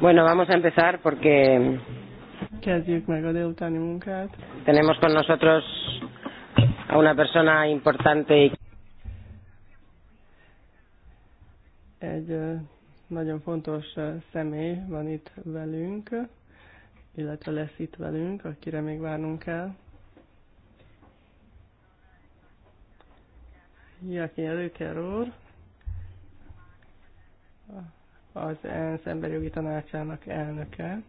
Bueno, vamos a empezar porque Kezdjük meg a délutáni munkát. Tenemos con nosotros a una persona importante. Egy nagyon fontos személy van itt velünk, illetve lesz itt velünk, akire még várnunk kell. Jaki Előker úr, az ENSZ emberjogi tanácsának elnöke.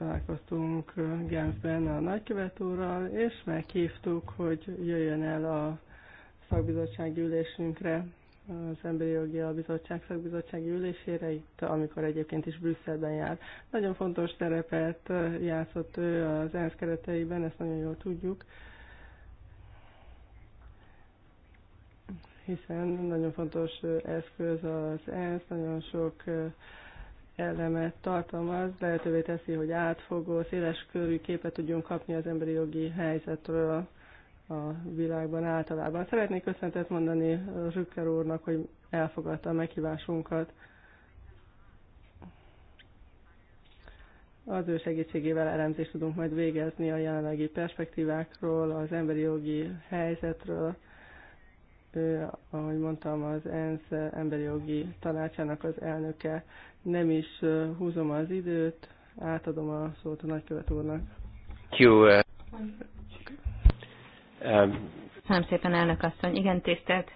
találkoztunk Genfben a nagykövetúrral, és meghívtuk, hogy jöjjön el a szakbizottsági ülésünkre az Emberi Jogi Bizottság szakbizottsági ülésére, itt, amikor egyébként is Brüsszelben jár. Nagyon fontos szerepet játszott ő az ENSZ kereteiben, ezt nagyon jól tudjuk, hiszen nagyon fontos eszköz az ENSZ, nagyon sok elemet tartalmaz, lehetővé teszi, hogy átfogó, széles körű képet tudjunk kapni az emberi jogi helyzetről a világban általában. Szeretnék köszöntet mondani Rücker úrnak, hogy elfogadta a meghívásunkat. Az ő segítségével elemzést tudunk majd végezni a jelenlegi perspektívákról, az emberi jogi helyzetről. Ő, ahogy mondtam, az ENSZ emberi jogi tanácsának az elnöke. Nem is húzom az időt, átadom a szót a nagykövet úrnak. Köszönöm szépen, elnök asszony. Igen, tisztelt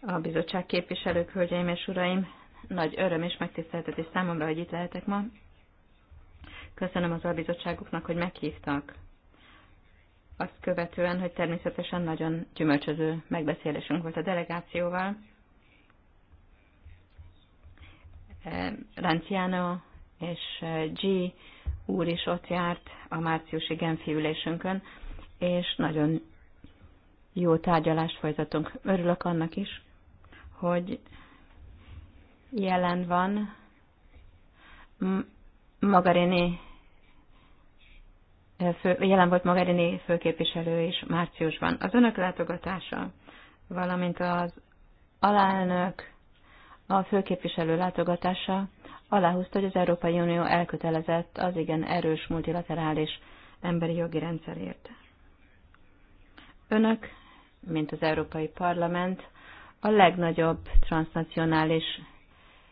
a bizottság képviselők, hölgyeim és uraim. Nagy öröm és megtiszteltetés számomra, hogy itt lehetek ma. Köszönöm az albizottságuknak, hogy meghívtak. Azt követően, hogy természetesen nagyon gyümölcsöző megbeszélésünk volt a delegációval. Ranciano és eh, G úr is ott járt a márciusi Genfi ülésünkön és nagyon jó tárgyalást folytatunk. Örülök annak is, hogy jelen van Magarini fő, jelen volt Magarini főképviselő is márciusban. Az önök látogatása, valamint az alelnök, a főképviselő látogatása aláhúzta, hogy az Európai Unió elkötelezett az igen erős multilaterális emberi jogi rendszerért. Önök, mint az Európai Parlament, a legnagyobb transnacionális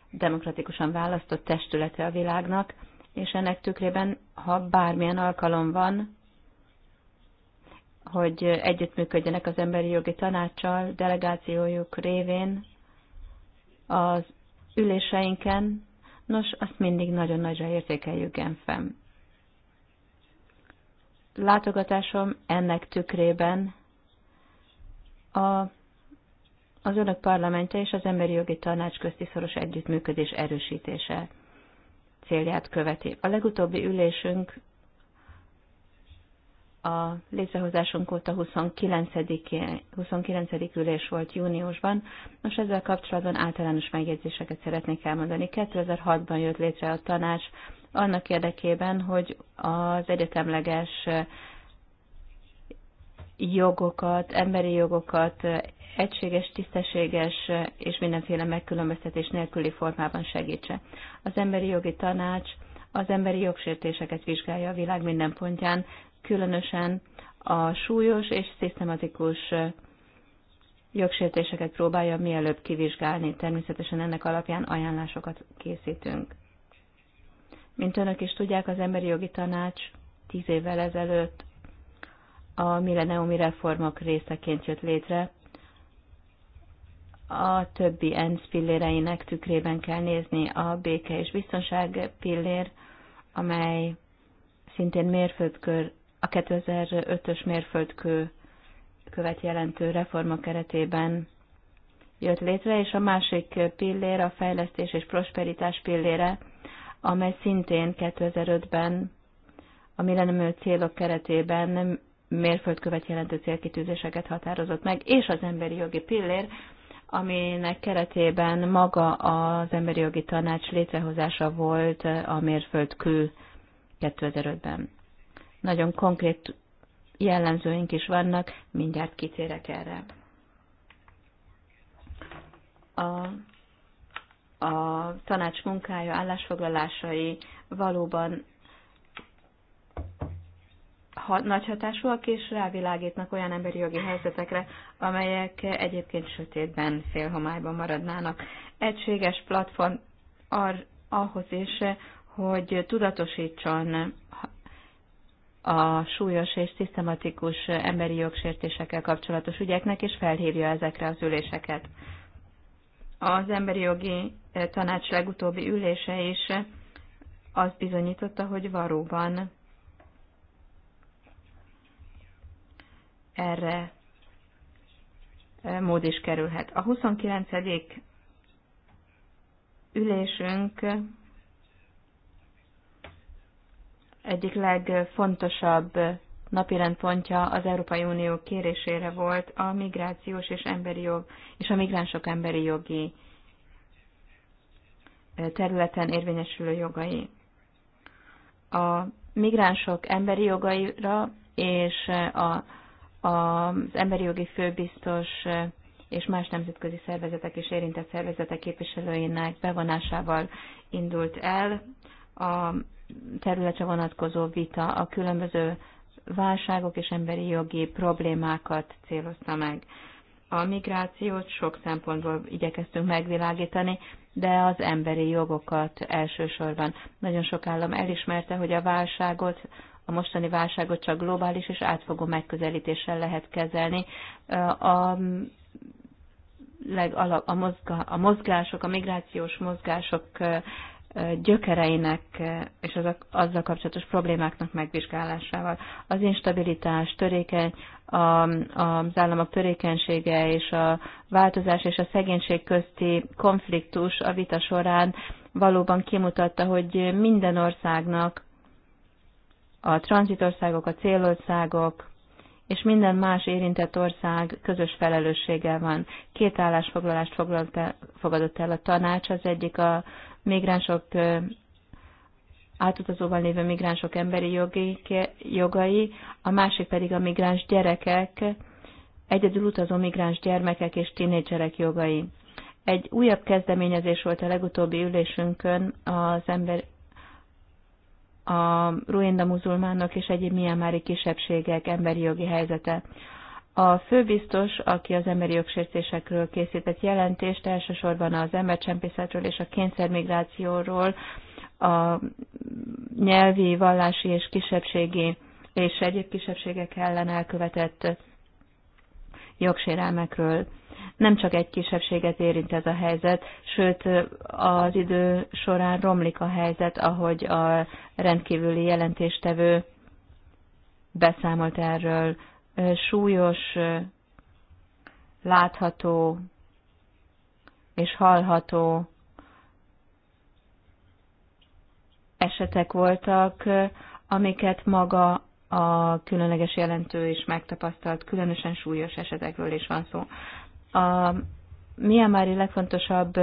demokratikusan választott testülete a világnak, és ennek tükrében, ha bármilyen alkalom van, hogy együttműködjenek az emberi jogi tanácssal, delegációjuk révén, az üléseinken, nos, azt mindig nagyon nagyra értékeljük Genfem. Látogatásom ennek tükrében a, az önök parlamentje és az emberi jogi tanács közti szoros együttműködés erősítése célját követi. A legutóbbi ülésünk a létrehozásunk óta 29. 29. ülés volt júniusban. Most ezzel kapcsolatban általános megjegyzéseket szeretnék elmondani. 2006-ban jött létre a tanács annak érdekében, hogy az egyetemleges jogokat, emberi jogokat egységes, tisztességes és mindenféle megkülönböztetés nélküli formában segítse. Az emberi jogi tanács az emberi jogsértéseket vizsgálja a világ minden pontján, különösen a súlyos és szisztematikus jogsértéseket próbálja mielőbb kivizsgálni. Természetesen ennek alapján ajánlásokat készítünk. Mint önök is tudják, az Emberi Jogi Tanács tíz évvel ezelőtt a milleniumi reformok részeként jött létre. A többi ENSZ pilléreinek tükrében kell nézni a béke és biztonság pillér, amely szintén mérföldkör, a 2005-ös mérföldkő követ jelentő reforma keretében jött létre, és a másik pillér a fejlesztés és prosperitás pillére, amely szintén 2005-ben a millennium célok keretében mérföldkövet jelentő célkitűzéseket határozott meg, és az emberi jogi pillér, aminek keretében maga az emberi jogi tanács létrehozása volt a mérföldkő 2005-ben. Nagyon konkrét jellemzőink is vannak, mindjárt kitérek erre. A, a tanács munkája, állásfoglalásai valóban ha, nagy hatásúak, és rávilágítnak olyan emberi jogi helyzetekre, amelyek egyébként sötétben, félhomályban maradnának. Egységes platform ar, ahhoz is, hogy tudatosítson a súlyos és szisztematikus emberi jogsértésekkel kapcsolatos ügyeknek, és felhívja ezekre az üléseket. Az emberi jogi tanács legutóbbi ülése is azt bizonyította, hogy valóban erre e, mód is kerülhet. A 29. ülésünk egyik legfontosabb napirend pontja az Európai Unió kérésére volt a migrációs és emberi jog és a migránsok emberi jogi e, területen érvényesülő jogai. A migránsok emberi jogaira és a az emberi jogi főbiztos és más nemzetközi szervezetek és érintett szervezetek képviselőinek bevonásával indult el a területre vonatkozó vita a különböző válságok és emberi jogi problémákat célozta meg. A migrációt sok szempontból igyekeztünk megvilágítani, de az emberi jogokat elsősorban. Nagyon sok állam elismerte, hogy a válságot a mostani válságot csak globális és átfogó megközelítéssel lehet kezelni. A legalap, a, mozga, a mozgások, a migrációs mozgások gyökereinek és az, azzal kapcsolatos problémáknak megvizsgálásával. Az instabilitás, törékeny, a, az államok törékenysége és a változás és a szegénység közti konfliktus a vita során valóban kimutatta, hogy minden országnak a tranzitországok, a célországok és minden más érintett ország közös felelősséggel van. Két állásfoglalást fogadott el a tanács, az egyik a migránsok átutazóban lévő migránsok emberi jogi, jogai, a másik pedig a migráns gyerekek, egyedül utazó migráns gyermekek és tinédzserek jogai. Egy újabb kezdeményezés volt a legutóbbi ülésünkön az ember, a ruinda muzulmánok és egyéb miamári kisebbségek emberi jogi helyzete. A főbiztos, aki az emberi jogsértésekről készített jelentést, elsősorban az embercsempészetről és a kényszermigrációról, a nyelvi, vallási és kisebbségi és egyéb kisebbségek ellen elkövetett jogsérelmekről nem csak egy kisebbséget érint ez a helyzet, sőt az idő során romlik a helyzet, ahogy a rendkívüli jelentéstevő beszámolt erről. Súlyos, látható és hallható esetek voltak, amiket maga a különleges jelentő is megtapasztalt, különösen súlyos esetekről is van szó a Miamári legfontosabb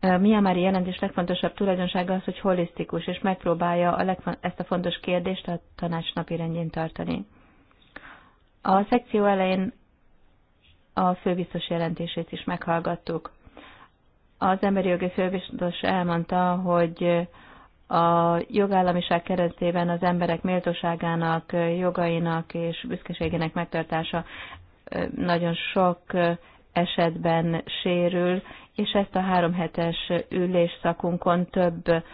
Miamári jelentés legfontosabb tulajdonsága az, hogy holisztikus, és megpróbálja a legfon- ezt a fontos kérdést a tanács napi rendjén tartani. A szekció elején a főbiztos jelentését is meghallgattuk. Az emberi jogi főbiztos elmondta, hogy a jogállamiság keretében az emberek méltóságának, jogainak és büszkeségének megtartása nagyon sok esetben sérül, és ezt a három hetes ülésszakunkon több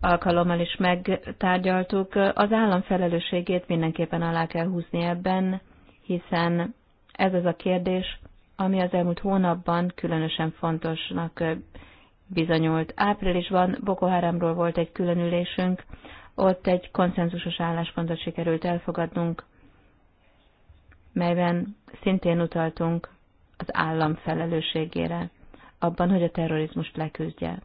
alkalommal is megtárgyaltuk. Az állam felelősségét mindenképpen alá kell húzni ebben, hiszen ez az a kérdés, ami az elmúlt hónapban különösen fontosnak bizonyult. Áprilisban Boko Haramról volt egy különülésünk, ott egy konszenzusos álláspontot sikerült elfogadnunk, melyben szintén utaltunk az állam felelősségére abban, hogy a terrorizmust leküzdje.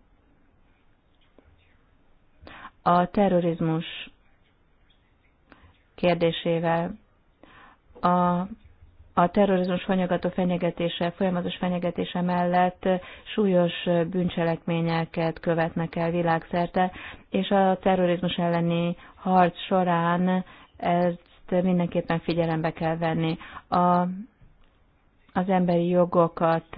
A terrorizmus kérdésével a a terrorizmus fenyegató fenyegetése, folyamatos fenyegetése mellett súlyos bűncselekményeket követnek el világszerte, és a terrorizmus elleni harc során ez mindenképpen figyelembe kell venni. A, az emberi jogokat,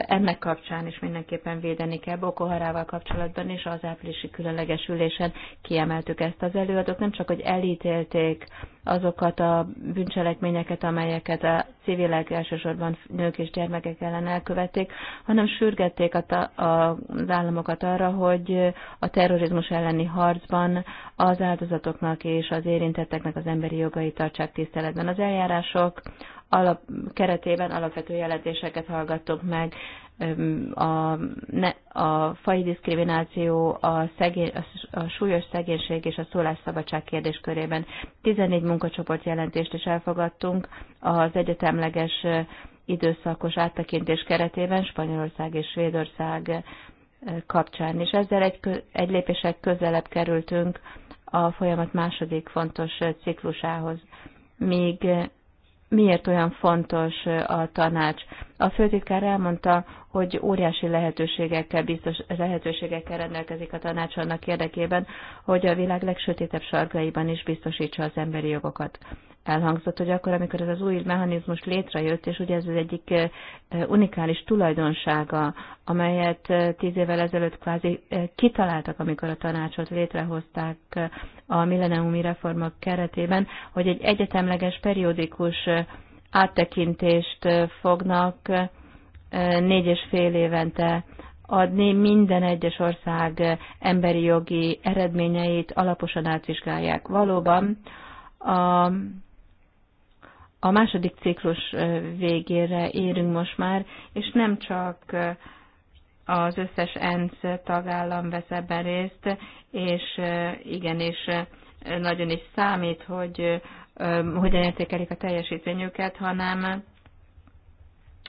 ennek kapcsán is mindenképpen védeni kell Boko Harával kapcsolatban, és az áprilisi különleges ülésen kiemeltük ezt az előadók, nem csak, hogy elítélték azokat a bűncselekményeket, amelyeket a civilek elsősorban nők és gyermekek ellen elkövették, hanem sürgették a, a, az államokat arra, hogy a terrorizmus elleni harcban az áldozatoknak és az érintetteknek az emberi jogait tartsák tiszteletben. Az eljárások alap, keretében alapvető jelentéseket hallgattunk meg. A, ne, a fai diszkrimináció, a, szegény, a súlyos szegénység és a szólásszabadság körében 14 munkacsoport jelentést is elfogadtunk az egyetemleges időszakos áttekintés keretében Spanyolország és Svédország kapcsán, és ezzel egy, egy lépések közelebb kerültünk a folyamat második fontos ciklusához. Míg miért olyan fontos a tanács. A főtitkár elmondta, hogy óriási lehetőségekkel, biztos lehetőségekkel rendelkezik a tanács annak érdekében, hogy a világ legsötétebb sargaiban is biztosítsa az emberi jogokat elhangzott, hogy akkor, amikor ez az új mechanizmus létrejött, és ugye ez az egyik unikális tulajdonsága, amelyet tíz évvel ezelőtt kvázi kitaláltak, amikor a tanácsot létrehozták a milleniumi reformok keretében, hogy egy egyetemleges periódikus áttekintést fognak négy és fél évente adni, minden egyes ország emberi jogi eredményeit alaposan átvizsgálják. Valóban a a második ciklus végére érünk most már, és nem csak az összes ENSZ tagállam vesz ebben részt, és igenis nagyon is számít, hogy hogyan értékelik a teljesítményüket, hanem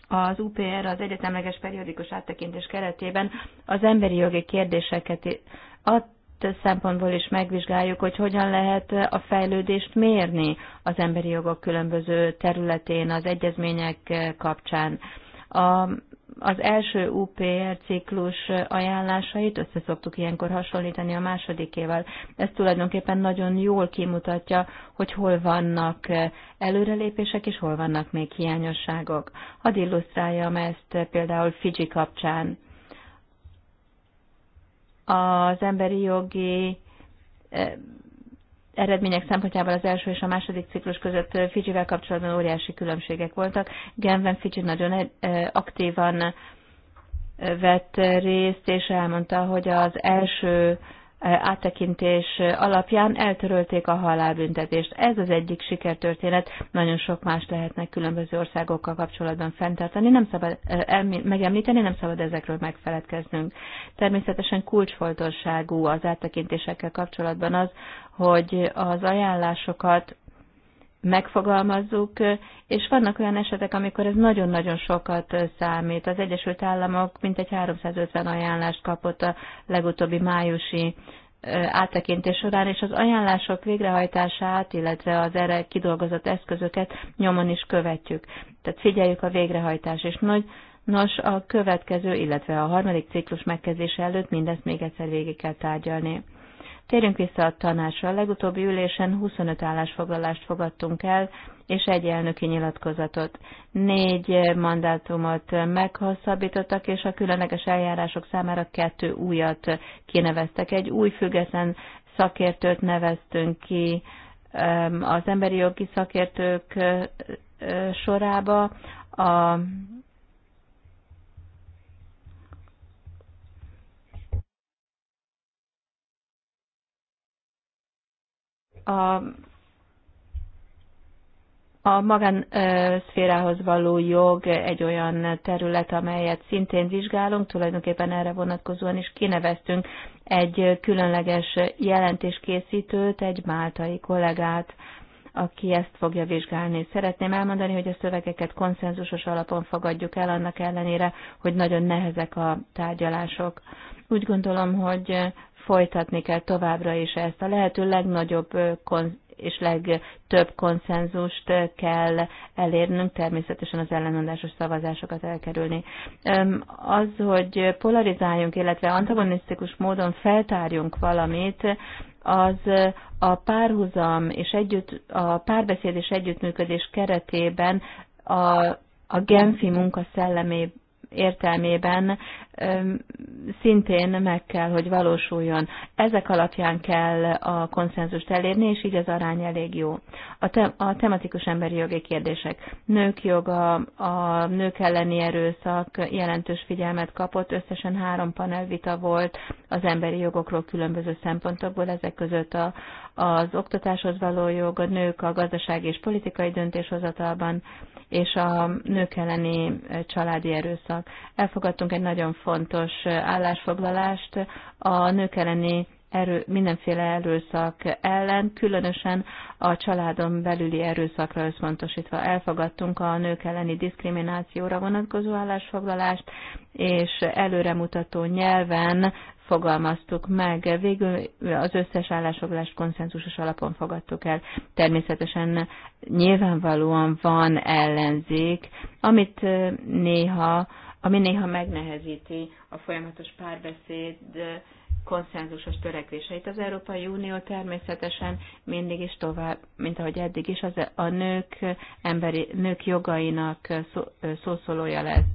az UPR az egyetemleges periódikus áttekintés keretében az emberi jogi kérdéseket szempontból is megvizsgáljuk, hogy hogyan lehet a fejlődést mérni az emberi jogok különböző területén, az egyezmények kapcsán. A, az első UPR ciklus ajánlásait össze szoktuk ilyenkor hasonlítani a másodikével. Ez tulajdonképpen nagyon jól kimutatja, hogy hol vannak előrelépések és hol vannak még hiányosságok. Hadd illusztráljam ezt például Fiji kapcsán az emberi jogi eredmények szempontjából az első és a második ciklus között Fidzsivel kapcsolatban óriási különbségek voltak. Genven Fidzsi nagyon aktívan vett részt, és elmondta, hogy az első áttekintés alapján eltörölték a halálbüntetést. Ez az egyik sikertörténet, nagyon sok más lehetnek különböző országokkal kapcsolatban fenntartani, nem szabad megemlíteni, nem szabad ezekről megfeledkeznünk. Természetesen kulcsfoltosságú az áttekintésekkel kapcsolatban az, hogy az ajánlásokat megfogalmazzuk, és vannak olyan esetek, amikor ez nagyon-nagyon sokat számít. Az Egyesült Államok mintegy 350 ajánlást kapott a legutóbbi májusi áttekintés során, és az ajánlások végrehajtását, illetve az erre kidolgozott eszközöket nyomon is követjük. Tehát figyeljük a végrehajtás, és nagy, nos, a következő, illetve a harmadik ciklus megkezdése előtt mindezt még egyszer végig kell tárgyalni. Térjünk vissza a tanácsra. A legutóbbi ülésen 25 állásfoglalást fogadtunk el, és egy elnöki nyilatkozatot. Négy mandátumot meghosszabbítottak, és a különleges eljárások számára kettő újat kineveztek. Egy új független szakértőt neveztünk ki um, az emberi jogi szakértők sorába, a a, a magánszférához való jog egy olyan terület, amelyet szintén vizsgálunk, tulajdonképpen erre vonatkozóan is kineveztünk egy különleges jelentéskészítőt, egy máltai kollégát, aki ezt fogja vizsgálni. Szeretném elmondani, hogy a szövegeket konszenzusos alapon fogadjuk el, annak ellenére, hogy nagyon nehezek a tárgyalások. Úgy gondolom, hogy folytatni kell továbbra is ezt. A lehető legnagyobb és legtöbb konszenzust kell elérnünk, természetesen az ellenmondásos szavazásokat elkerülni. Az, hogy polarizáljunk, illetve antagonisztikus módon feltárjunk valamit, az a párhuzam és együtt, a párbeszéd és együttműködés keretében a, a Genfi munka szellemében értelmében szintén meg kell, hogy valósuljon. Ezek alapján kell a konszenzust elérni, és így az arány elég jó. A, te, a tematikus emberi jogi kérdések. Nők joga, a nők elleni erőszak jelentős figyelmet kapott, összesen három panelvita volt az emberi jogokról különböző szempontokból, ezek között a, az oktatáshoz való jog, a nők a gazdasági és politikai döntéshozatalban, és a nők elleni családi erőszak. Elfogadtunk egy nagyon fontos állásfoglalást a nők elleni erő, mindenféle erőszak ellen, különösen a családon belüli erőszakra összpontosítva elfogadtunk a nők elleni diszkriminációra vonatkozó állásfoglalást, és előremutató nyelven fogalmaztuk meg. Végül az összes állásfoglalást konszenzusos alapon fogadtuk el. Természetesen nyilvánvalóan van ellenzék, amit néha, ami néha megnehezíti a folyamatos párbeszéd konszenzusos törekvéseit. Az Európai Unió természetesen mindig is tovább, mint ahogy eddig is, az a nők, emberi, nők jogainak szó, szószólója lesz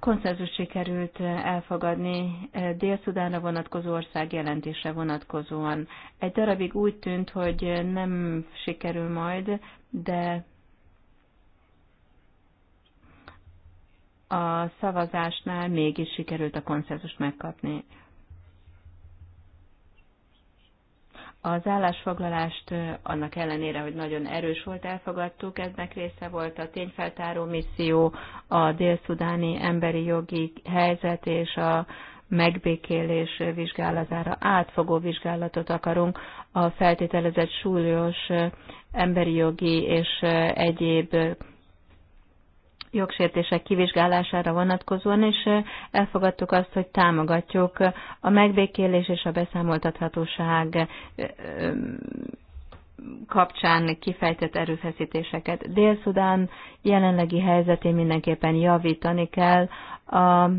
konszenzus sikerült elfogadni eh, Dél-Szudánra vonatkozó ország jelentése vonatkozóan. Egy darabig úgy tűnt, hogy nem sikerül majd, de a szavazásnál mégis sikerült a konszenzust megkapni. Az állásfoglalást annak ellenére, hogy nagyon erős volt, elfogadtuk. Eznek része volt a tényfeltáró misszió, a dél dél-szudáni emberi jogi helyzet és a megbékélés vizsgálatára átfogó vizsgálatot akarunk a feltételezett súlyos emberi jogi és egyéb jogsértések kivizsgálására vonatkozóan, és elfogadtuk azt, hogy támogatjuk a megbékélés és a beszámoltathatóság kapcsán kifejtett erőfeszítéseket. Dél-Szudán jelenlegi helyzetén mindenképpen javítani kell, a,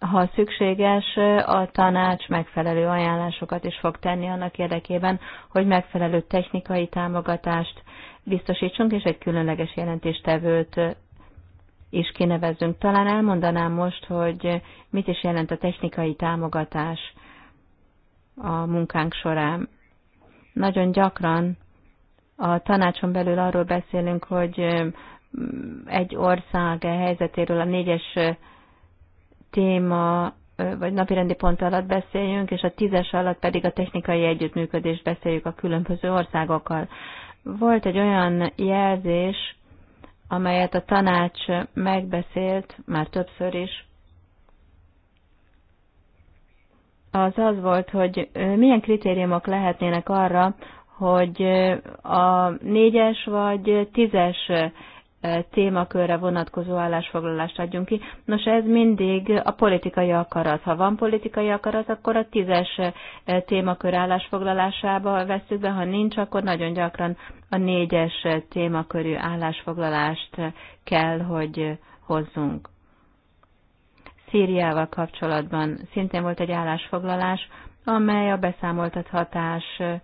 ha szükséges, a tanács megfelelő ajánlásokat is fog tenni annak érdekében, hogy megfelelő technikai támogatást biztosítsunk, és egy különleges jelentéstevőt is kinevezzünk. Talán elmondanám most, hogy mit is jelent a technikai támogatás a munkánk során. Nagyon gyakran a tanácson belül arról beszélünk, hogy mm, egy ország e helyzetéről a négyes téma vagy napirendi pont alatt beszéljünk, és a tízes alatt pedig a technikai együttműködést beszéljük a különböző országokkal. Volt egy olyan jelzés, amelyet a tanács megbeszélt már többször is, az az volt, hogy milyen kritériumok lehetnének arra, hogy a négyes vagy tízes témakörre vonatkozó állásfoglalást adjunk ki. Nos, ez mindig a politikai akarat. Ha van politikai akarat, akkor a tízes témakör állásfoglalásába veszük be, ha nincs, akkor nagyon gyakran a négyes témakörű állásfoglalást kell, hogy hozzunk. Szíriával kapcsolatban szintén volt egy állásfoglalás, amely a beszámoltathatás hatás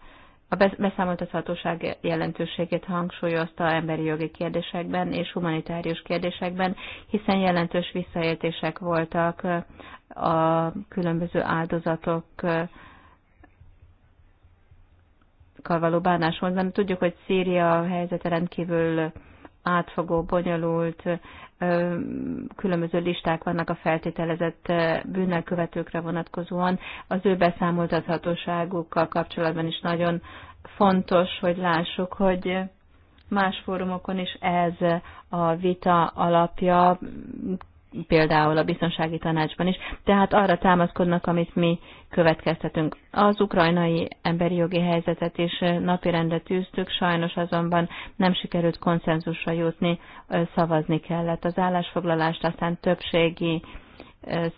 a beszámoltathatóság jelentőségét hangsúlyozta emberi jogi kérdésekben és humanitárius kérdésekben, hiszen jelentős visszaértések voltak a különböző áldozatok való bánásmódban. Tudjuk, hogy Szíria helyzete rendkívül átfogó, bonyolult, különböző listák vannak a feltételezett bűnelkövetőkre vonatkozóan. Az ő beszámoltathatóságukkal kapcsolatban is nagyon fontos, hogy lássuk, hogy más fórumokon is ez a vita alapja például a biztonsági tanácsban is. Tehát arra támaszkodnak, amit mi következtetünk. Az ukrajnai emberi jogi helyzetet is napirendre tűztük, sajnos azonban nem sikerült konszenzusra jutni, szavazni kellett. Az állásfoglalást aztán többségi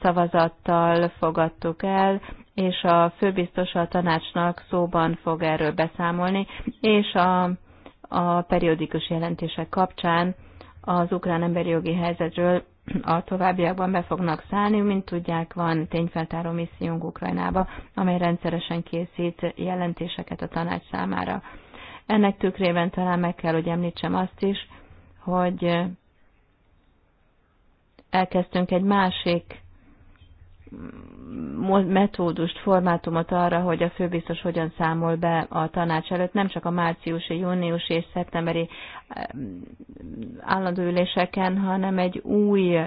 szavazattal fogadtuk el, és a főbiztos a tanácsnak szóban fog erről beszámolni, és a, a periódikus jelentések kapcsán az ukrán emberi jogi helyzetről a továbbiakban be fognak szállni. Mint tudják, van tényfeltáró missziónk Ukrajnába, amely rendszeresen készít jelentéseket a tanács számára. Ennek tükrében talán meg kell, hogy említsem azt is, hogy elkezdtünk egy másik metódust, formátumot arra, hogy a főbiztos hogyan számol be a tanács előtt, nem csak a márciusi, júniusi és szeptemberi állandó üléseken, hanem egy új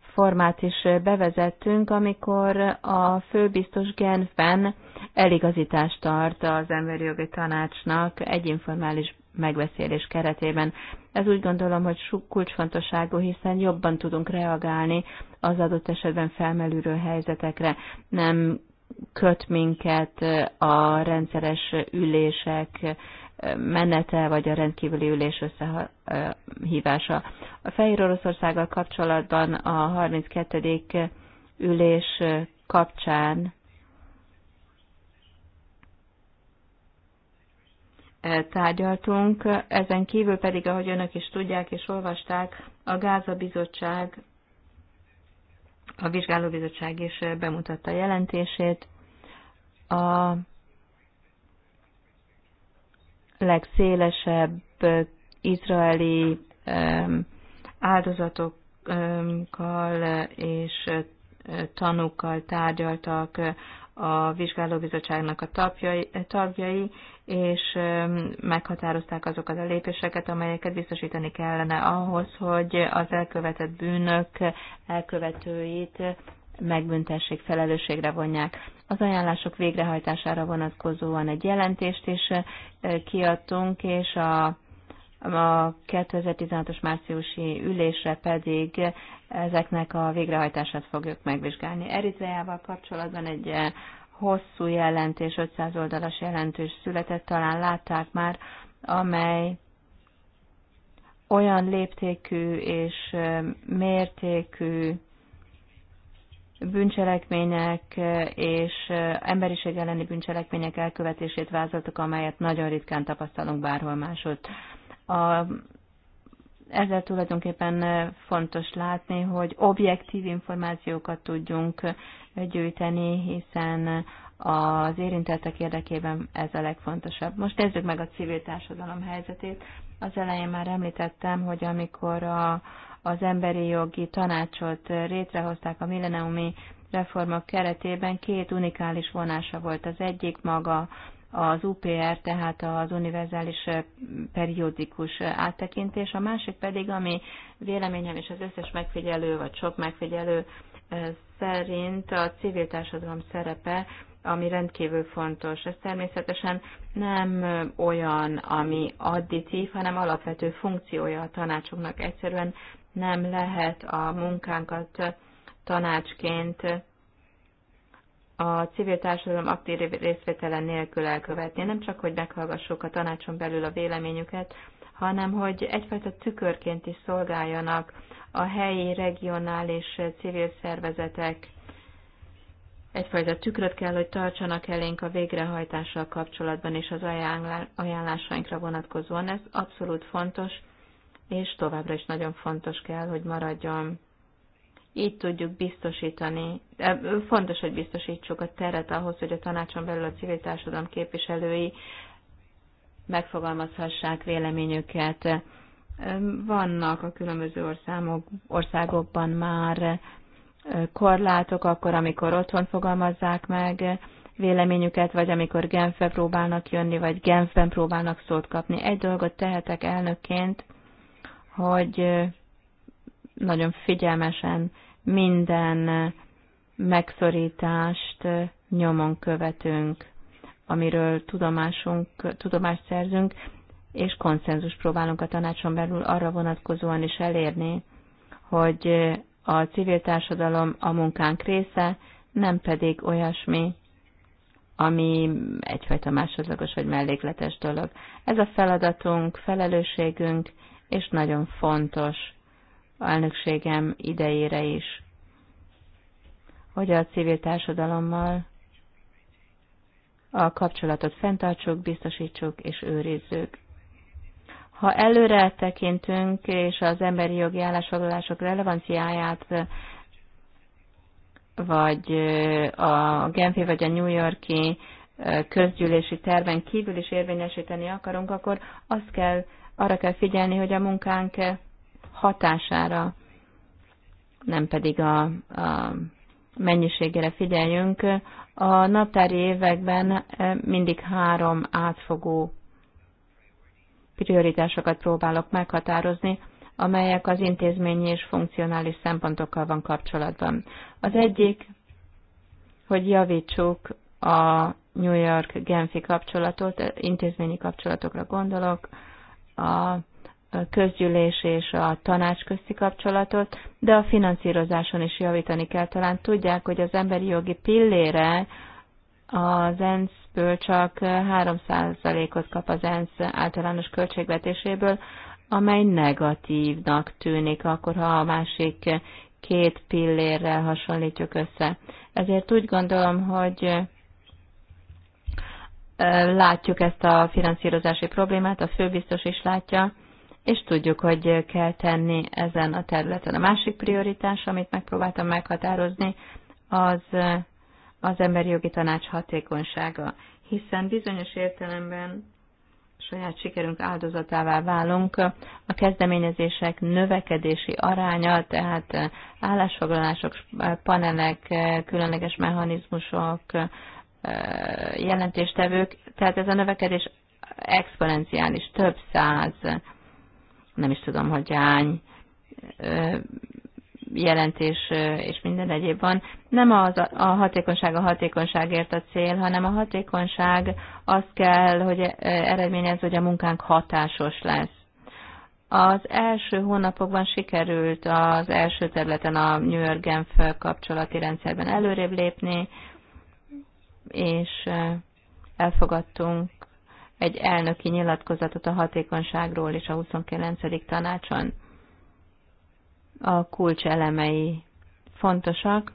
formát is bevezettünk, amikor a főbiztos Genfen eligazítást tart az emberi jogi tanácsnak egy informális megbeszélés keretében. Ez úgy gondolom, hogy kulcsfontosságú, hiszen jobban tudunk reagálni az adott esetben felmerülő helyzetekre. Nem köt minket a rendszeres ülések menete, vagy a rendkívüli ülés összehívása. A Fehér Oroszországgal kapcsolatban a 32. ülés kapcsán tárgyaltunk. Ezen kívül pedig, ahogy önök is tudják és olvasták, a Gáza Bizottság, a Vizsgálóbizottság is bemutatta jelentését. A legszélesebb izraeli áldozatokkal és e, tanúkkal tárgyaltak a vizsgálóbizottságnak a tagjai, és meghatározták azokat a lépéseket, amelyeket biztosítani kellene ahhoz, hogy az elkövetett bűnök elkövetőit megbüntessék, felelősségre vonják. Az ajánlások végrehajtására vonatkozóan egy jelentést is eh, kiadtunk, és a, a 2016-os márciusi ülésre pedig ezeknek a végrehajtását fogjuk megvizsgálni. Eritreával kapcsolatban egy eh, hosszú jelentés, 500 oldalas jelentés született, talán látták már, amely olyan léptékű és mértékű bűncselekmények és emberiség elleni bűncselekmények elkövetését vázoltuk, amelyet nagyon ritkán tapasztalunk bárhol másod. A ezzel tulajdonképpen fontos látni, hogy objektív információkat tudjunk gyűjteni, hiszen az érintettek érdekében ez a legfontosabb. Most nézzük meg a civil társadalom helyzetét. Az elején már említettem, hogy amikor a, az emberi jogi tanácsot létrehozták a milleniumi reformok keretében, két unikális vonása volt. Az egyik maga az UPR, tehát az univerzális eh, periódikus eh, áttekintés, a másik pedig, ami véleményem és az összes megfigyelő, vagy sok megfigyelő eh, szerint a civil társadalom szerepe, ami rendkívül fontos. Ez természetesen nem olyan, ami additív, hanem alapvető funkciója a tanácsoknak. Egyszerűen nem lehet a munkánkat tanácsként a civil társadalom aktív részvétele nélkül elkövetni. Nem csak, hogy meghallgassuk a tanácson belül a véleményüket, hanem hogy egyfajta tükörként is szolgáljanak a helyi, regionális civil szervezetek. Egyfajta tükröt kell, hogy tartsanak elénk a végrehajtással kapcsolatban és az ajánlásainkra vonatkozóan. Ez abszolút fontos, és továbbra is nagyon fontos kell, hogy maradjon így tudjuk biztosítani, fontos, hogy biztosítsuk a teret ahhoz, hogy a tanácson belül a civil társadalom képviselői megfogalmazhassák véleményüket. Vannak a különböző országok, országokban már korlátok, akkor, amikor otthon fogalmazzák meg véleményüket, vagy amikor Genfbe próbálnak jönni, vagy Genfben próbálnak szót kapni. Egy dolgot tehetek elnökként, hogy nagyon figyelmesen minden megszorítást nyomon követünk, amiről tudomásunk, tudomást szerzünk, és konszenzus próbálunk a tanácson belül arra vonatkozóan is elérni, hogy a civil társadalom a munkánk része, nem pedig olyasmi, ami egyfajta másodlagos vagy mellékletes dolog. Ez a feladatunk, felelősségünk, és nagyon fontos elnökségem idejére is, hogy a civil társadalommal a kapcsolatot fenntartsuk, biztosítsuk és őrizzük. Ha előre tekintünk, és az emberi jogi állásfoglalások relevanciáját, vagy a Genfi vagy a New Yorki közgyűlési terven kívül is érvényesíteni akarunk, akkor azt kell, arra kell figyelni, hogy a munkánk hatására, nem pedig a, a mennyiségére figyeljünk. A naptári években eh, mindig három átfogó prioritásokat próbálok meghatározni, amelyek az intézményi és funkcionális szempontokkal van kapcsolatban. Az egyik, hogy javítsuk a New York-Genfi kapcsolatot, eh, intézményi kapcsolatokra gondolok, a közgyűlés és a tanács közti kapcsolatot, de a finanszírozáson is javítani kell. Talán tudják, hogy az emberi jogi pillére az ENSZ-ből csak 3%-ot kap az ENSZ általános költségvetéséből, amely negatívnak tűnik, akkor ha a másik két pillérrel hasonlítjuk össze. Ezért úgy gondolom, hogy látjuk ezt a finanszírozási problémát, a főbiztos is látja, és tudjuk, hogy kell tenni ezen a területen. A másik prioritás, amit megpróbáltam meghatározni, az az emberi jogi tanács hatékonysága, hiszen bizonyos értelemben saját sikerünk áldozatává válunk. A kezdeményezések növekedési aránya, tehát állásfoglalások, panelek, különleges mechanizmusok, jelentéstevők, tehát ez a növekedés exponenciális, több száz nem is tudom, hogy hány jelentés és minden egyéb van. Nem az a hatékonyság a hatékonyságért a cél, hanem a hatékonyság azt kell, hogy eredményez, hogy a munkánk hatásos lesz. Az első hónapokban sikerült az első területen a New York Genf kapcsolati rendszerben előrébb lépni, és elfogadtunk egy elnöki nyilatkozatot a hatékonyságról és a 29. tanácson. A kulcs elemei fontosak,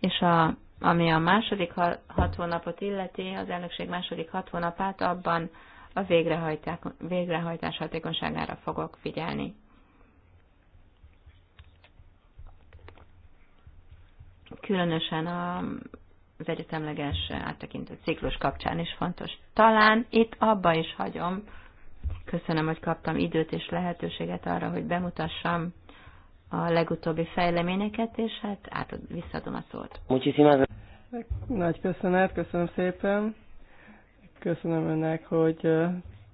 és a, ami a második hat hónapot illeti, az elnökség második hat hónapát abban a végrehajtás, végrehajtás hatékonyságára fogok figyelni. Különösen a az egyetemleges áttekintő ciklus kapcsán is fontos. Talán itt abba is hagyom. Köszönöm, hogy kaptam időt és lehetőséget arra, hogy bemutassam a legutóbbi fejleményeket, és hát át, visszaadom a szót. Nagy köszönet, köszönöm szépen. Köszönöm önnek, hogy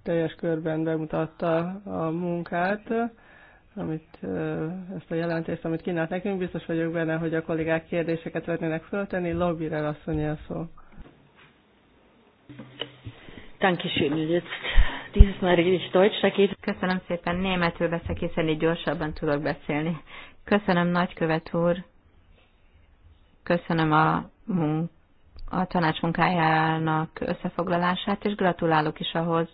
teljes körben bemutatta a munkát amit ezt a jelentést, amit kínált nekünk, biztos vagyok benne, hogy a kollégák kérdéseket vetnének föltenni. Lobbirel asszony a szó. Köszönöm szépen, németül leszek, hiszen így gyorsabban tudok beszélni. Köszönöm, nagykövet úr. Köszönöm a, a tanács munkájának összefoglalását, és gratulálok is ahhoz,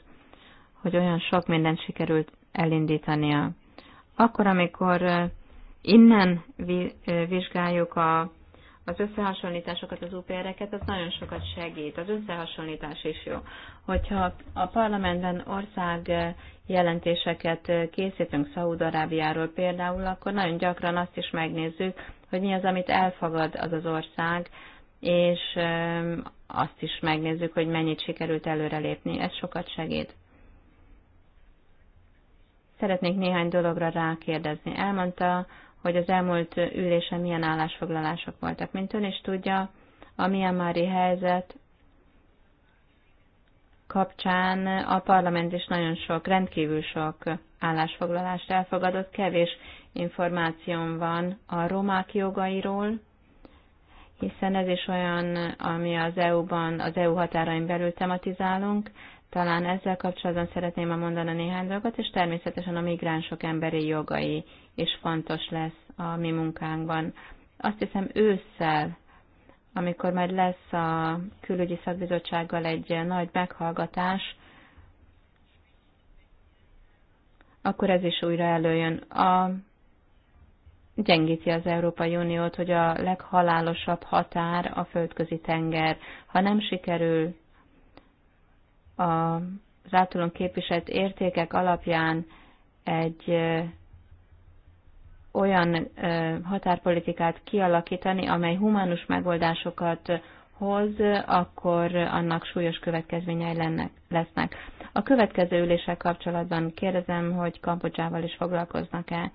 hogy olyan sok mindent sikerült elindítania akkor, amikor innen vizsgáljuk a az összehasonlításokat, az UPR-eket, az nagyon sokat segít. Az összehasonlítás is jó. Hogyha a parlamentben ország jelentéseket készítünk Szaúd-Arábiáról például, akkor nagyon gyakran azt is megnézzük, hogy mi az, amit elfogad az az ország, és azt is megnézzük, hogy mennyit sikerült előrelépni. Ez sokat segít. Szeretnék néhány dologra rákérdezni. Elmondta, hogy az elmúlt ülésen milyen állásfoglalások voltak. Mint ön is tudja, a Myanmari helyzet kapcsán a parlament is nagyon sok, rendkívül sok állásfoglalást elfogadott, kevés információm van a romák jogairól, hiszen ez is olyan, ami az EU-ban, az EU határain belül tematizálunk, talán ezzel kapcsolatban szeretném ma mondani néhány dolgot, és természetesen a migránsok emberi jogai is fontos lesz a mi munkánkban. Azt hiszem ősszel, amikor majd lesz a külügyi szakbizottsággal egy nagy meghallgatás, akkor ez is újra előjön. A gyengíti az Európai Uniót, hogy a leghalálosabb határ a földközi tenger. Ha nem sikerül az általunk képviselt értékek alapján egy olyan határpolitikát kialakítani, amely humánus megoldásokat hoz, akkor annak súlyos következményei lennek, lesznek. A következő üléssel kapcsolatban kérdezem, hogy Kambodzsával is foglalkoznak-e.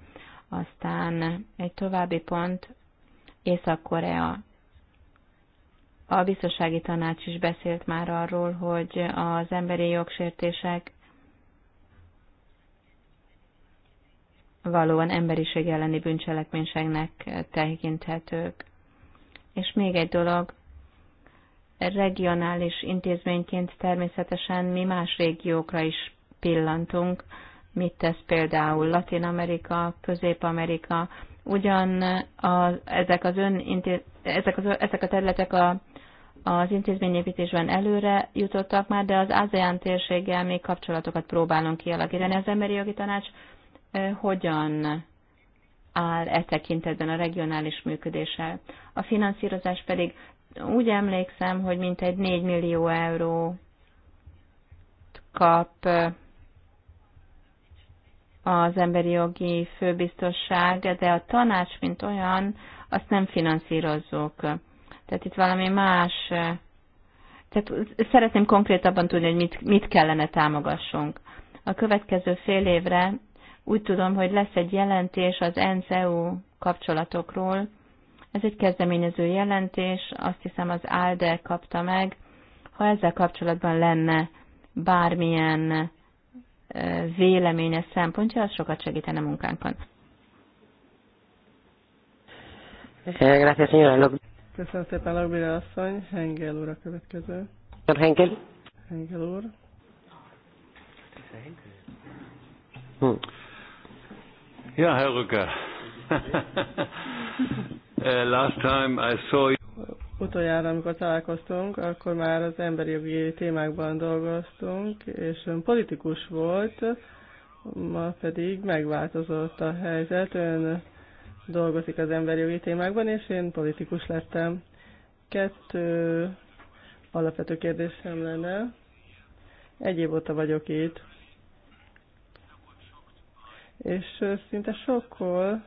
Aztán egy további pont, Észak-Korea a biztonsági tanács is beszélt már arról, hogy az emberi jogsértések valóan emberiség elleni bűncselekménységnek tekinthetők. És még egy dolog, regionális intézményként természetesen mi más régiókra is pillantunk, mit tesz például Latin Amerika, Közép-Amerika, ugyan a, ezek, az ön, ezek, az, ezek a területek a az intézményépítésben előre jutottak már, de az ASEAN térséggel még kapcsolatokat próbálunk kialakítani. Az emberi jogi tanács hogyan áll e tekintetben a regionális működéssel. A finanszírozás pedig úgy emlékszem, hogy mintegy 4 millió euró kap az emberi jogi főbiztosság, de a tanács, mint olyan, azt nem finanszírozzuk. Tehát itt valami más. Eh, tehát szeretném konkrétabban tudni, hogy mit, mit kellene támogassunk. A következő fél évre úgy tudom, hogy lesz egy jelentés az ENSZ-EU kapcsolatokról. Ez egy kezdeményező jelentés, azt hiszem az ALDE kapta meg. Ha ezzel kapcsolatban lenne bármilyen eh, véleménye szempontja, az sokat segítene munkánkon. Eh, gracias, señora Köszönöm szépen, Lagbire asszony. Hengel úr a következő. Hengel. Hengel úr. Hm. Ja, Herr Rücker. Äh, last time I saw you utoljára, amikor találkoztunk, akkor már az emberi jogi témákban dolgoztunk, és ön politikus volt, ma pedig megváltozott a helyzet, ön dolgozik az emberi jogi témákban, és én politikus lettem. Kettő alapvető kérdésem lenne. Egy év óta vagyok itt, és szinte sokkal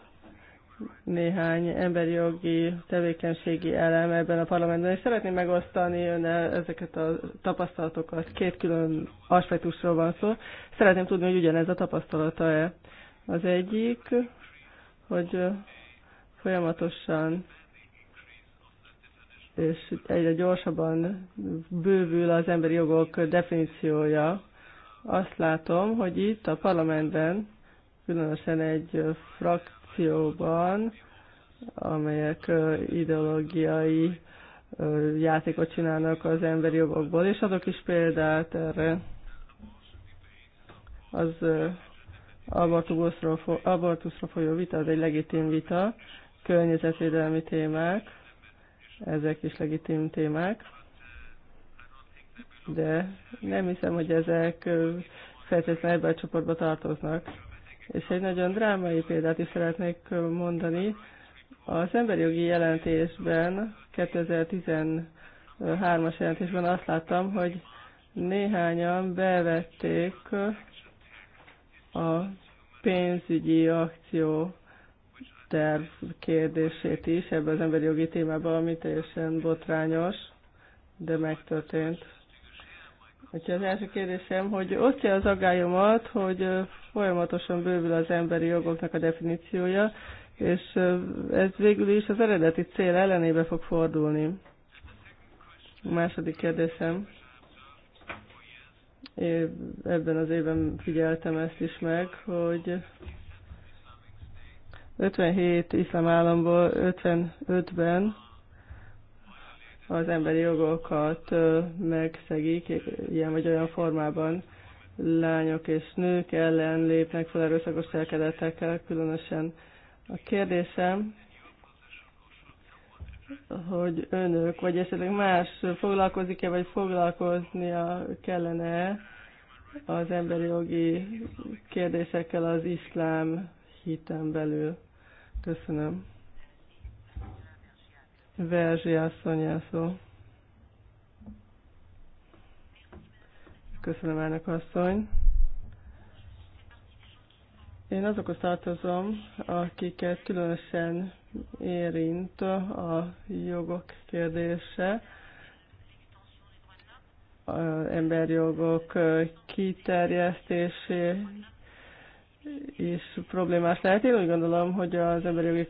néhány emberi jogi tevékenységi elem ebben a parlamentben, és szeretném megosztani önnel ezeket a tapasztalatokat. Két külön aspektusról van szó. Szeretném tudni, hogy ugyanez a tapasztalata-e. Az egyik hogy folyamatosan és egyre gyorsabban bővül az emberi jogok definíciója. Azt látom, hogy itt a parlamentben, különösen egy frakcióban, amelyek ideológiai játékot csinálnak az emberi jogokból, és adok is példát erre. Az abortuszról, folyó vita, az egy legitim vita, környezetvédelmi témák, ezek is legitim témák, de nem hiszem, hogy ezek feltétlenül ebben a csoportba tartoznak. És egy nagyon drámai példát is szeretnék mondani. Az emberi jogi jelentésben, 2013-as jelentésben azt láttam, hogy néhányan bevették a pénzügyi akció terv kérdését is ebbe az emberi jogi témába, ami teljesen botrányos, de megtörtént. Úgyhogy az első kérdésem, hogy osztja az aggályomat, hogy folyamatosan bővül az emberi jogoknak a definíciója, és ez végül is az eredeti cél ellenébe fog fordulni. A második kérdésem ebben az évben figyeltem ezt is meg, hogy 57 iszlám államból 55-ben az emberi jogokat megszegik ilyen vagy olyan formában lányok és nők ellen lépnek fel erőszakos cselekedetekkel, különösen a kérdésem, hogy önök, vagy esetleg más foglalkozik-e, vagy foglalkoznia kellene az emberi jogi kérdésekkel az iszlám hiten belül. Köszönöm. Verzsi asszony szó. Köszönöm, elnök asszony. Én azokhoz tartozom, akiket különösen érint a jogok kérdése, a emberjogok kiterjesztésé is problémás lehet. Én úgy gondolom, hogy az emberi jogi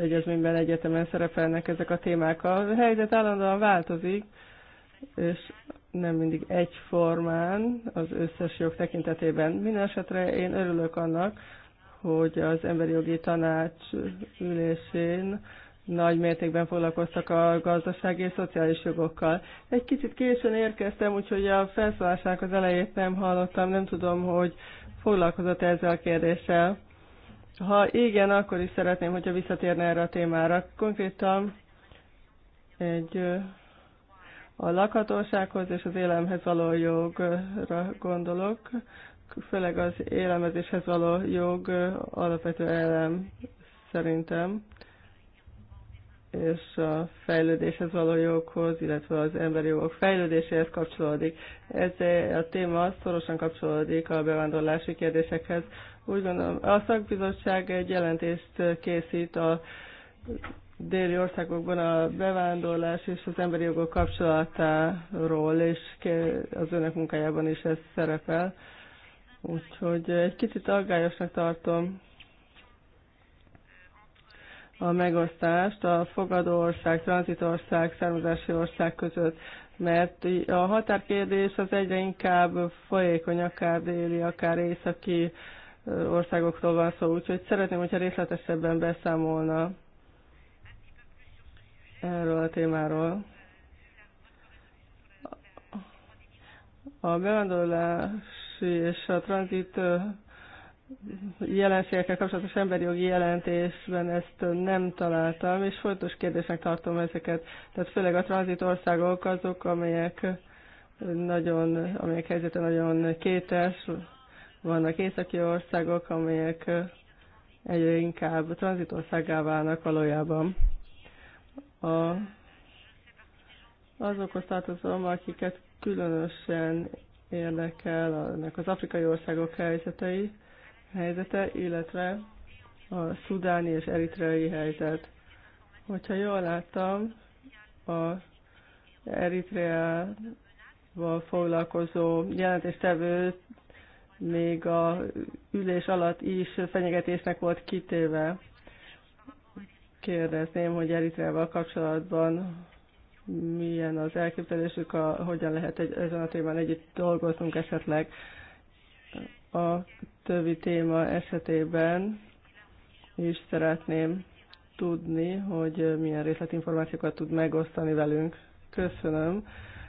egyezményben egyetemen szerepelnek ezek a témák. A helyzet állandóan változik, és nem mindig egyformán az összes jog tekintetében. Minden esetre én örülök annak, hogy az emberi jogi tanács ülésén nagy mértékben foglalkoztak a gazdasági és szociális jogokkal. Egy kicsit későn érkeztem, úgyhogy a felszólásnak az elejét nem hallottam, nem tudom, hogy foglalkozott ezzel a kérdéssel. Ha igen, akkor is szeretném, hogyha visszatérne erre a témára. Konkrétan egy a lakhatósághoz és az élelemhez való jogra gondolok főleg az élelmezéshez való jog alapvető elem szerintem, és a fejlődéshez való joghoz, illetve az emberi jogok fejlődéséhez kapcsolódik. Ez a téma szorosan kapcsolódik a bevándorlási kérdésekhez. Úgy gondolom, a szakbizottság egy jelentést készít a déli országokban a bevándorlás és az emberi jogok kapcsolatáról, és az önök munkájában is ez szerepel. Úgyhogy egy kicsit aggályosnak tartom a megosztást a fogadó ország, tranzitország, származási ország között, mert a határkérdés az egyre inkább folyékony, akár déli, akár északi országokról van szó, úgyhogy szeretném, hogyha részletesebben beszámolna erről a témáról. A bevándorlás és a tranzit jelenségekkel kapcsolatos emberi jogi jelentésben ezt nem találtam, és fontos kérdésnek tartom ezeket. Tehát főleg a tranzit országok azok, amelyek nagyon, amelyek helyzete nagyon kétes, vannak északi országok, amelyek egyre inkább tranzitországá válnak valójában. A, azokhoz tartozom, akiket különösen érdekel, ennek az afrikai országok helyzetei, helyzete, illetve a szudáni és eritreai helyzet. Hogyha jól láttam, a Eritreával foglalkozó jelentéstevő még a ülés alatt is fenyegetésnek volt kitéve. Kérdezném, hogy Eritreával kapcsolatban milyen az elképzelésük, a, hogyan lehet egy, ezen a témán együtt dolgoznunk esetleg. A többi téma esetében is szeretném tudni, hogy milyen részletinformációkat tud megosztani velünk. Köszönöm,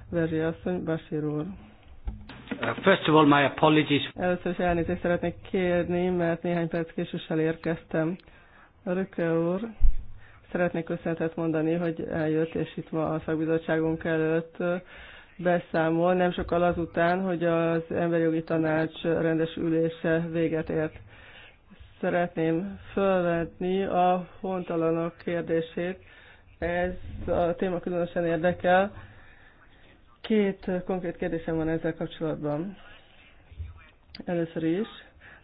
Verzsi asszony, Basir úr. Uh, first of all, my apologies. Először is elnézést szeretnék kérni, mert néhány perc késősel érkeztem. Röke úr, Szeretnék köszönetet mondani, hogy eljött, és itt ma a szakbizottságunk előtt beszámol, nem sokkal azután, hogy az Emberi Jogi Tanács rendes ülése véget ért. Szeretném felvetni a hontalanok kérdését. Ez a téma különösen érdekel. Két konkrét kérdésem van ezzel kapcsolatban. Először is,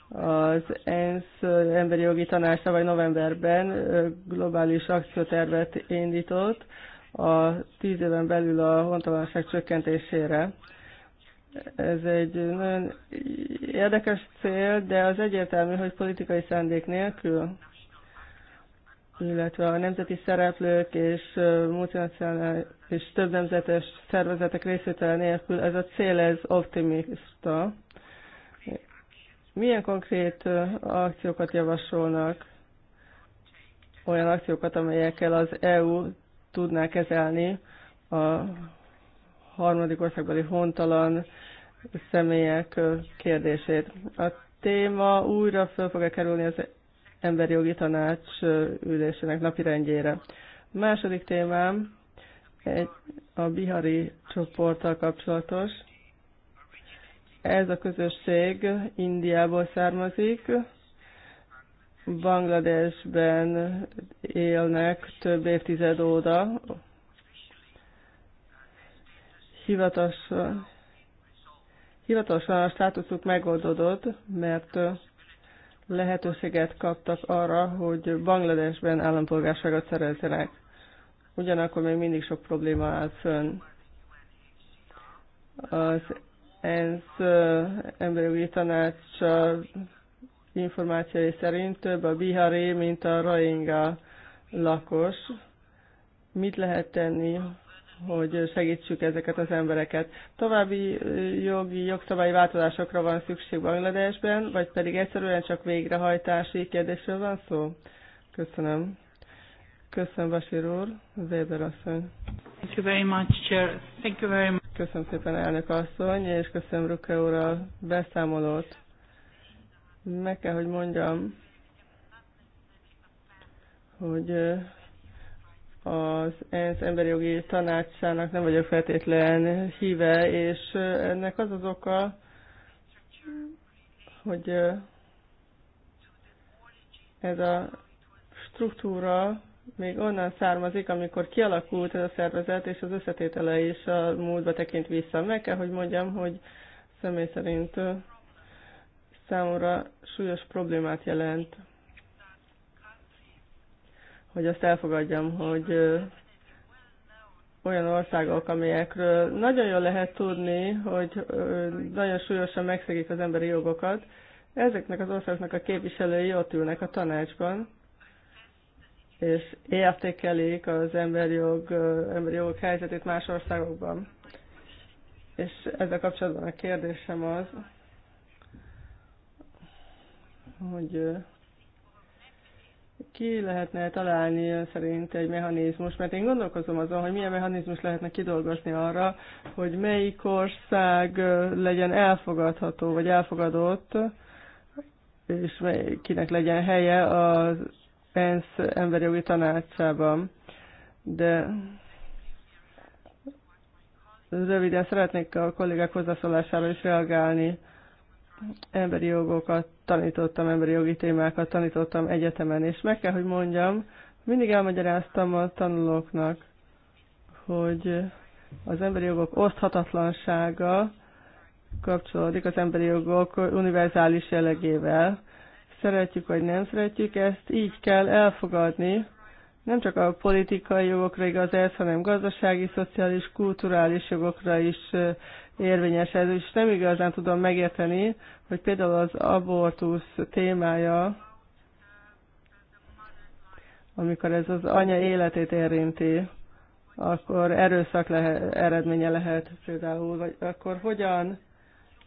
az ENSZ emberi jogi tanács vagy novemberben globális akciótervet indított a tíz éven belül a hontalanság csökkentésére. Ez egy nagyon érdekes cél, de az egyértelmű, hogy politikai szándék nélkül, illetve a nemzeti szereplők és multinacionális és több nemzetes szervezetek részvétele nélkül ez a cél, ez optimista milyen konkrét akciókat javasolnak? Olyan akciókat, amelyekkel az EU tudná kezelni a harmadik országbeli hontalan személyek kérdését. A téma újra föl fog -e kerülni az emberi jogi tanács ülésének napirendjére. Második témám egy, a Bihari csoporttal kapcsolatos. Ez a közösség Indiából származik, Bangladesben élnek több évtized óta. Hivatalos, hivatalosan a státuszuk megoldódott, mert lehetőséget kaptak arra, hogy Bangladesben állampolgárságot szerezzenek. Ugyanakkor még mindig sok probléma áll fönn. Az ENSZ emberi tanács információi szerint több a Bihari, mint a Rohingya lakos. Mit lehet tenni, hogy segítsük ezeket az embereket? További jogi, jogszabályi változásokra van szükség Bangladesben, vagy pedig egyszerűen csak végrehajtási kérdésről van szó? Köszönöm. Köszönöm, Basir úr. Weber asszony. Thank you very much, Chair. Thank you very much. Köszönöm szépen, elnök asszony, és köszönöm Röke úr a beszámolót. Meg kell, hogy mondjam, hogy az ENSZ emberi jogi tanácsának nem vagyok feltétlen híve, és ennek az az oka, hogy ez a struktúra még onnan származik, amikor kialakult ez a szervezet, és az összetétele is a múltba tekint vissza. Meg kell, hogy mondjam, hogy személy szerint számomra súlyos problémát jelent, hogy azt elfogadjam, hogy olyan országok, amelyekről nagyon jól lehet tudni, hogy nagyon súlyosan megszegik az emberi jogokat, ezeknek az országoknak a képviselői ott ülnek a tanácsban, és értékelik az emberi, jog, emberi jogok helyzetét más országokban. És ezzel kapcsolatban a kérdésem az, hogy ki lehetne találni ön szerint egy mechanizmus, mert én gondolkozom azon, hogy milyen mechanizmus lehetne kidolgozni arra, hogy melyik ország legyen elfogadható vagy elfogadott, és kinek legyen helye az ENSZ emberi jogi tanácsában. De röviden szeretnék a kollégák hozzászólására is reagálni. Emberi jogokat tanítottam, emberi jogi témákat tanítottam egyetemen, és meg kell, hogy mondjam, mindig elmagyaráztam a tanulóknak, hogy az emberi jogok oszthatatlansága kapcsolódik az emberi jogok univerzális jellegével szeretjük vagy nem szeretjük, ezt így kell elfogadni. Nem csak a politikai jogokra igaz ez, hanem gazdasági, szociális, kulturális jogokra is érvényes ez, és nem igazán tudom megérteni, hogy például az abortusz témája, amikor ez az anya életét érinti, akkor erőszak lehet, eredménye lehet például, vagy akkor hogyan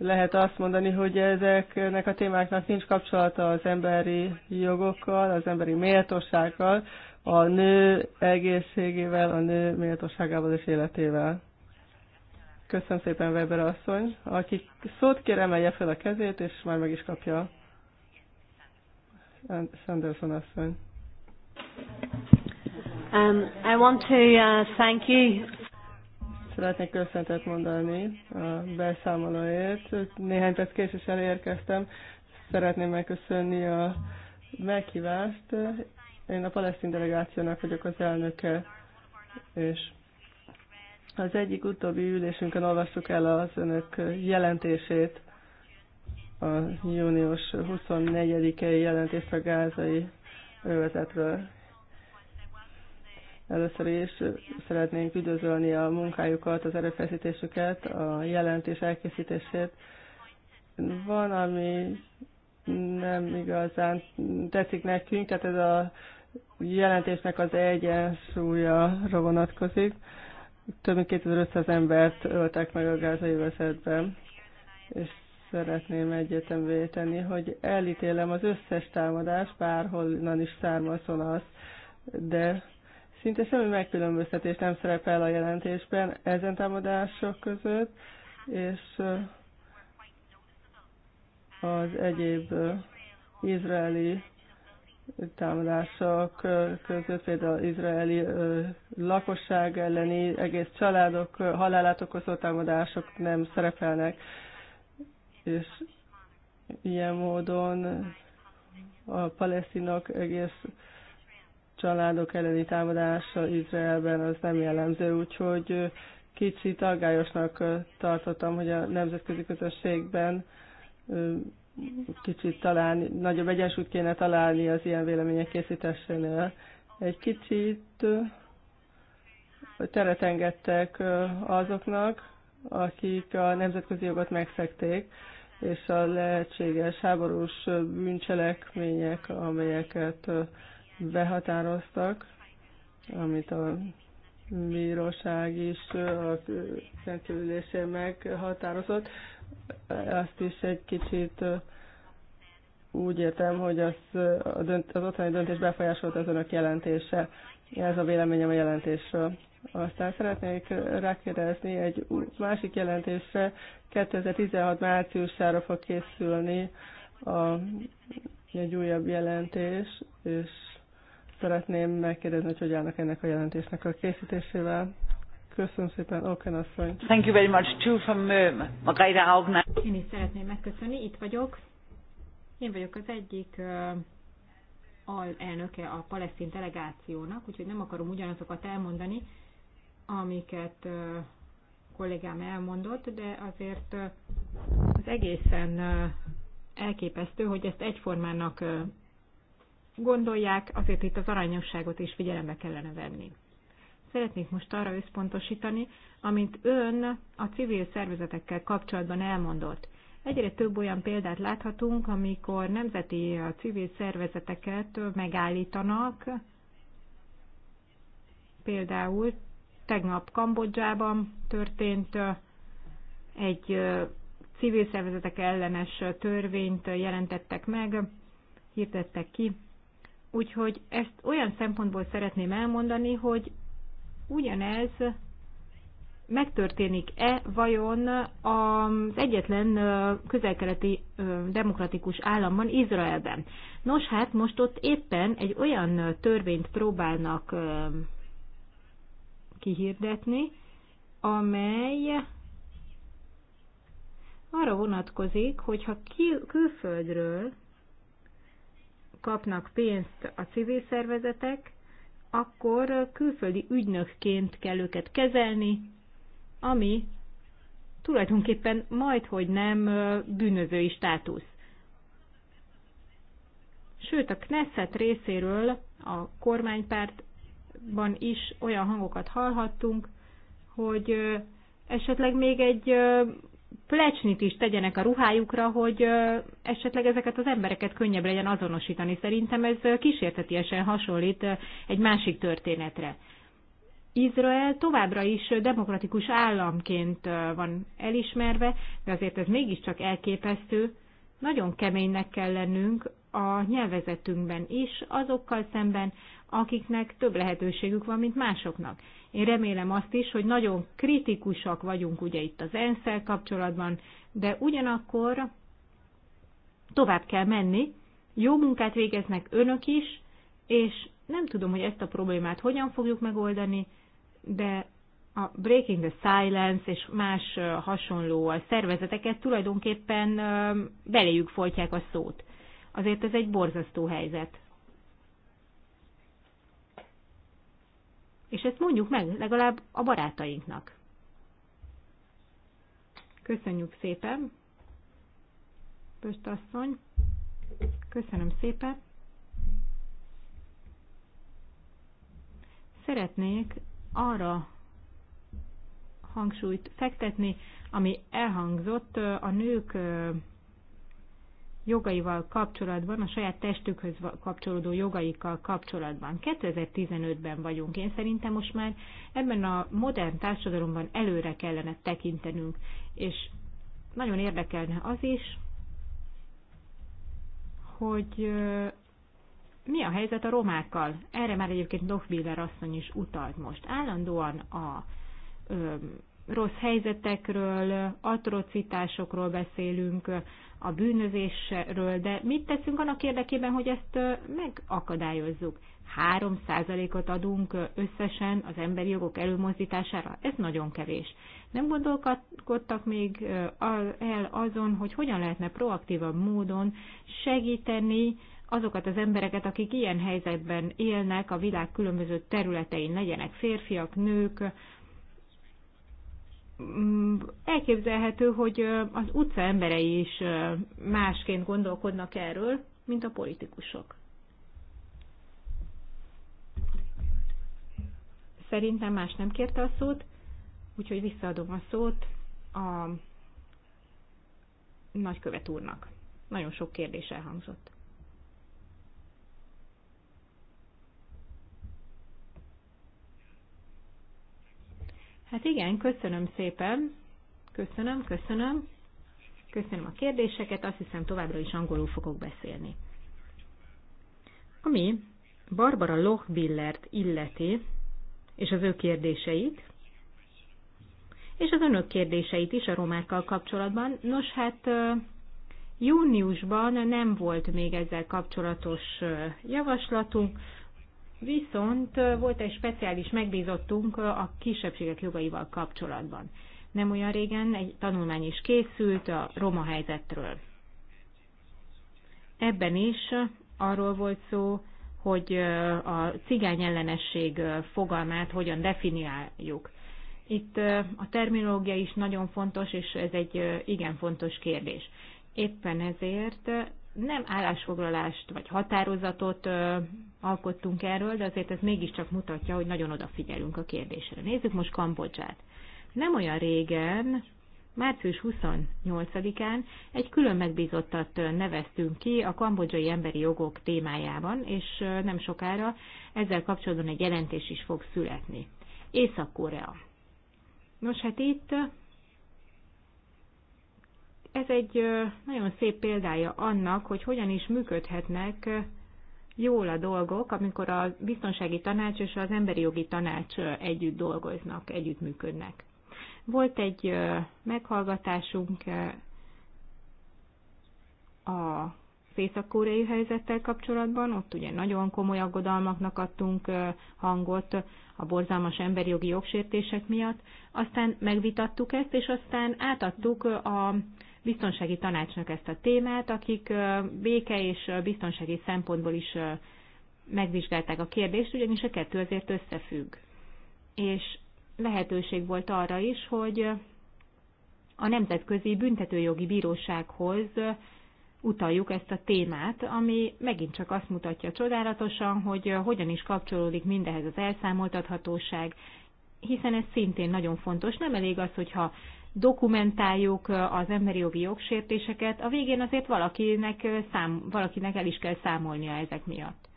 lehet azt mondani, hogy ezeknek a témáknak nincs kapcsolata az emberi jogokkal, az emberi méltósággal, a nő egészségével, a nő méltóságával és életével. Köszönöm szépen Weber asszony. Aki szót kér, emelje fel a kezét, és már meg is kapja. Sanderson asszony. Um, I want to uh, thank you Szeretnék köszöntet mondani a beszámolóért. Néhány perc késésen érkeztem. Szeretném megköszönni a meghívást. Én a palesztin delegációnak vagyok az elnöke, és az egyik utóbbi ülésünkön olvastuk el az önök jelentését, a június 24-i jelentést a gázai övezetről. Először is szeretnénk üdvözölni a munkájukat, az erőfeszítésüket, a jelentés elkészítését. Van, ami nem igazán tetszik nekünk, tehát ez a jelentésnek az egyensúlya vonatkozik. Több mint 2500 embert öltek meg a gázai vezetben, és szeretném egyetemvé tenni, hogy elítélem az összes támadást, bárhol is származon az, de Szinte semmi megkülönböztetés nem szerepel a jelentésben ezen támadások között, és az egyéb izraeli támadások között, például izraeli lakosság elleni egész családok halálát okozó támadások nem szerepelnek, és ilyen módon a palesztinok egész családok elleni támadása Izraelben az nem jellemző, úgyhogy kicsit aggályosnak tartottam, hogy a nemzetközi közösségben kicsit talán nagyobb egyensúlyt kéne találni az ilyen vélemények készítésénél. Egy kicsit teret engedtek azoknak, akik a nemzetközi jogot megszekték, és a lehetséges háborús bűncselekmények, amelyeket behatároztak, amit a bíróság is a szentülésén meghatározott. Azt is egy kicsit úgy értem, hogy az, az otthoni döntés befolyásolt az önök jelentése. Ez a véleményem a jelentésről. Aztán szeretnék rákérdezni egy másik jelentésre. 2016 márciusára fog készülni a, egy újabb jelentés, és Szeretném megkérdezni, hogy hogy állnak ennek a jelentésnek a készítésével. Köszönöm szépen, Oken asszony. Thank you very much, too, from uh, Margrethe Haugner. Én is szeretném megköszönni, itt vagyok. Én vagyok az egyik uh, alelnöke a palesztin delegációnak, úgyhogy nem akarom ugyanazokat elmondani, amiket uh, kollégám elmondott, de azért uh, az egészen uh, elképesztő, hogy ezt egyformának uh, gondolják, azért itt az arányosságot is figyelembe kellene venni. Szeretnék most arra összpontosítani, amit ön a civil szervezetekkel kapcsolatban elmondott. Egyre több olyan példát láthatunk, amikor nemzeti a civil szervezeteket megállítanak, például tegnap Kambodzsában történt egy civil szervezetek ellenes törvényt jelentettek meg, hirdettek ki, Úgyhogy ezt olyan szempontból szeretném elmondani, hogy ugyanez megtörténik-e vajon az egyetlen közelkeleti demokratikus államban, Izraelben. Nos hát most ott éppen egy olyan törvényt próbálnak kihirdetni, amely arra vonatkozik, hogyha kül- külföldről kapnak pénzt a civil szervezetek, akkor külföldi ügynökként kell őket kezelni, ami tulajdonképpen majd, hogy nem bűnözői státusz. Sőt, a Knesset részéről a kormánypártban is olyan hangokat hallhattunk, hogy esetleg még egy plecsnit is tegyenek a ruhájukra, hogy esetleg ezeket az embereket könnyebb legyen azonosítani. Szerintem ez kísértetiesen hasonlít egy másik történetre. Izrael továbbra is demokratikus államként van elismerve, de azért ez mégiscsak elképesztő. Nagyon keménynek kell lennünk a nyelvezetünkben is, azokkal szemben, akiknek több lehetőségük van, mint másoknak. Én remélem azt is, hogy nagyon kritikusak vagyunk ugye itt az ensz kapcsolatban, de ugyanakkor tovább kell menni, jó munkát végeznek önök is, és nem tudom, hogy ezt a problémát hogyan fogjuk megoldani, de a Breaking the Silence és más hasonló szervezeteket tulajdonképpen beléjük folytják a szót. Azért ez egy borzasztó helyzet. És ezt mondjuk meg legalább a barátainknak. Köszönjük szépen, Pöst asszony. Köszönöm szépen. Szeretnék arra hangsúlyt fektetni, ami elhangzott a nők jogaival kapcsolatban, a saját testükhöz kapcsolódó jogaikkal kapcsolatban. 2015-ben vagyunk, én szerintem most már ebben a modern társadalomban előre kellene tekintenünk, és nagyon érdekelne az is, hogy mi a helyzet a romákkal. Erre már egyébként Dochbiller asszony is utalt most. Állandóan a rossz helyzetekről, atrocitásokról beszélünk, a bűnözésről, de mit teszünk annak érdekében, hogy ezt megakadályozzuk? 3%-ot adunk összesen az emberi jogok előmozdítására? Ez nagyon kevés. Nem gondolkodtak még el azon, hogy hogyan lehetne proaktívabb módon segíteni azokat az embereket, akik ilyen helyzetben élnek a világ különböző területein, legyenek férfiak, nők, Mm, elképzelhető, hogy az utca emberei is másként gondolkodnak erről, mint a politikusok. Szerintem más nem kérte a szót, úgyhogy visszaadom a szót a nagykövet úrnak. Nagyon sok kérdés elhangzott. Hát igen, köszönöm szépen. Köszönöm, köszönöm. Köszönöm a kérdéseket, azt hiszem továbbra is angolul fogok beszélni. Ami Barbara Lochbillert illeti, és az ő kérdéseit, és az önök kérdéseit is a romákkal kapcsolatban. Nos, hát júniusban nem volt még ezzel kapcsolatos javaslatunk, Viszont volt egy speciális megbízottunk a kisebbségek jogaival kapcsolatban. Nem olyan régen egy tanulmány is készült a roma helyzetről. Ebben is arról volt szó, hogy a cigány ellenesség fogalmát hogyan definiáljuk. Itt a terminológia is nagyon fontos, és ez egy igen fontos kérdés. Éppen ezért nem állásfoglalást vagy határozatot ö, alkottunk erről, de azért ez mégiscsak mutatja, hogy nagyon odafigyelünk a kérdésre. Nézzük most Kambodzsát. Nem olyan régen, március 28-án egy külön megbízottat neveztünk ki a kambodzsai emberi jogok témájában, és nem sokára ezzel kapcsolatban egy jelentés is fog születni. Észak-Korea. Nos, hát itt ez egy nagyon szép példája annak, hogy hogyan is működhetnek jól a dolgok, amikor a biztonsági tanács és az emberi jogi tanács együtt dolgoznak, együtt működnek. Volt egy meghallgatásunk a észak-koreai helyzettel kapcsolatban, ott ugye nagyon komoly aggodalmaknak adtunk hangot a borzalmas emberi jogi jogsértések miatt, aztán megvitattuk ezt, és aztán átadtuk a biztonsági tanácsnak ezt a témát, akik béke és biztonsági szempontból is megvizsgálták a kérdést, ugyanis a kettő azért összefügg. És lehetőség volt arra is, hogy a Nemzetközi Büntetőjogi Bírósághoz utaljuk ezt a témát, ami megint csak azt mutatja csodálatosan, hogy hogyan is kapcsolódik mindehez az elszámoltathatóság, hiszen ez szintén nagyon fontos. Nem elég az, hogyha dokumentáljuk az emberi jogi jogsértéseket, a végén azért valakinek, szám, valakinek el is kell számolnia ezek miatt.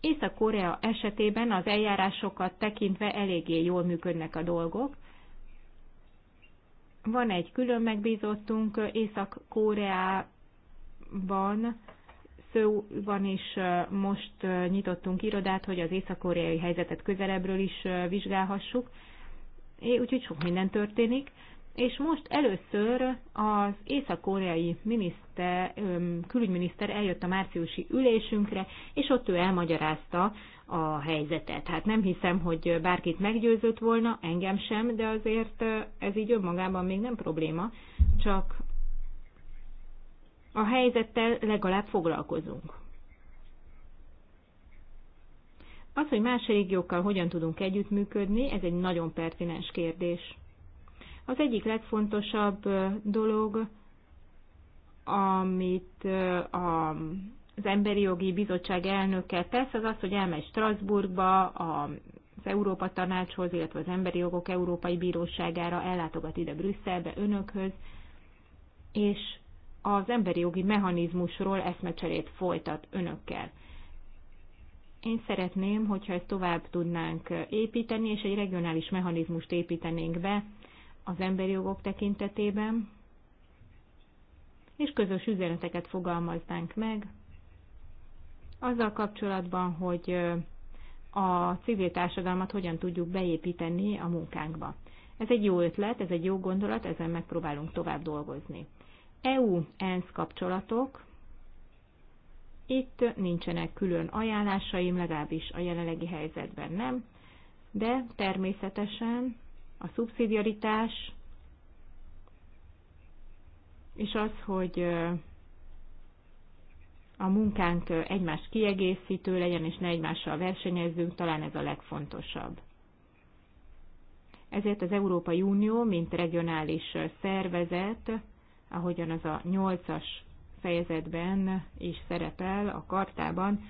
Észak-Korea esetében az eljárásokat tekintve eléggé jól működnek a dolgok. Van egy külön megbízottunk Észak-Koreában, van is most nyitottunk irodát, hogy az észak-koreai helyzetet közelebbről is vizsgálhassuk úgyhogy sok minden történik. És most először az észak-koreai miniszter, külügyminiszter eljött a márciusi ülésünkre, és ott ő elmagyarázta a helyzetet. Hát nem hiszem, hogy bárkit meggyőzött volna, engem sem, de azért ez így önmagában még nem probléma, csak a helyzettel legalább foglalkozunk. Az, hogy más régiókkal hogyan tudunk együttműködni, ez egy nagyon pertinens kérdés. Az egyik legfontosabb dolog, amit a az Emberi Jogi Bizottság elnöke tesz, az az, hogy elmegy Strasbourgba, az Európa Tanácshoz, illetve az Emberi Jogok Európai Bíróságára, ellátogat ide Brüsszelbe, önökhöz, és az emberi jogi mechanizmusról eszmecserét folytat önökkel. Én szeretném, hogyha ezt tovább tudnánk építeni, és egy regionális mechanizmust építenénk be az emberi jogok tekintetében, és közös üzeneteket fogalmaznánk meg azzal kapcsolatban, hogy a civil társadalmat hogyan tudjuk beépíteni a munkánkba. Ez egy jó ötlet, ez egy jó gondolat, ezen megpróbálunk tovább dolgozni. EU-ENSZ kapcsolatok, itt nincsenek külön ajánlásaim, legalábbis a jelenlegi helyzetben nem, de természetesen a szubszidiaritás és az, hogy a munkánk egymást kiegészítő legyen, és ne egymással versenyezzünk, talán ez a legfontosabb. Ezért az Európai Unió, mint regionális szervezet, ahogyan az a nyolcas fejezetben is szerepel a kartában.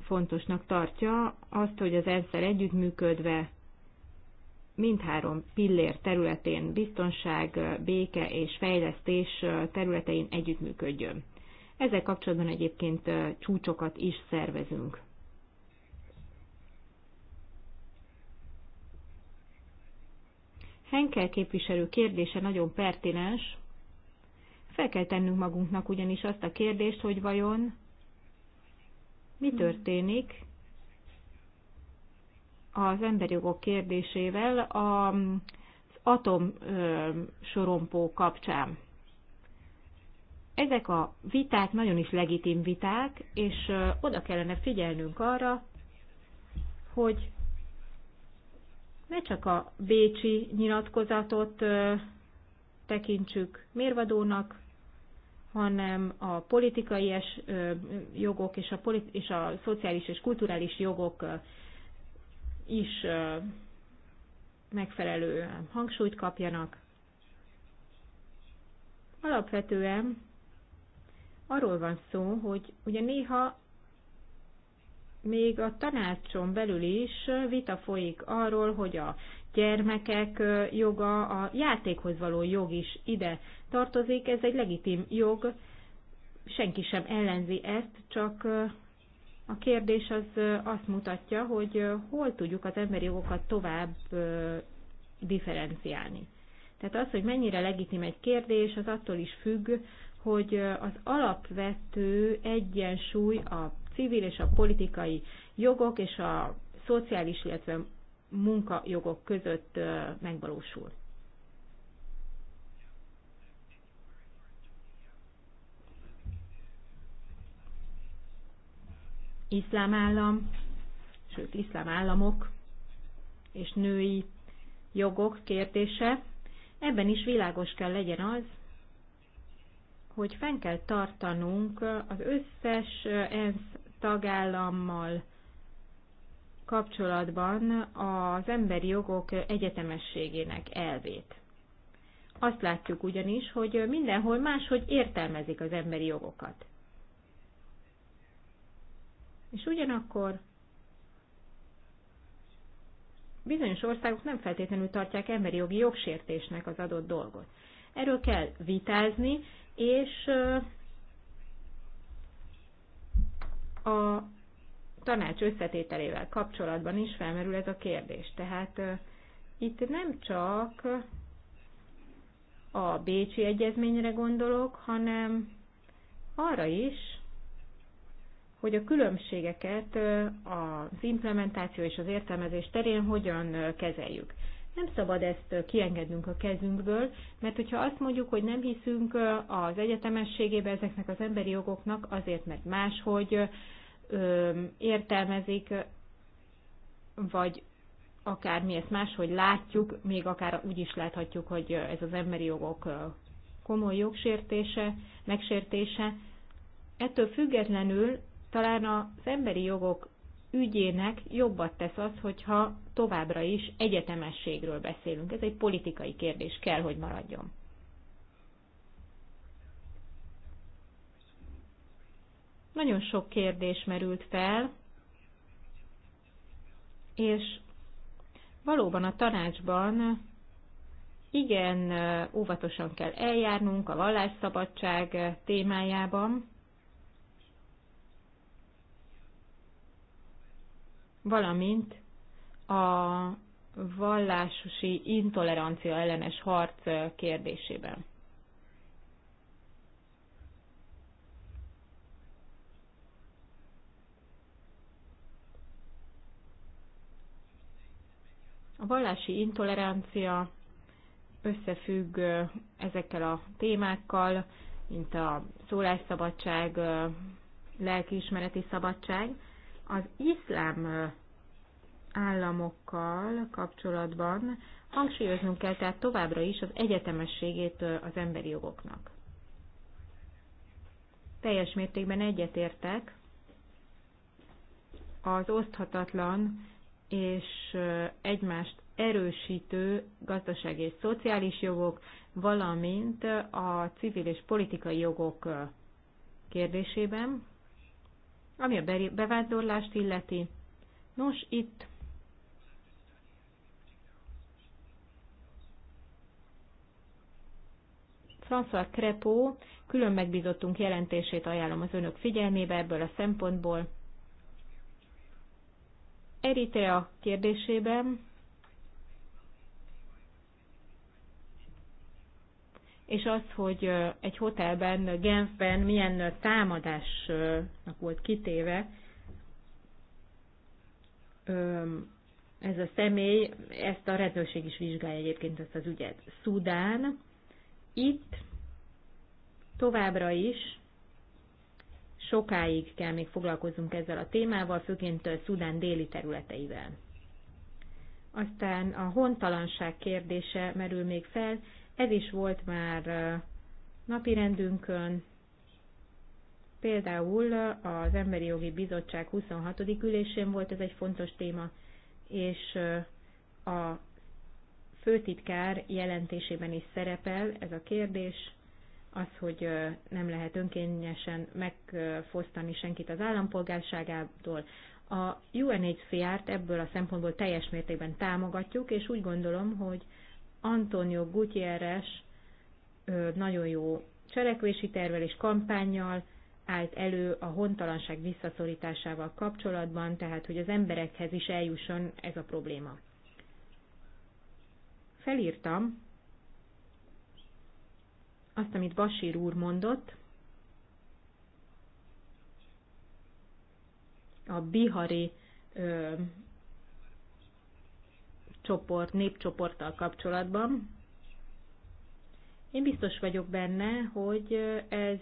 Fontosnak tartja azt, hogy az ENSZ-szel együttműködve mindhárom pillér területén biztonság, béke és fejlesztés területein együttműködjön. Ezzel kapcsolatban egyébként csúcsokat is szervezünk. Henkel képviselő kérdése nagyon pertinens. Fel kell tennünk magunknak ugyanis azt a kérdést, hogy vajon mi történik az emberjogok kérdésével az atom sorompó kapcsán. Ezek a viták nagyon is legitim viták, és oda kellene figyelnünk arra, hogy ne csak a bécsi nyilatkozatot tekintsük mérvadónak, hanem a politikai es, jogok és a, politi- és a szociális és kulturális jogok is megfelelő hangsúlyt kapjanak. Alapvetően arról van szó, hogy ugye néha még a tanácson belül is vita folyik arról, hogy a gyermekek joga, a játékhoz való jog is ide tartozik, ez egy legitim jog, senki sem ellenzi ezt, csak a kérdés az azt mutatja, hogy hol tudjuk az emberi jogokat tovább differenciálni. Tehát az, hogy mennyire legitim egy kérdés, az attól is függ, hogy az alapvető egyensúly a civil és a politikai jogok és a szociális, illetve munkajogok között megvalósul. Iszlám állam, sőt iszlám államok és női jogok kérdése. Ebben is világos kell legyen az, hogy fenn kell tartanunk az összes ENSZ tagállammal kapcsolatban az emberi jogok egyetemességének elvét. Azt látjuk ugyanis, hogy mindenhol máshogy értelmezik az emberi jogokat. És ugyanakkor bizonyos országok nem feltétlenül tartják emberi jogi jogsértésnek az adott dolgot. Erről kell vitázni, és a tanács összetételével kapcsolatban is felmerül ez a kérdés. Tehát itt nem csak a Bécsi Egyezményre gondolok, hanem arra is, hogy a különbségeket az implementáció és az értelmezés terén hogyan kezeljük. Nem szabad ezt kiengednünk a kezünkből, mert hogyha azt mondjuk, hogy nem hiszünk az egyetemességébe ezeknek az emberi jogoknak, azért, mert máshogy értelmezik, vagy akár mi ezt máshogy látjuk, még akár úgy is láthatjuk, hogy ez az emberi jogok komoly jogsértése, megsértése. Ettől függetlenül talán az emberi jogok ügyének jobbat tesz az, hogyha továbbra is egyetemességről beszélünk. Ez egy politikai kérdés, kell, hogy maradjon. Nagyon sok kérdés merült fel, és valóban a tanácsban igen óvatosan kell eljárnunk a vallásszabadság témájában, valamint a vallásosi intolerancia ellenes harc kérdésében. A vallási intolerancia összefügg ezekkel a témákkal, mint a szólásszabadság, lelkiismereti szabadság, az iszlám államokkal kapcsolatban hangsúlyoznunk kell tehát továbbra is az egyetemességét az emberi jogoknak. Teljes mértékben egyetértek az oszthatatlan és egymást erősítő gazdasági és szociális jogok, valamint a civil és politikai jogok kérdésében, ami a bevándorlást illeti, nos, itt François Crepó külön megbízottunk jelentését ajánlom az önök figyelmébe ebből a szempontból. Eritrea kérdésében és az, hogy egy hotelben, Genfben milyen támadásnak volt kitéve ez a személy, ezt a rendőrség is vizsgálja egyébként ezt az ügyet. Szudán, itt továbbra is sokáig kell még foglalkozunk ezzel a témával, főként Szudán déli területeivel. Aztán a hontalanság kérdése merül még fel, ez is volt már napirendünkön, például az Emberi Jogi Bizottság 26. ülésén volt ez egy fontos téma, és a főtitkár jelentésében is szerepel ez a kérdés, az, hogy nem lehet önkényesen megfosztani senkit az állampolgárságától. A UNHCR-t ebből a szempontból teljes mértékben támogatjuk, és úgy gondolom, hogy Antonio Gutierrez nagyon jó cselekvési tervel és kampányjal állt elő a hontalanság visszaszorításával kapcsolatban, tehát hogy az emberekhez is eljusson ez a probléma. Felírtam azt, amit Basír úr mondott, a bihari csoport, népcsoporttal kapcsolatban. Én biztos vagyok benne, hogy ez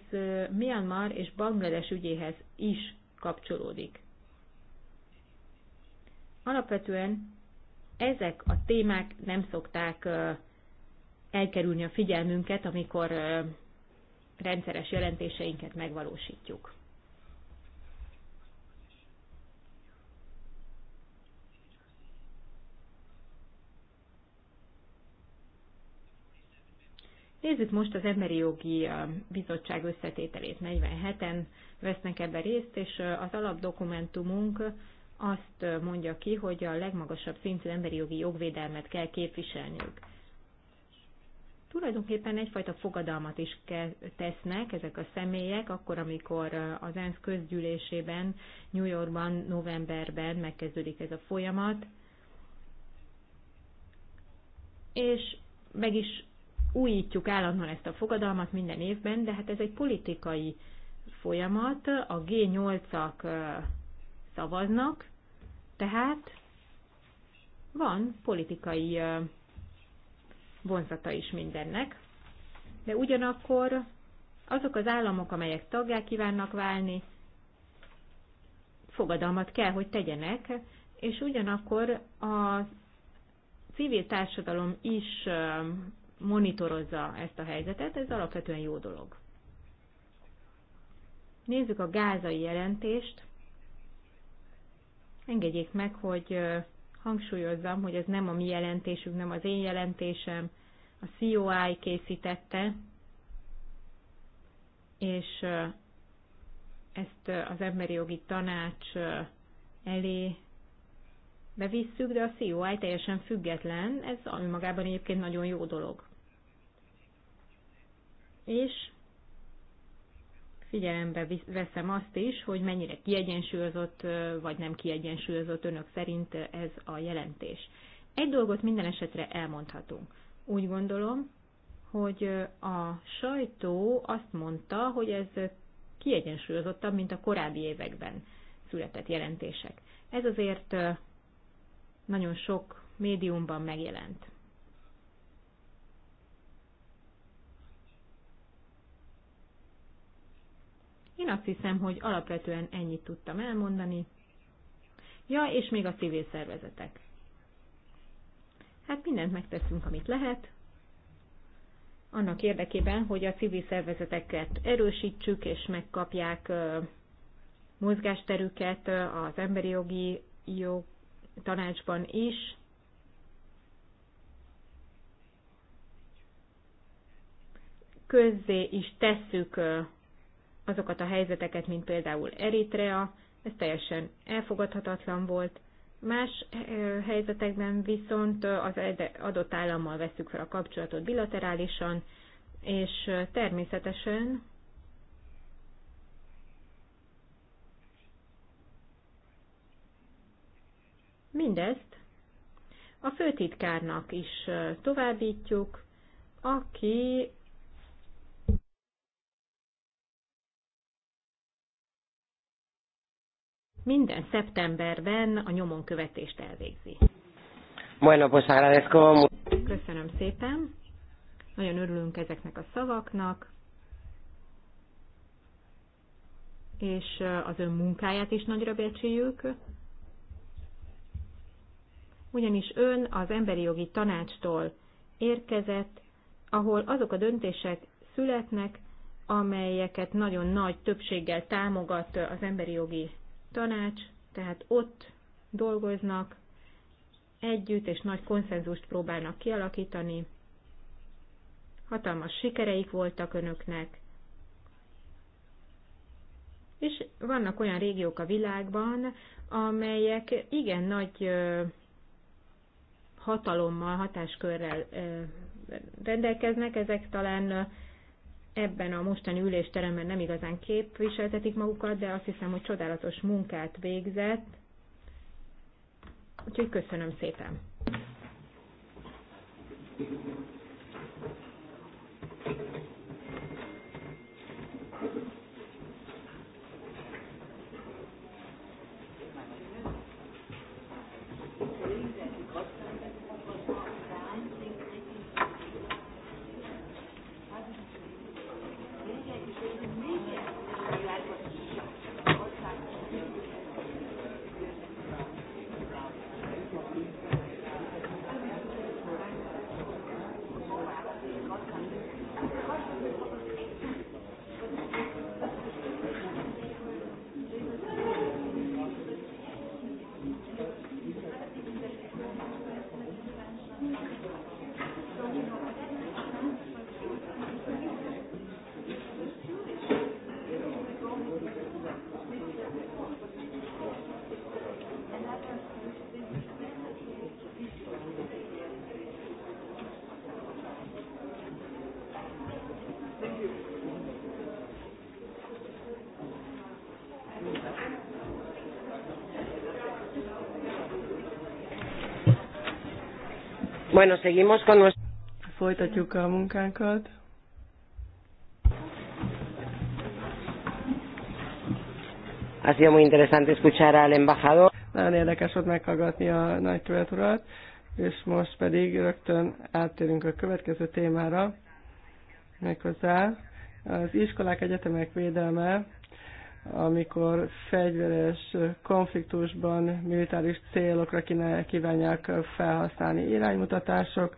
Myanmar és Banglades ügyéhez is kapcsolódik. Alapvetően ezek a témák nem szokták elkerülni a figyelmünket, amikor rendszeres jelentéseinket megvalósítjuk. Nézzük most az Emberi Jogi Bizottság összetételét. 47-en vesznek ebbe részt, és az alapdokumentumunk azt mondja ki, hogy a legmagasabb szintű emberi jogi jogvédelmet kell képviselniük. Tulajdonképpen egyfajta fogadalmat is tesznek ezek a személyek, akkor, amikor az ENSZ közgyűlésében, New Yorkban, novemberben megkezdődik ez a folyamat, és meg is újítjuk állandóan ezt a fogadalmat minden évben, de hát ez egy politikai folyamat, a G8-ak szavaznak, tehát van politikai vonzata is mindennek, de ugyanakkor azok az államok, amelyek taggá kívánnak válni, fogadalmat kell, hogy tegyenek, és ugyanakkor a civil társadalom is monitorozza ezt a helyzetet, ez alapvetően jó dolog. Nézzük a gázai jelentést. Engedjék meg, hogy hangsúlyozzam, hogy ez nem a mi jelentésünk, nem az én jelentésem, a COI készítette, és ezt az emberi jogi tanács elé bevisszük, de a COI teljesen független, ez önmagában egyébként nagyon jó dolog és figyelembe veszem azt is, hogy mennyire kiegyensúlyozott vagy nem kiegyensúlyozott önök szerint ez a jelentés. Egy dolgot minden esetre elmondhatunk. Úgy gondolom, hogy a sajtó azt mondta, hogy ez kiegyensúlyozottabb, mint a korábbi években született jelentések. Ez azért nagyon sok médiumban megjelent. Én azt hiszem, hogy alapvetően ennyit tudtam elmondani. Ja, és még a civil szervezetek. Hát mindent megteszünk, amit lehet. Annak érdekében, hogy a civil szervezeteket erősítsük, és megkapják mozgásterüket az emberi jogi jog tanácsban is. Közzé is tesszük azokat a helyzeteket, mint például Eritrea, ez teljesen elfogadhatatlan volt. Más eh, helyzetekben viszont eh, az adott állammal veszük fel a kapcsolatot bilaterálisan, és eh, természetesen mindezt a főtitkárnak is továbbítjuk, aki minden szeptemberben a nyomon követést elvégzi. Bueno, pues agradezco. Köszönöm szépen. Nagyon örülünk ezeknek a szavaknak, és az ön munkáját is nagyra becsüljük. Ugyanis ön az emberi jogi tanácstól érkezett, ahol azok a döntések születnek, amelyeket nagyon nagy többséggel támogat az emberi jogi tanács, tehát ott dolgoznak együtt, és nagy konszenzust próbálnak kialakítani. Hatalmas sikereik voltak önöknek, és vannak olyan régiók a világban, amelyek igen nagy hatalommal, hatáskörrel rendelkeznek, ezek talán ebben a mostani ülésteremben nem igazán képviseltetik magukat, de azt hiszem, hogy csodálatos munkát végzett. Úgyhogy köszönöm szépen. Thank you. Bueno, seguimos con nuestro... Folytatjuk a munkánkat. Ha sido muy interesante escuchar al embajador. Nagyon érdekes volt meghallgatni a nagy követurat, és most pedig rögtön áttérünk a következő témára, méghozzá az iskolák egyetemek védelme amikor fegyveres konfliktusban militáris célokra kívánják felhasználni iránymutatások,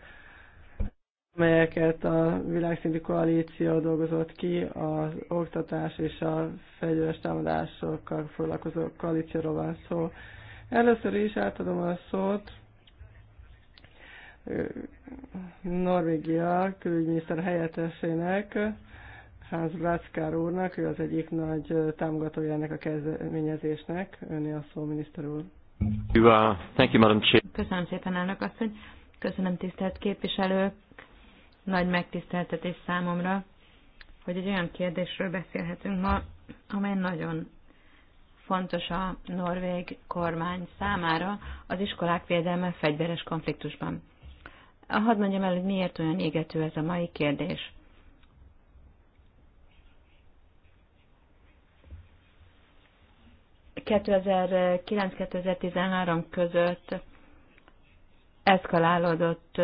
melyeket a világszintű koalíció dolgozott ki az oktatás és a fegyveres támadásokkal foglalkozó koalícióról van szó. Először is átadom a szót Norvégia külügyminiszter helyettesének, Hans Blackár úrnak, ő az egyik nagy támogatója ennek a kezdeményezésnek. Önné a szó, miniszter úr. Köszönöm szépen, elnök asszony. Köszönöm tisztelt képviselők. Nagy megtiszteltetés számomra, hogy egy olyan kérdésről beszélhetünk ma, amely nagyon fontos a norvég kormány számára az iskolák védelme fegyveres konfliktusban. Hadd mondjam el, hogy miért olyan égető ez a mai kérdés. 2009-2013 között eszkalálódott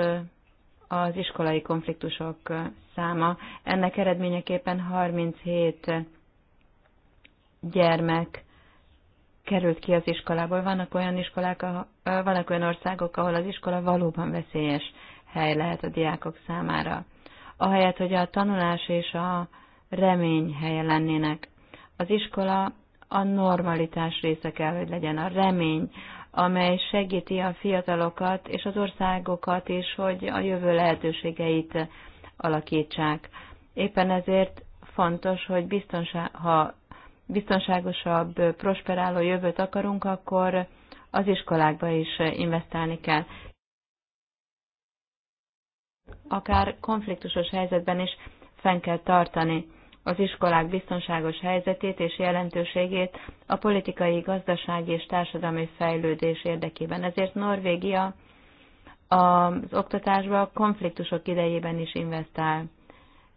az iskolai konfliktusok száma. Ennek eredményeképpen 37 gyermek került ki az iskolából. Vannak olyan iskolák, vannak olyan országok, ahol az iskola valóban veszélyes hely lehet a diákok számára. Ahelyett, hogy a tanulás és a remény helye lennének. Az iskola a normalitás része kell, hogy legyen a remény, amely segíti a fiatalokat és az országokat is, hogy a jövő lehetőségeit alakítsák. Éppen ezért fontos, hogy biztonság, ha biztonságosabb, prosperáló jövőt akarunk, akkor az iskolákba is investálni kell. Akár konfliktusos helyzetben is fenn kell tartani az iskolák biztonságos helyzetét és jelentőségét a politikai, gazdasági és társadalmi fejlődés érdekében. Ezért Norvégia az oktatásba a konfliktusok idejében is investál.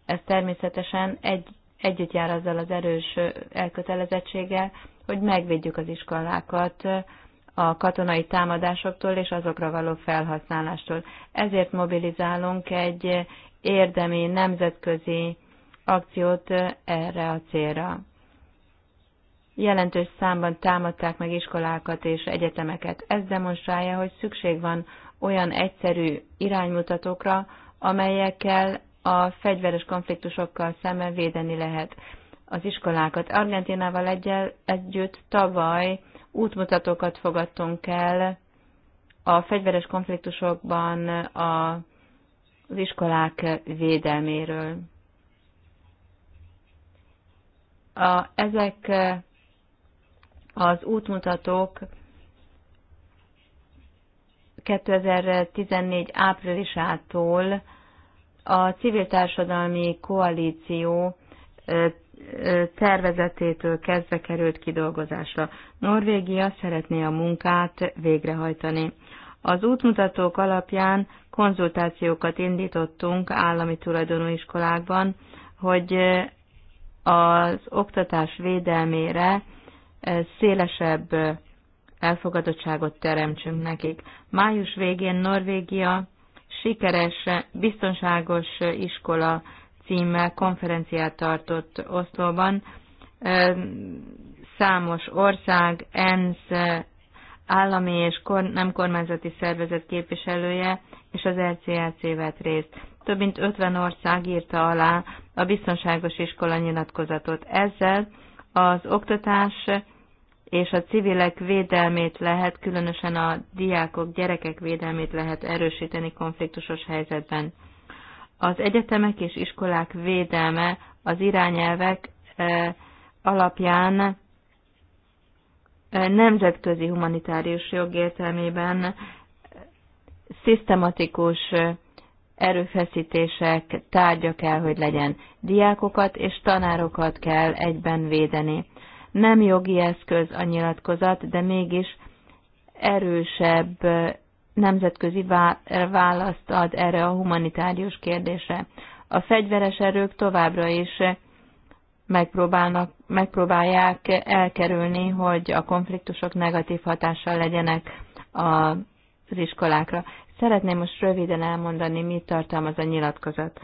Ez természetesen egy, együtt jár azzal az erős elkötelezettséggel, hogy megvédjük az iskolákat a katonai támadásoktól és azokra való felhasználástól. Ezért mobilizálunk egy érdemi nemzetközi akciót erre a célra. Jelentős számban támadták meg iskolákat és egyetemeket. Ez demonstrálja, hogy szükség van olyan egyszerű iránymutatókra, amelyekkel a fegyveres konfliktusokkal szemben védeni lehet az iskolákat. Argentinával egyel, együtt tavaly útmutatókat fogadtunk el a fegyveres konfliktusokban a, az iskolák védelméről a, ezek e, az útmutatók 2014 áprilisától a civil társadalmi koalíció e, e, tervezetétől kezdve került kidolgozásra. Norvégia szeretné a munkát végrehajtani. Az útmutatók alapján konzultációkat indítottunk állami tulajdonú iskolákban, hogy az oktatás védelmére eh, szélesebb elfogadottságot teremtsünk nekik. Május végén Norvégia sikeres, biztonságos iskola címmel konferenciát tartott Oszlóban. Eh, számos ország, ENSZ, állami és nem kormányzati szervezet képviselője és az RCLC vett részt. Több mint 50 ország írta alá a biztonságos iskola nyilatkozatot. Ezzel az oktatás és a civilek védelmét lehet, különösen a diákok, gyerekek védelmét lehet erősíteni konfliktusos helyzetben. Az egyetemek és iskolák védelme az irányelvek e, alapján e, nemzetközi humanitárius jog értelmében e, szisztematikus erőfeszítések tárgya kell, hogy legyen. Diákokat és tanárokat kell egyben védeni. Nem jogi eszköz a nyilatkozat, de mégis erősebb nemzetközi választ ad erre a humanitárius kérdésre. A fegyveres erők továbbra is megpróbálnak, megpróbálják elkerülni, hogy a konfliktusok negatív hatással legyenek az iskolákra. Szeretném most röviden elmondani, mit tartalmaz a nyilatkozat.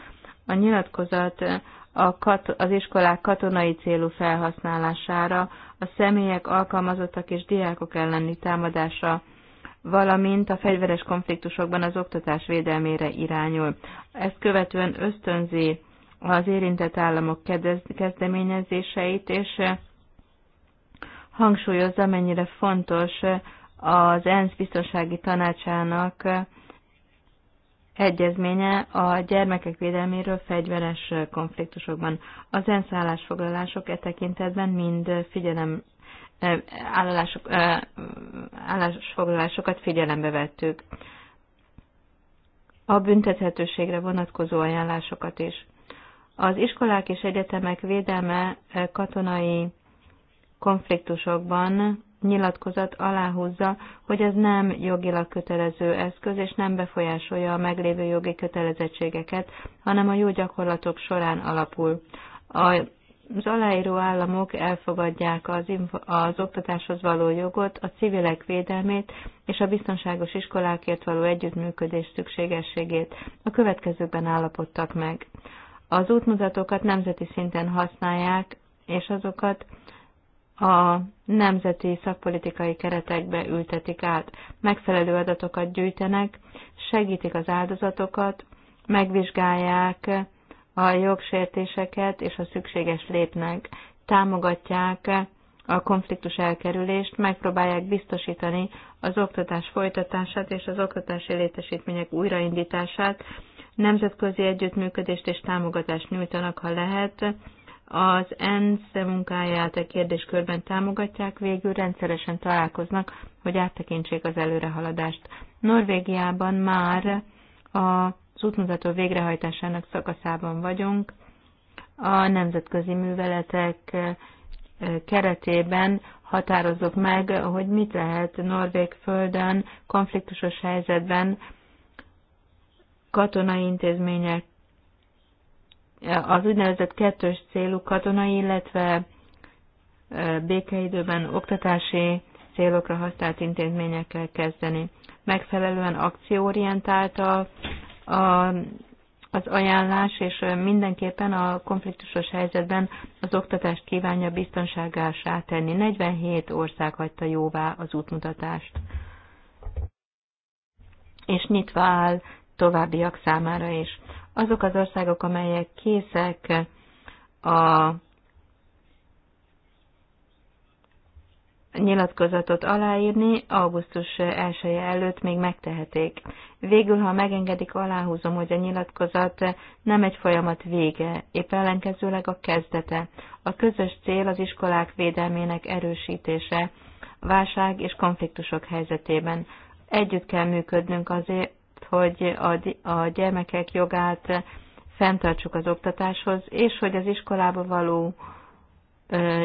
A nyilatkozat a kat- az iskolák katonai célú felhasználására, a személyek, alkalmazottak és diákok elleni támadása, valamint a fegyveres konfliktusokban az oktatás védelmére irányul. Ezt követően ösztönzi az érintett államok kezdeményezéseit, és hangsúlyozza, mennyire fontos az ENSZ biztonsági tanácsának egyezménye a gyermekek védelméről fegyveres konfliktusokban. Az ENSZ állásfoglalások e tekintetben mind figyelem, e, állások, e, állásfoglalásokat figyelembe vettük. A büntethetőségre vonatkozó ajánlásokat is. Az iskolák és egyetemek védelme e, katonai konfliktusokban nyilatkozat aláhúzza, hogy ez nem jogilag kötelező eszköz, és nem befolyásolja a meglévő jogi kötelezettségeket, hanem a jó gyakorlatok során alapul. A az aláíró államok elfogadják az, az oktatáshoz való jogot, a civilek védelmét és a biztonságos iskolákért való együttműködés szükségességét. A következőben állapodtak meg. Az útmutatókat nemzeti szinten használják, és azokat a nemzeti szakpolitikai keretekbe ültetik át. Megfelelő adatokat gyűjtenek, segítik az áldozatokat, megvizsgálják a jogsértéseket, és a szükséges lépnek, támogatják a konfliktus elkerülést, megpróbálják biztosítani az oktatás folytatását és az oktatási létesítmények újraindítását, nemzetközi együttműködést és támogatást nyújtanak, ha lehet, az ENSZ munkáját a e kérdéskörben támogatják, végül rendszeresen találkoznak, hogy áttekintsék az előrehaladást. Norvégiában már az útmutató végrehajtásának szakaszában vagyunk, a nemzetközi műveletek e, keretében határozzuk meg, hogy mit lehet Norvég földön konfliktusos helyzetben katonai intézmények az úgynevezett kettős célú katonai, illetve békeidőben oktatási célokra használt intézményekkel kezdeni. Megfelelően akcióorientált a, a, az ajánlás, és mindenképpen a konfliktusos helyzetben az oktatást kívánja biztonságásá tenni. 47 ország hagyta jóvá az útmutatást, és nyitva áll továbbiak számára is azok az országok, amelyek készek a nyilatkozatot aláírni, augusztus 1 -e előtt még megtehetik. Végül, ha megengedik, aláhúzom, hogy a nyilatkozat nem egy folyamat vége, épp ellenkezőleg a kezdete. A közös cél az iskolák védelmének erősítése, válság és konfliktusok helyzetében. Együtt kell működnünk azért, azt, hogy a, gyermekek jogát fenntartsuk az oktatáshoz, és hogy az iskolába való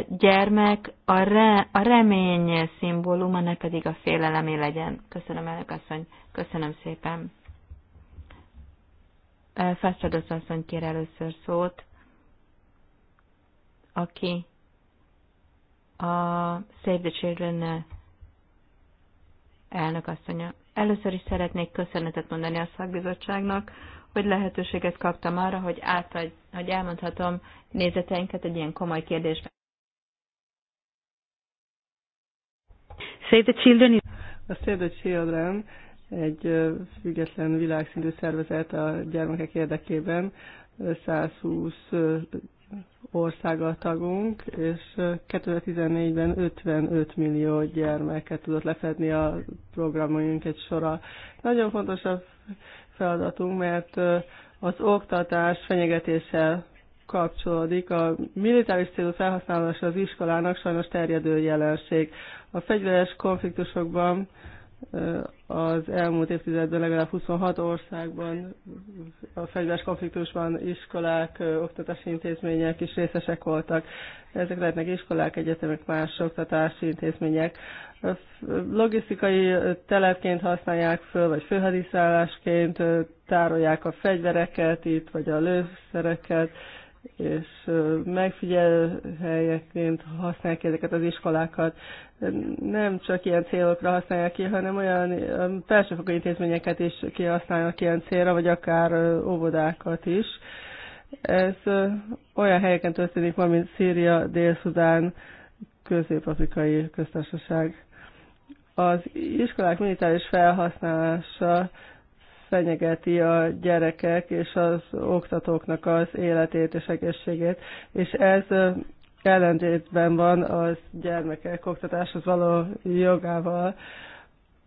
gyermek a, re, a remény szimbóluma, ne pedig a félelemé legyen. Köszönöm, elnök asszony. Köszönöm szépen. Fásztradosz asszony kér először szót, aki a Save the Children elnök asszonya. Először is szeretnék köszönetet mondani a szakbizottságnak, hogy lehetőséget kaptam arra, hogy, átadj, hogy elmondhatom nézeteinket egy ilyen komoly kérdésben. Save the Children. A Save the Children egy független világszintű szervezet a gyermekek érdekében 120 országa a tagunk, és 2014-ben 55 millió gyermeket tudott lefedni a programunk egy sora. Nagyon fontos a feladatunk, mert az oktatás fenyegetéssel kapcsolódik. A militáris célú felhasználása az iskolának sajnos terjedő jelenség. A fegyveres konfliktusokban az elmúlt évtizedben legalább 26 országban a fegyveres konfliktusban iskolák, oktatási intézmények is részesek voltak. Ezek lehetnek iskolák, egyetemek, más oktatási intézmények. Logisztikai telepként használják föl, vagy főhadiszállásként tárolják a fegyvereket itt, vagy a lőszereket, és megfigyel helyeként használják ezeket az iskolákat. Nem csak ilyen célokra használják ki, hanem olyan felsőfokú intézményeket is kihasználnak ilyen célra, vagy akár óvodákat is. Ez olyan helyeken történik ma, mint Szíria, Dél-Szudán, Közép-Afrikai Köztársaság. Az iskolák militáris felhasználása fenyegeti a gyerekek és az oktatóknak az életét és egészségét, és ez ellentétben van az gyermekek oktatáshoz való jogával.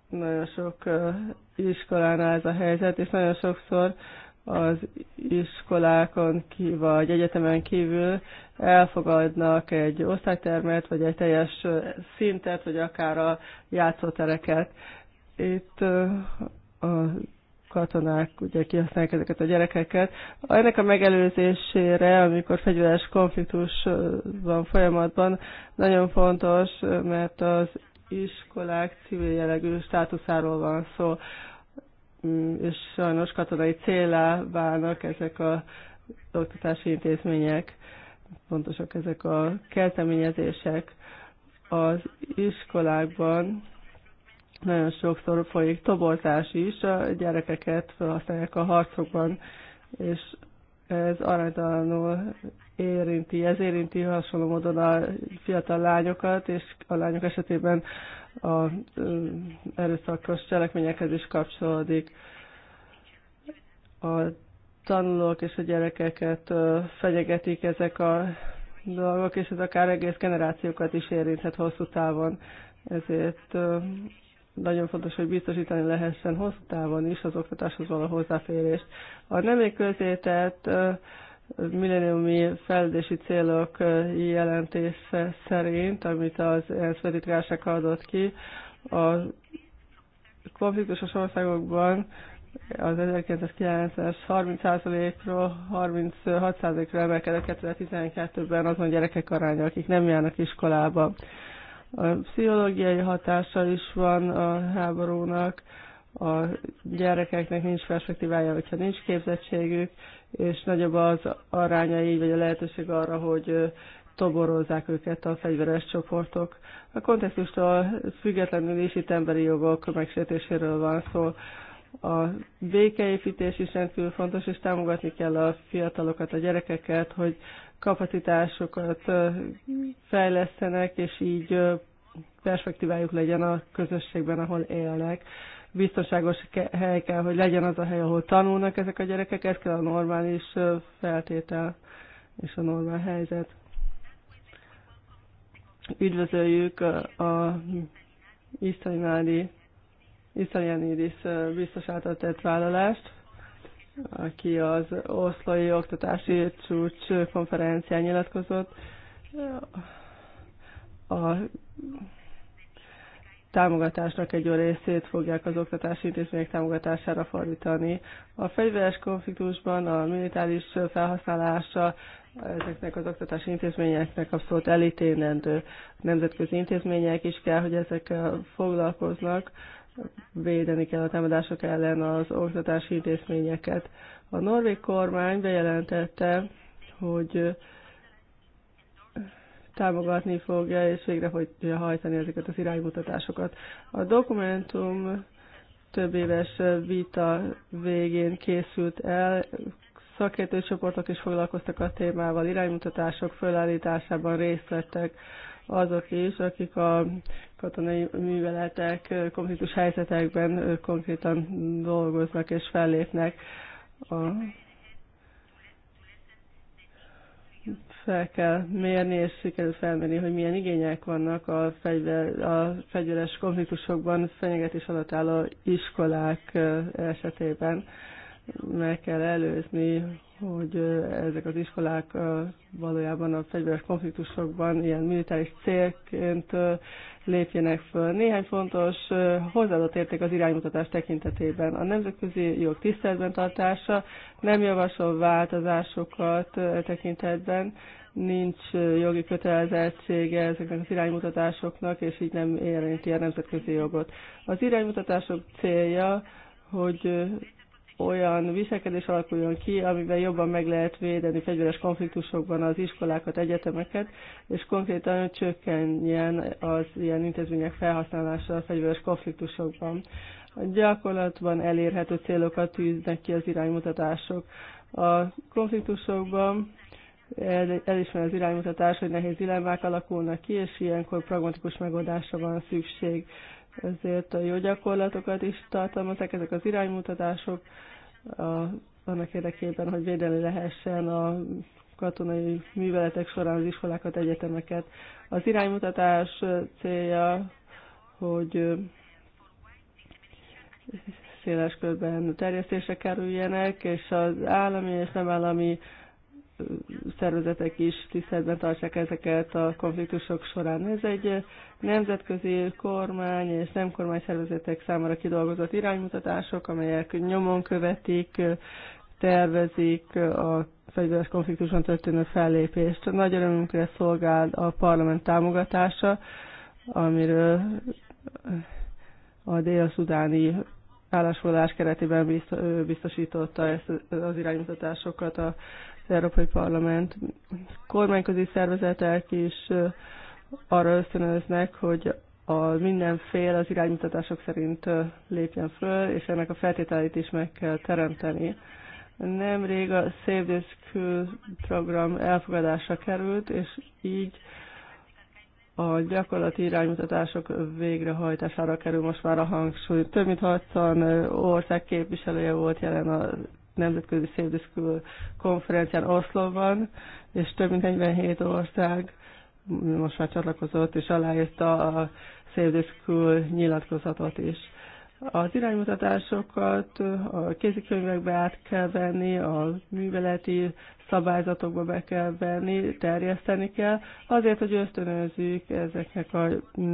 Nagyon sok iskolánál ez a helyzet, és nagyon sokszor az iskolákon ki, vagy egyetemen kívül elfogadnak egy osztálytermet, vagy egy teljes szintet, vagy akár a játszótereket. Itt a katonák ugye kihasználják ezeket a gyerekeket. Ennek a megelőzésére, amikor fegyveres konfliktus van folyamatban, nagyon fontos, mert az iskolák civil jellegű státuszáról van szó, mm, és sajnos katonai célá válnak ezek a oktatási intézmények, fontosak ezek a kezdeményezések. Az iskolákban nagyon sokszor folyik toboltás is, a gyerekeket felhasználják a harcokban, és ez aránytalanul érinti, ez érinti hasonló módon a fiatal lányokat, és a lányok esetében a erőszakos cselekményekhez is kapcsolódik. A tanulók és a gyerekeket fenyegetik ezek a dolgok, és ez akár egész generációkat is érinthet hosszú távon. Ezért nagyon fontos, hogy biztosítani lehessen hosszú távon is az oktatáshoz való hozzáférést. A nemek közétett milleniumi fejlődési célok jelentése szerint, amit az ENSZ főtitkárság adott ki, a konfliktusos országokban az 1990-es 30%-ról 36%-ra emelkedett 2012-ben azon gyerekek aránya, akik nem járnak iskolába. A pszichológiai hatása is van a háborúnak, a gyerekeknek nincs perspektívája, hogyha nincs képzettségük, és nagyobb az aránya így, vagy a lehetőség arra, hogy toborozzák őket a fegyveres csoportok. A kontextustól függetlenül is itt emberi jogok megsértéséről van szó. A békeépítés is rendkívül fontos, és támogatni kell a fiatalokat, a gyerekeket, hogy kapacitásokat fejlesztenek, és így perspektívájuk legyen a közösségben, ahol élnek. Biztonságos hely kell, hogy legyen az a hely, ahol tanulnak ezek a gyerekek, ez kell a normális feltétel és a normál helyzet. Üdvözöljük a Isztaninádi Isztanianidis biztos által tett vállalást aki az oszlói oktatási csúcs konferencián nyilatkozott, a támogatásnak egy olyan részét fogják az oktatási intézmények támogatására fordítani. A fegyveres konfliktusban a militáris felhasználása ezeknek az oktatási intézményeknek abszolút elítélendő. nemzetközi intézmények is kell, hogy ezekkel foglalkoznak védeni kell a támadások ellen az oktatási intézményeket. A norvég kormány bejelentette, hogy támogatni fogja és végre fogja hajtani ezeket az iránymutatásokat. A dokumentum több éves vita végén készült el, szakértőcsoportok is foglalkoztak a témával, iránymutatások fölállításában részt vettek, azok is, akik a katonai műveletek, konfliktus helyzetekben konkrétan dolgoznak és fellépnek. A fel kell mérni, és sikerül felmérni, hogy milyen igények vannak a, fegyver, a fegyveres konfliktusokban fenyegetés alatt álló iskolák esetében meg kell előzni, hogy ezek az iskolák valójában a fegyveres konfliktusokban ilyen militáris célként lépjenek föl. Néhány fontos hozzáadott érték az iránymutatás tekintetében. A nemzetközi jog tiszteletben tartása nem javasol változásokat tekintetben, nincs jogi kötelezettsége ezeknek az iránymutatásoknak, és így nem érinti a nemzetközi jogot. Az iránymutatások célja, hogy olyan viselkedés alakuljon ki, amiben jobban meg lehet védeni fegyveres konfliktusokban az iskolákat, egyetemeket, és konkrétan csökkenjen az ilyen intézmények felhasználása a fegyveres konfliktusokban. A gyakorlatban elérhető célokat tűznek ki az iránymutatások. A konfliktusokban el, elismer az iránymutatás, hogy nehéz dilemmák alakulnak ki, és ilyenkor pragmatikus megoldásra van szükség ezért a jó gyakorlatokat is tartalmazzák ezek az iránymutatások, a, annak érdekében, hogy védeni lehessen a katonai műveletek során az iskolákat, egyetemeket. Az iránymutatás célja, hogy széles körben terjesztésre kerüljenek, és az állami és nem állami szervezetek is tiszteletben tartsák ezeket a konfliktusok során. Ez egy nemzetközi kormány és nem kormány szervezetek számára kidolgozott iránymutatások, amelyek nyomon követik, tervezik a fegyveres konfliktuson történő fellépést. Nagy örömünkre szolgál a parlament támogatása, amiről a dél-szudáni állásfoglalás keretében biztosította ezt az iránymutatásokat a az Európai Parlament kormányközi szervezetek is arra ösztönöznek, hogy a mindenfél az iránymutatások szerint lépjen föl, és ennek a feltételeit is meg kell teremteni. Nemrég a Save the School program elfogadása került, és így a gyakorlati iránymutatások végrehajtására kerül most már a hangsúly. Több mint 60 ország képviselője volt jelen a nemzetközi széldüszkül konferencián Oszlóban, és több mint 47 ország most már csatlakozott és aláírta a széldüszkül nyilatkozatot is. Az iránymutatásokat a kézikönyvekbe át kell venni, a műveleti szabályzatokba be kell venni, terjeszteni kell, azért, hogy ösztönözzük ezeknek a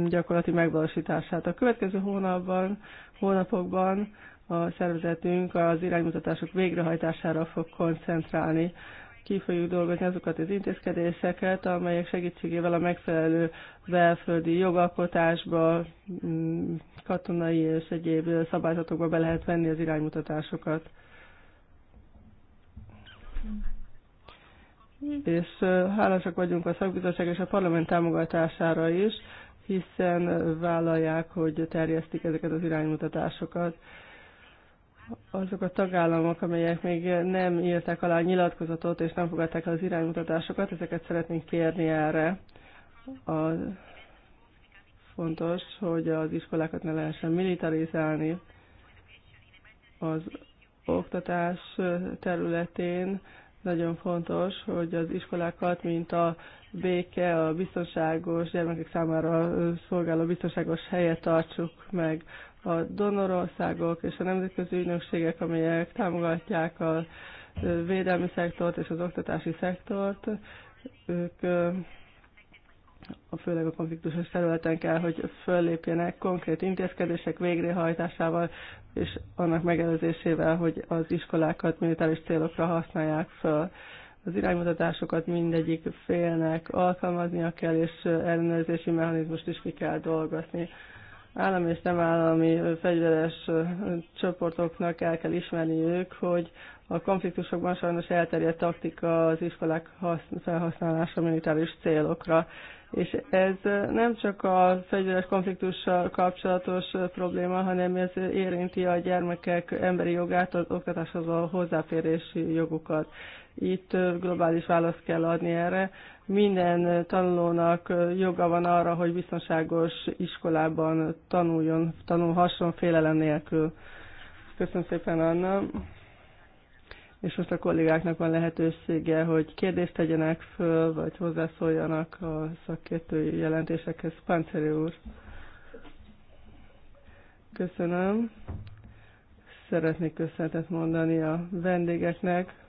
gyakorlati megvalósítását. A következő hónapban, hónapokban a szervezetünk az iránymutatások végrehajtására fog koncentrálni. Ki fogjuk dolgozni azokat az intézkedéseket, amelyek segítségével a megfelelő belföldi jogalkotásba, mm, katonai és egyéb szabályzatokba be lehet venni az iránymutatásokat. És hálásak vagyunk a szakbizottság és a parlament támogatására is, hiszen vállalják, hogy terjesztik ezeket az iránymutatásokat azok a tagállamok, amelyek még nem írták alá a nyilatkozatot és nem fogadták el az iránymutatásokat, ezeket szeretnénk kérni erre. A fontos, hogy az iskolákat ne lehessen militarizálni. Az oktatás területén nagyon fontos, hogy az iskolákat, mint a béke, a biztonságos gyermekek számára szolgáló biztonságos helyet tartsuk meg a donorországok és a nemzetközi ügynökségek, amelyek támogatják a védelmi szektort és az oktatási szektort, ők a főleg a konfliktusos területen kell, hogy föllépjenek konkrét intézkedések végrehajtásával és annak megelőzésével, hogy az iskolákat militáris célokra használják föl. Az iránymutatásokat mindegyik félnek alkalmaznia kell, és ellenőrzési mechanizmust is ki kell dolgozni állami és nem állami fegyveres csoportoknak el kell ismerni ők, hogy a konfliktusokban sajnos elterjedt taktika az iskolák felhasználása militáris célokra. És ez nem csak a fegyveres konfliktussal kapcsolatos probléma, hanem ez érinti a gyermekek emberi jogát, az oktatáshoz a hozzáférési jogukat. Itt globális választ kell adni erre, minden tanulónak joga van arra, hogy biztonságos iskolában tanuljon, tanulhasson félelem nélkül. Köszönöm szépen, Anna. És most a kollégáknak van lehetősége, hogy kérdést tegyenek föl, vagy hozzászóljanak a szakértői jelentésekhez. Pánceri úr. Köszönöm. Szeretnék köszönetet mondani a vendégeknek.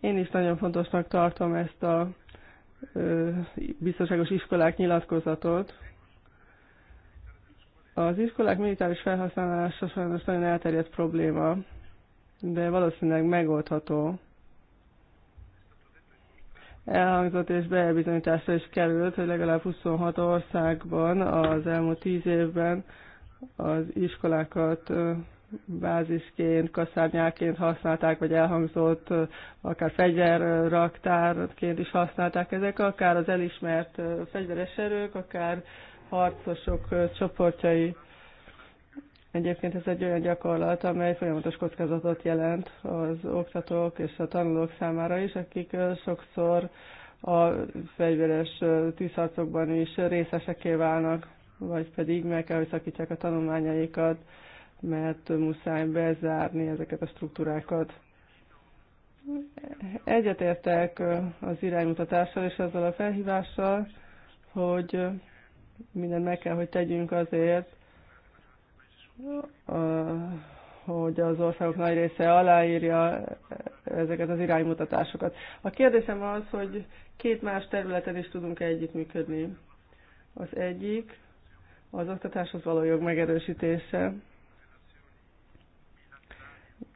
Én is nagyon fontosnak tartom ezt a biztonságos iskolák nyilatkozatot. Az iskolák militáris felhasználása sajnos nagyon elterjedt probléma, de valószínűleg megoldható. Elhangzott és bebizonyításra is került, hogy legalább 26 országban az elmúlt 10 évben az iskolákat bázisként, kaszárnyáként használták, vagy elhangzott, akár fegyverraktárként is használták ezek, akár az elismert fegyveres erők, akár harcosok csoportjai. Egyébként ez egy olyan gyakorlat, amely folyamatos kockázatot jelent az oktatók és a tanulók számára is, akik sokszor a fegyveres tűzharcokban is részesekké válnak, vagy pedig meg kell, hogy szakítsák a tanulmányaikat mert muszáj bezárni ezeket a struktúrákat. Egyetértek az iránymutatással és azzal a felhívással, hogy mindent meg kell, hogy tegyünk azért, hogy az országok nagy része aláírja ezeket az iránymutatásokat. A kérdésem az, hogy két más területen is tudunk -e együttműködni. Az egyik az oktatáshoz való jog megerősítése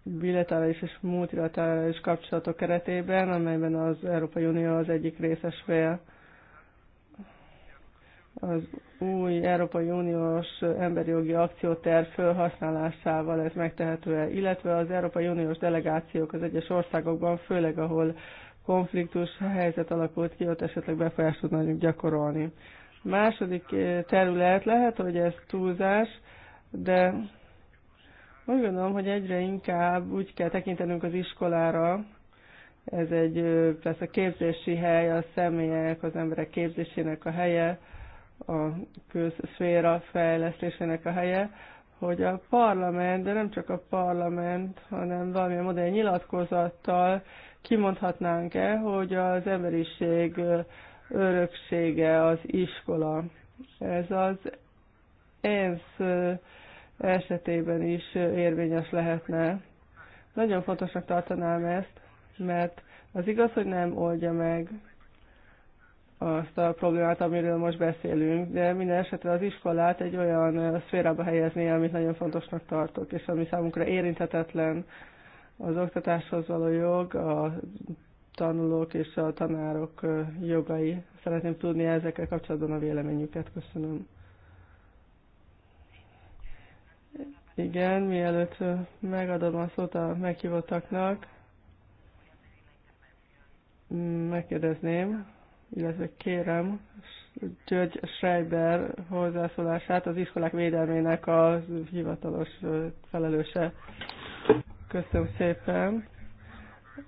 bilaterális és multilaterális kapcsolatok keretében, amelyben az Európai Unió az egyik részes fél. Az új Európai Uniós emberi jogi akcióterv felhasználásával ez megtehető -e, illetve az Európai Uniós delegációk az egyes országokban, főleg ahol konfliktus helyzet alakult ki, ott esetleg befolyást tudnak gyakorolni. Második eh, terület lehet, hogy ez túlzás, de úgy gondolom, hogy egyre inkább úgy kell tekintenünk az iskolára, ez egy persze képzési hely, a személyek, az emberek képzésének a helye, a közszféra fejlesztésének a helye, hogy a parlament, de nem csak a parlament, hanem valamilyen modell nyilatkozattal kimondhatnánk-e, hogy az emberiség öröksége az iskola. Ez az ENSZ esetében is érvényes lehetne. Nagyon fontosnak tartanám ezt, mert az igaz, hogy nem oldja meg azt a problémát, amiről most beszélünk, de minden esetre az iskolát egy olyan szférába helyezni, amit nagyon fontosnak tartok, és ami számunkra érinthetetlen az oktatáshoz való jog, a tanulók és a tanárok jogai. Szeretném tudni ezekkel kapcsolatban a véleményüket. Köszönöm. Igen, mielőtt megadom a szót a meghívottaknak, mm, megkérdezném, illetve kérem György Schreiber hozzászólását, az iskolák védelmének a hivatalos felelőse. Köszönöm szépen.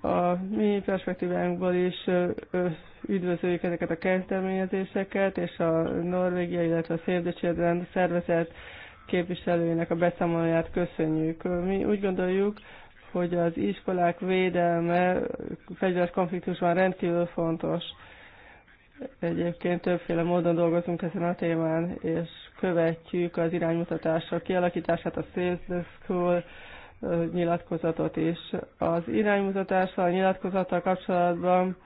A mi perspektívánkból is üdvözöljük ezeket a kezdeményezéseket, és a Norvégia, illetve a Save the Children szervezet képviselőjének a beszámolóját köszönjük. Mi úgy gondoljuk, hogy az iskolák védelme fegyveres konfliktusban rendkívül fontos. Egyébként többféle módon dolgozunk ezen a témán, és követjük az iránymutatások kialakítását, a Sales the School nyilatkozatot is. Az iránymutatással, a nyilatkozattal kapcsolatban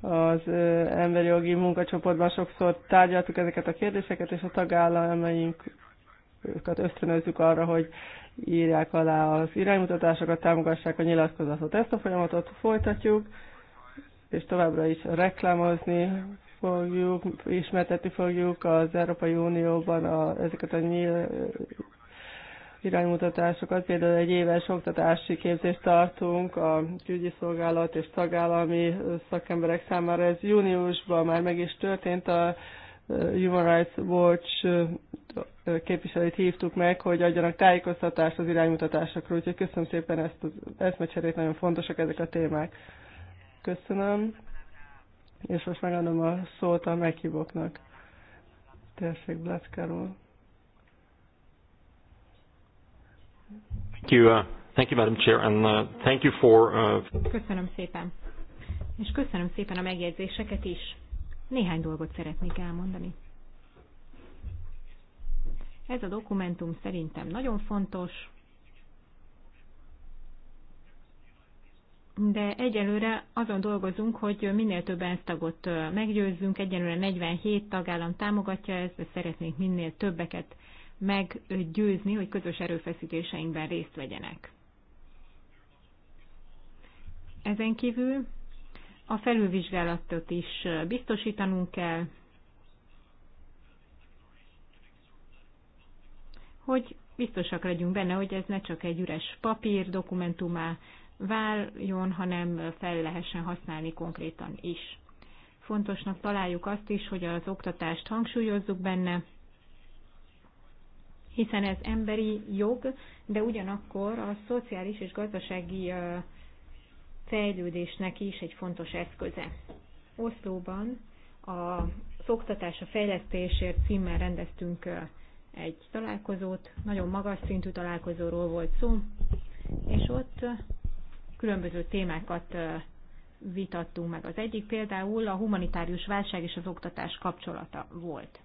az emberi jogi munkacsoportban sokszor tárgyaltuk ezeket a kérdéseket, és a tagállamaink őket ösztönözzük arra, hogy írják alá az iránymutatásokat, támogassák a nyilatkozatot. Ezt a folyamatot folytatjuk, és továbbra is reklámozni fogjuk, ismertetni fogjuk az Európai Unióban a, ezeket a nyil, iránymutatásokat. Például egy éves oktatási képzést tartunk a külügyi szolgálat és tagállami szakemberek számára. Ez júniusban már meg is történt a Human Rights Watch képviselőt hívtuk meg, hogy adjanak tájékoztatást az iránymutatásokról, úgyhogy köszönöm szépen ezt az eszmecserét, nagyon fontosak ezek a témák. Köszönöm, és most megadom a szót a meghívóknak. Tessék, Blackáról. Thank you, uh, thank you, Madam Chair, and uh, thank you for... Uh... Köszönöm szépen. És köszönöm szépen a megjegyzéseket is. Néhány dolgot szeretnék elmondani. Ez a dokumentum szerintem nagyon fontos, de egyelőre azon dolgozunk, hogy minél több tagot meggyőzzünk, egyelőre 47 tagállam támogatja ezt, de szeretnénk minél többeket meggyőzni, hogy közös erőfeszítéseinkben részt vegyenek. Ezen kívül a felülvizsgálatot is biztosítanunk kell, hogy biztosak legyünk benne, hogy ez ne csak egy üres papír dokumentumá váljon, hanem fel lehessen használni konkrétan is. Fontosnak találjuk azt is, hogy az oktatást hangsúlyozzuk benne, hiszen ez emberi jog, de ugyanakkor a szociális és gazdasági fejlődésnek is egy fontos eszköze. Oszlóban a oktatás a fejlesztésért címmel rendeztünk egy találkozót, nagyon magas szintű találkozóról volt szó, és ott különböző témákat vitattunk meg. Az egyik például a humanitárius válság és az oktatás kapcsolata volt.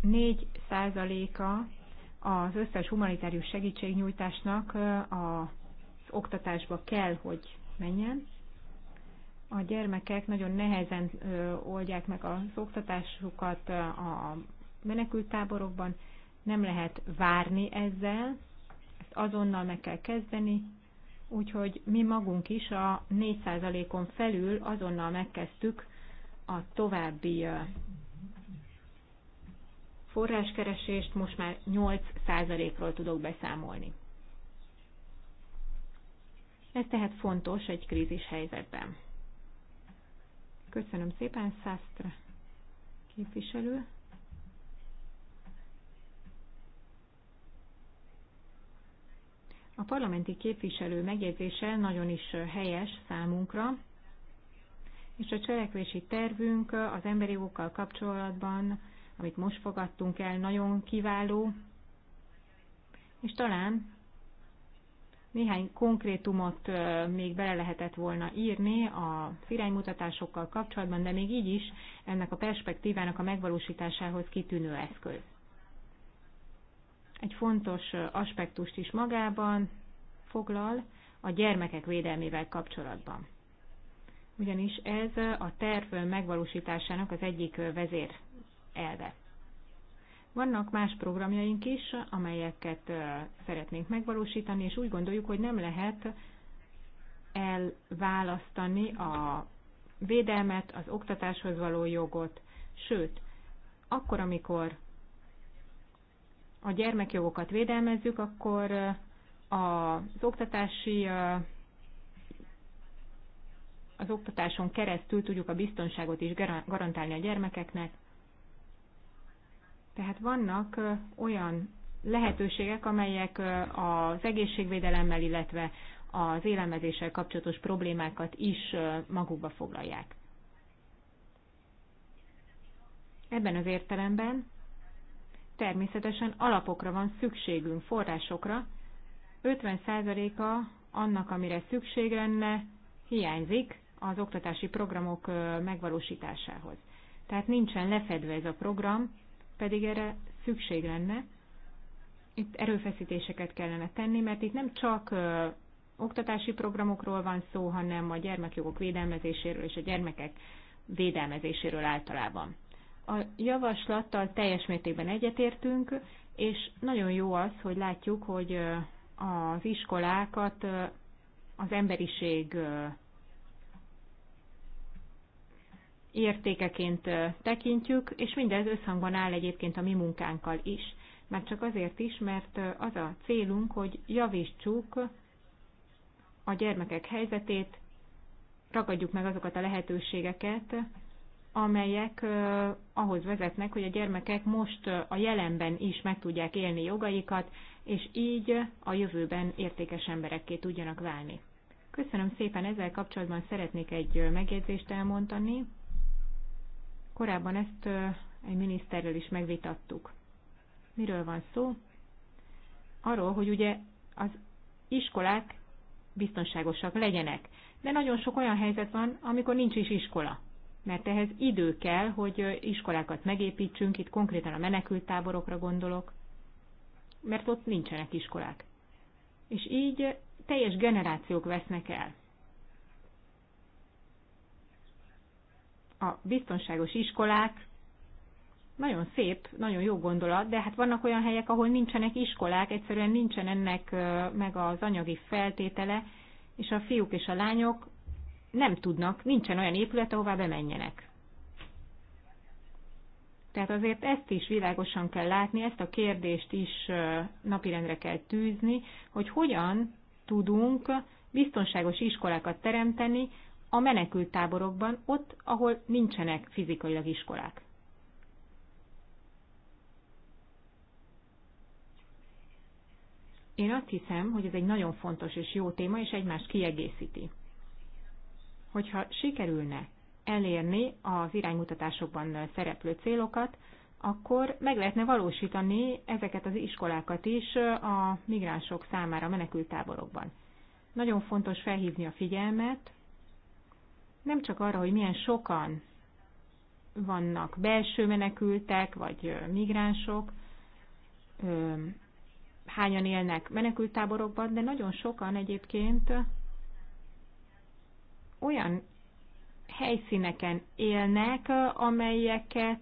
4 százaléka az összes humanitárius segítségnyújtásnak az oktatásba kell, hogy menjen. A gyermekek nagyon nehezen oldják meg az oktatásukat a menekültáborokban. Nem lehet várni ezzel, ezt azonnal meg kell kezdeni, úgyhogy mi magunk is a 4%-on felül azonnal megkezdtük a további forráskeresést, most már 8%-ról tudok beszámolni. Ez tehát fontos egy krízis helyzetben. Köszönöm szépen, Szásztra képviselő. A parlamenti képviselő megjegyzése nagyon is helyes számunkra, és a cselekvési tervünk az emberi jogokkal kapcsolatban, amit most fogadtunk el, nagyon kiváló, és talán néhány konkrétumot még bele lehetett volna írni a iránymutatásokkal kapcsolatban, de még így is ennek a perspektívának a megvalósításához kitűnő eszköz egy fontos aspektust is magában foglal a gyermekek védelmével kapcsolatban. Ugyanis ez a terv megvalósításának az egyik vezér elve. Vannak más programjaink is, amelyeket szeretnénk megvalósítani, és úgy gondoljuk, hogy nem lehet elválasztani a védelmet, az oktatáshoz való jogot, sőt, akkor, amikor a gyermekjogokat védelmezzük, akkor az oktatási az oktatáson keresztül tudjuk a biztonságot is garantálni a gyermekeknek. Tehát vannak olyan lehetőségek, amelyek az egészségvédelemmel, illetve az élelmezéssel kapcsolatos problémákat is magukba foglalják. Ebben az értelemben természetesen alapokra van szükségünk, forrásokra. 50%-a annak, amire szükség lenne, hiányzik az oktatási programok megvalósításához. Tehát nincsen lefedve ez a program, pedig erre szükség lenne. Itt erőfeszítéseket kellene tenni, mert itt nem csak oktatási programokról van szó, hanem a gyermekjogok védelmezéséről és a gyermekek védelmezéséről általában. A javaslattal teljes mértékben egyetértünk, és nagyon jó az, hogy látjuk, hogy az iskolákat az emberiség értékeként tekintjük, és mindez összhangban áll egyébként a mi munkánkkal is. Már csak azért is, mert az a célunk, hogy javítsuk a gyermekek helyzetét, ragadjuk meg azokat a lehetőségeket, amelyek ahhoz vezetnek, hogy a gyermekek most a jelenben is meg tudják élni jogaikat, és így a jövőben értékes emberekké tudjanak válni. Köszönöm szépen, ezzel kapcsolatban szeretnék egy megjegyzést elmondani. Korábban ezt egy miniszterrel is megvitattuk. Miről van szó? Arról, hogy ugye az iskolák biztonságosak legyenek. De nagyon sok olyan helyzet van, amikor nincs is iskola mert ehhez idő kell, hogy iskolákat megépítsünk, itt konkrétan a menekültáborokra gondolok, mert ott nincsenek iskolák. És így teljes generációk vesznek el. A biztonságos iskolák nagyon szép, nagyon jó gondolat, de hát vannak olyan helyek, ahol nincsenek iskolák, egyszerűen nincsen ennek meg az anyagi feltétele, és a fiúk és a lányok nem tudnak, nincsen olyan épület, ahová bemenjenek. Tehát azért ezt is világosan kell látni, ezt a kérdést is napirendre kell tűzni, hogy hogyan tudunk biztonságos iskolákat teremteni a menekült táborokban, ott, ahol nincsenek fizikailag iskolák. Én azt hiszem, hogy ez egy nagyon fontos és jó téma, és egymást kiegészíti hogyha sikerülne elérni az iránymutatásokban szereplő célokat, akkor meg lehetne valósítani ezeket az iskolákat is a migránsok számára menekültáborokban. Nagyon fontos felhívni a figyelmet, nem csak arra, hogy milyen sokan vannak belső menekültek, vagy migránsok, hányan élnek menekültáborokban, de nagyon sokan egyébként olyan helyszíneken élnek, amelyeket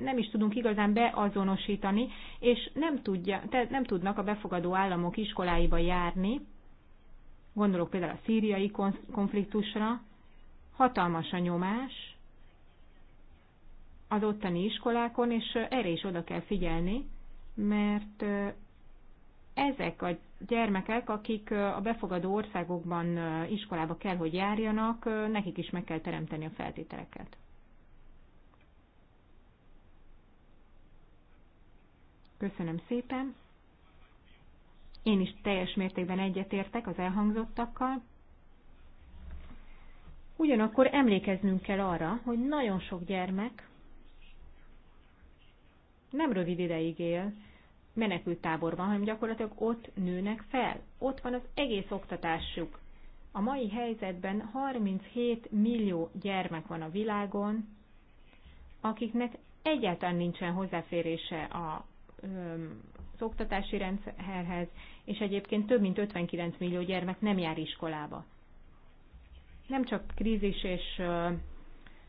nem is tudunk igazán beazonosítani, és nem, tudja, tehát nem tudnak a befogadó államok iskoláiba járni, gondolok például a szíriai konfliktusra, hatalmas a nyomás az ottani iskolákon, és erre is oda kell figyelni, mert ezek a gyermekek, akik a befogadó országokban iskolába kell, hogy járjanak, nekik is meg kell teremteni a feltételeket. Köszönöm szépen. Én is teljes mértékben egyetértek az elhangzottakkal. Ugyanakkor emlékeznünk kell arra, hogy nagyon sok gyermek nem rövid ideig él, menekültáborban, hanem gyakorlatilag ott nőnek fel. Ott van az egész oktatásuk. A mai helyzetben 37 millió gyermek van a világon, akiknek egyáltalán nincsen hozzáférése a az oktatási rendszerhez, és egyébként több mint 59 millió gyermek nem jár iskolába. Nem csak krízis és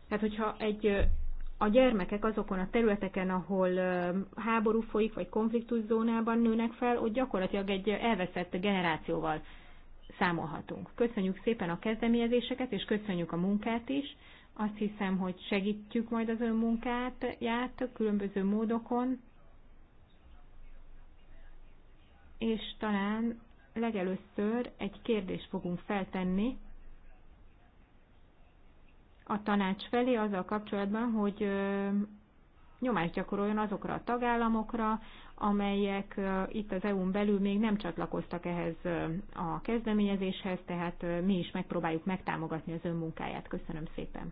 tehát, hogyha egy a gyermekek azokon a területeken, ahol háború folyik, vagy konfliktus zónában nőnek fel, ott gyakorlatilag egy elveszett generációval számolhatunk. Köszönjük szépen a kezdeményezéseket, és köszönjük a munkát is. Azt hiszem, hogy segítjük majd az ön munkát, ját különböző módokon, és talán legelőször egy kérdést fogunk feltenni a tanács felé azzal kapcsolatban, hogy nyomást gyakoroljon azokra a tagállamokra, amelyek itt az EU-n belül még nem csatlakoztak ehhez a kezdeményezéshez, tehát mi is megpróbáljuk megtámogatni az önmunkáját. Köszönöm szépen!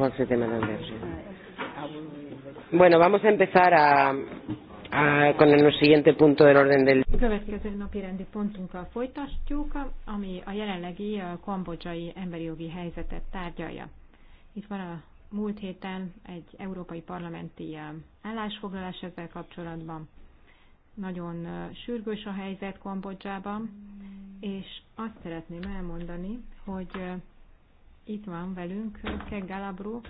crois que c'était Madame Bueno, vamos a empezar a, a, con el siguiente punto del orden del día. Következő napi rendi pontunkkal folytatjuk, ami a jelenlegi kambodzsai emberi jogi helyzetet tárgyalja. Itt van a múlt héten egy európai parlamenti állásfoglalás ezzel kapcsolatban. Nagyon sürgős a helyzet Kambodzsában, és azt szeretném elmondani, hogy itt van velünk Galabru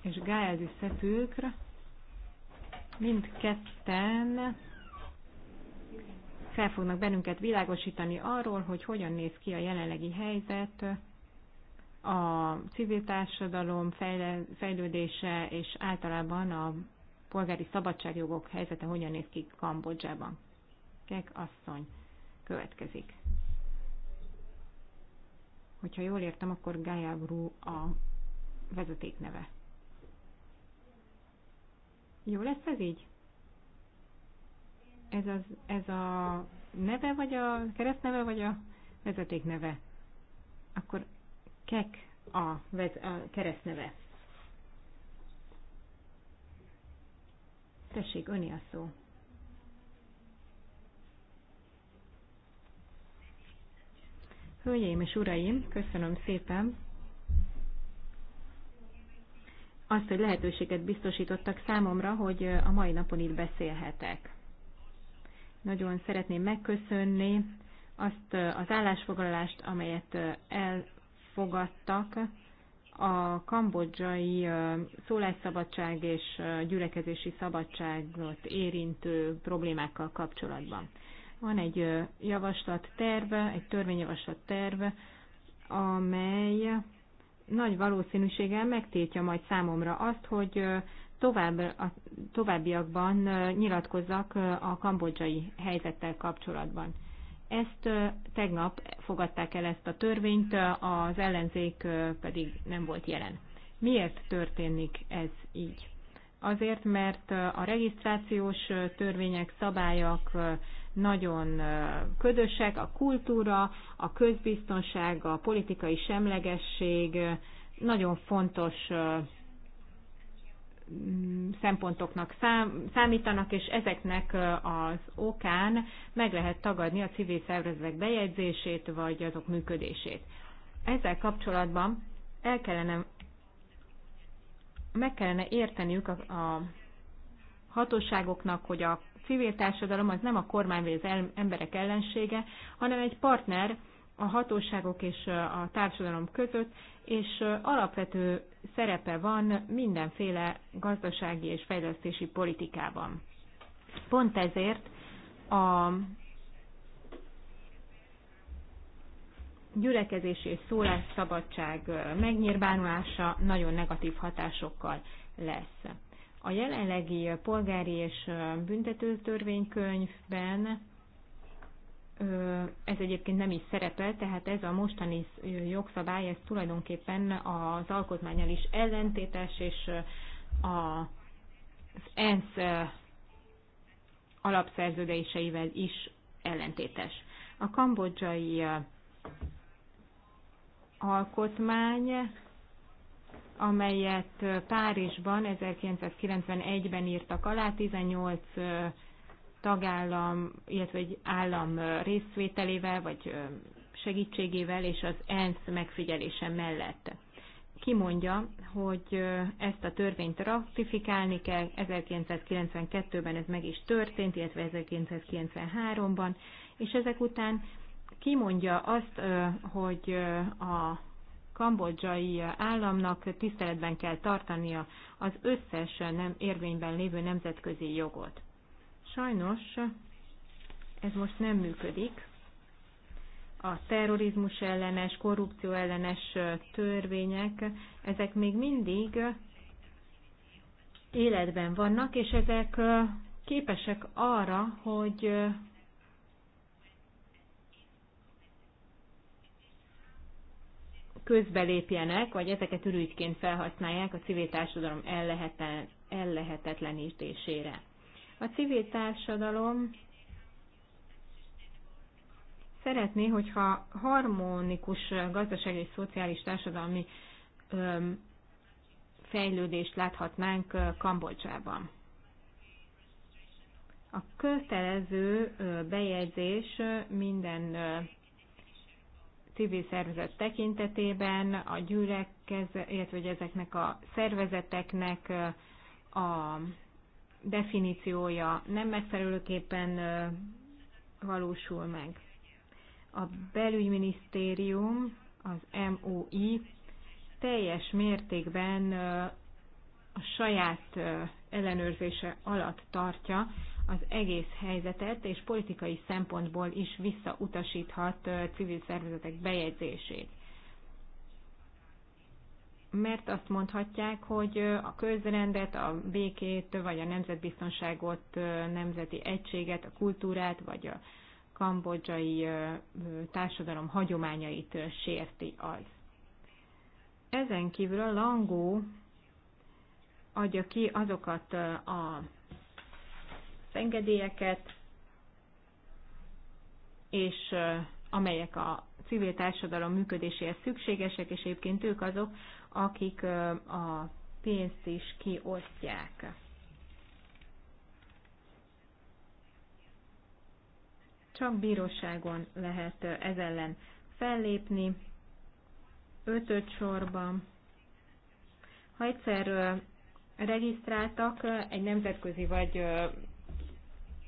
és Gael du mindketten fel fognak bennünket világosítani arról, hogy hogyan néz ki a jelenlegi helyzet, a civil társadalom fejlődése és általában a polgári szabadságjogok helyzete hogyan néz ki Kambodzsában. Kek asszony következik. Hogyha jól értem, akkor Gajabrú a vezetékneve. Jó lesz ez így? Ez, az, ez a neve, vagy a keresztneve, vagy a vezetékneve? Akkor kek a, vez, a keresztneve. Tessék, öni a szó. Hölgyeim és uraim, köszönöm szépen azt, hogy lehetőséget biztosítottak számomra, hogy a mai napon itt beszélhetek. Nagyon szeretném megköszönni azt az állásfoglalást, amelyet elfogadtak a kambodzsai szólásszabadság és gyülekezési szabadságot érintő problémákkal kapcsolatban. Van egy javaslat terve, egy törvényjavaslat terve, amely nagy valószínűséggel megtiltja majd számomra azt, hogy tovább, a továbbiakban nyilatkozzak a kambodzsai helyzettel kapcsolatban. Ezt tegnap fogadták el ezt a törvényt, az ellenzék pedig nem volt jelen. Miért történik ez így? Azért, mert a regisztrációs törvények, szabályok nagyon ködösek, a kultúra, a közbiztonság, a politikai semlegesség nagyon fontos mm, szempontoknak számítanak, és ezeknek az okán meg lehet tagadni a civil szervezetek bejegyzését, vagy azok működését. Ezzel kapcsolatban el kellene, meg kellene érteniük a, a hatóságoknak, hogy a civil társadalom az nem a kormány vagy az emberek ellensége, hanem egy partner a hatóságok és a társadalom között, és alapvető szerepe van mindenféle gazdasági és fejlesztési politikában. Pont ezért a gyülekezési és szólásszabadság megnyírbánulása nagyon negatív hatásokkal lesz. A jelenlegi polgári és büntető törvénykönyvben ez egyébként nem is szerepel, tehát ez a mostani jogszabály, ez tulajdonképpen az alkotmányal is ellentétes, és az ENSZ alapszerződéseivel is ellentétes. A kambodzsai alkotmány amelyet Párizsban 1991-ben írtak alá, 18 tagállam, illetve egy állam részvételével, vagy segítségével és az ENSZ megfigyelése mellett. mondja, hogy ezt a törvényt ratifikálni kell, 1992-ben ez meg is történt, illetve 1993-ban, és ezek után kimondja azt, hogy a kambodzsai államnak tiszteletben kell tartania az összes nem érvényben lévő nemzetközi jogot. Sajnos ez most nem működik. A terrorizmus ellenes, korrupció ellenes törvények, ezek még mindig életben vannak, és ezek képesek arra, hogy közbelépjenek, vagy ezeket ürügyként felhasználják a civil társadalom ellehetetlenítésére. A civil társadalom szeretné, hogyha harmonikus gazdasági és szociális társadalmi öm, fejlődést láthatnánk Kambodzsában. A kötelező bejegyzés minden civil szervezet tekintetében, a gyűlekez, illetve hogy ezeknek a szervezeteknek a definíciója nem megfelelőképpen valósul meg. A belügyminisztérium, az MOI teljes mértékben a saját ellenőrzése alatt tartja az egész helyzetet, és politikai szempontból is visszautasíthat civil szervezetek bejegyzését. Mert azt mondhatják, hogy a közrendet, a békét, vagy a nemzetbiztonságot, nemzeti egységet, a kultúrát, vagy a kambodzsai társadalom hagyományait sérti az. Ezen kívül a Langó adja ki azokat a engedélyeket, és amelyek a civil társadalom működéséhez szükségesek, és egyébként ők azok, akik a pénzt is kiosztják. Csak bíróságon lehet ez ellen fellépni, ötöt sorban. Ha egyszer regisztráltak egy nemzetközi vagy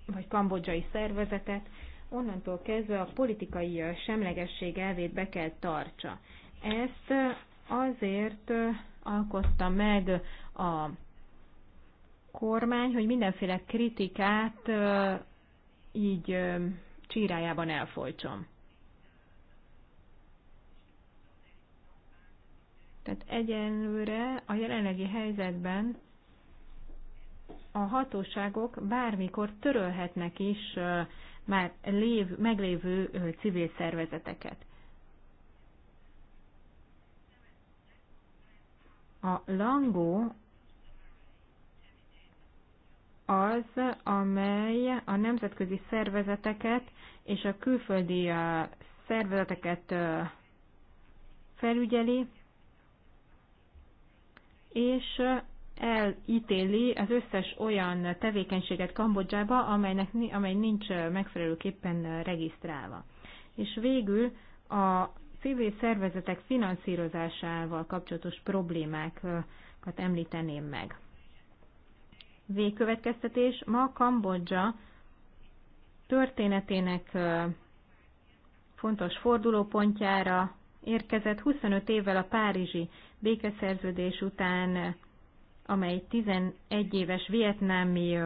vagy kambodzsai szervezetet, onnantól kezdve a politikai semlegesség elvét be kell tartsa. Ezt azért alkotta meg a kormány, hogy mindenféle kritikát így csírájában elfolytson. Tehát egyenlőre a jelenlegi helyzetben a hatóságok bármikor törölhetnek is már lév, meglévő civil szervezeteket. A langó az, amely a nemzetközi szervezeteket és a külföldi szervezeteket felügyeli, és elítéli az összes olyan tevékenységet Kambodzsába, amelynek, amely nincs megfelelőképpen regisztrálva. És végül a civil szervezetek finanszírozásával kapcsolatos problémákat említeném meg. Végkövetkeztetés, ma Kambodzsa történetének fontos fordulópontjára érkezett 25 évvel a Párizsi békeszerződés után amely 11 éves vietnámi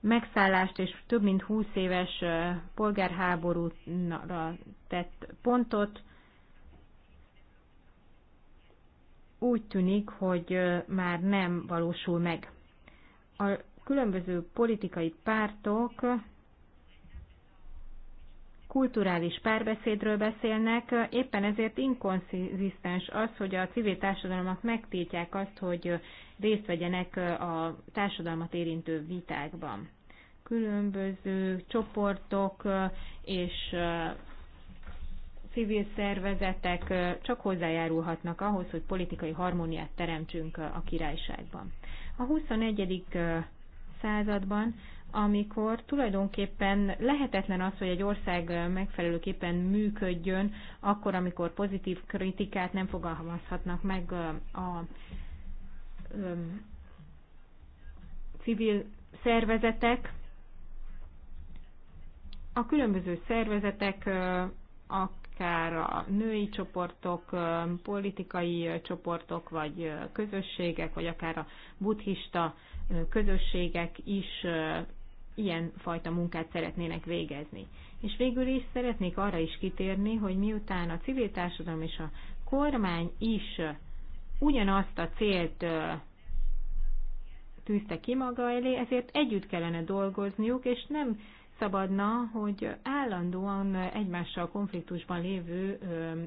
megszállást és több mint 20 éves polgárháborúra tett pontot. Úgy tűnik, hogy már nem valósul meg. A különböző politikai pártok kulturális párbeszédről beszélnek, éppen ezért inkonszisztens az, hogy a civil társadalomnak megtiltják azt, hogy részt vegyenek a társadalmat érintő vitákban. Különböző csoportok és civil szervezetek csak hozzájárulhatnak ahhoz, hogy politikai harmóniát teremtsünk a királyságban. A 21. században, amikor tulajdonképpen lehetetlen az, hogy egy ország megfelelőképpen működjön, akkor, amikor pozitív kritikát nem fogalmazhatnak meg a civil szervezetek, a különböző szervezetek, akár a női csoportok, politikai csoportok, vagy közösségek, vagy akár a buddhista közösségek is ilyen fajta munkát szeretnének végezni. És végül is szeretnék arra is kitérni, hogy miután a civil társadalom és a kormány is ugyanazt a célt tűzte ki maga elé, ezért együtt kellene dolgozniuk, és nem szabadna, hogy állandóan egymással konfliktusban lévő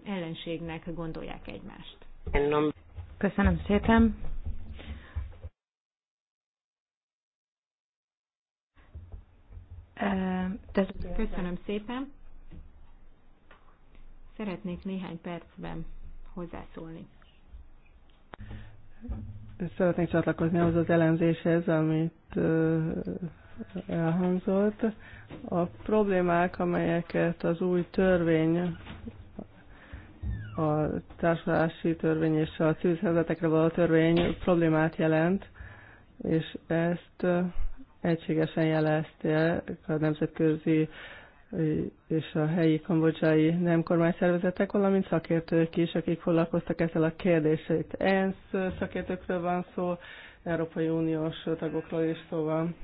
ellenségnek gondolják egymást. Köszönöm szépen. Köszönöm szépen. Szeretnék néhány percben hozzászólni. Szeretnék csatlakozni ahhoz az elemzéshez, amit elhangzott. A problémák, amelyeket az új törvény, a társadalási törvény és a civil való törvény problémát jelent, és ezt egységesen jelezték a nemzetközi és a helyi kambodzsai nem kormányszervezetek, valamint szakértők is, akik foglalkoztak ezzel a kérdését. ENSZ szakértőkről van szó, Európai Uniós tagokról is szó van.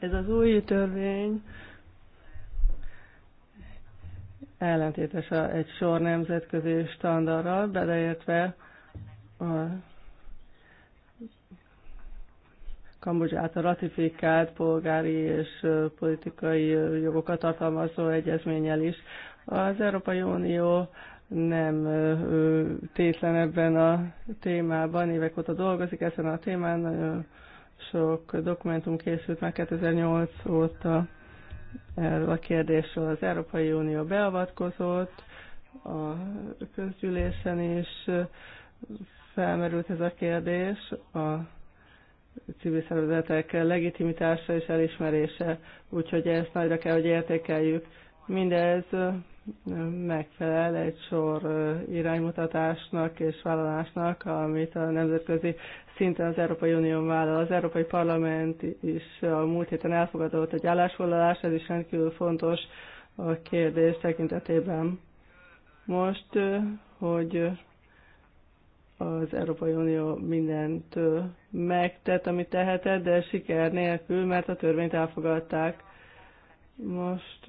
Ez az új törvény ellentétes egy sor nemzetközi standardral, beleértve a Kambodzsa által ratifikált polgári és politikai jogokat tartalmazó egyezménnyel is. Az Európai Unió nem tétlen ebben a témában, évek óta dolgozik ezen a témán, nagyon sok dokumentum készült már 2008 óta erről a kérdésről. Az Európai Unió beavatkozott, a közgyűlésen is felmerült ez a kérdés, a civil szervezetek legitimitása és elismerése, úgyhogy ezt nagyra kell, hogy értékeljük. Mindez megfelel egy sor iránymutatásnak és vállalásnak, amit a nemzetközi szinten az Európai Unió vállal. Az Európai Parlament is a múlt héten elfogadott egy állásfoglalást, ez is rendkívül fontos a kérdés tekintetében. Most, hogy az Európai Unió mindent megtett, amit tehetett, de siker nélkül, mert a törvényt elfogadták. Most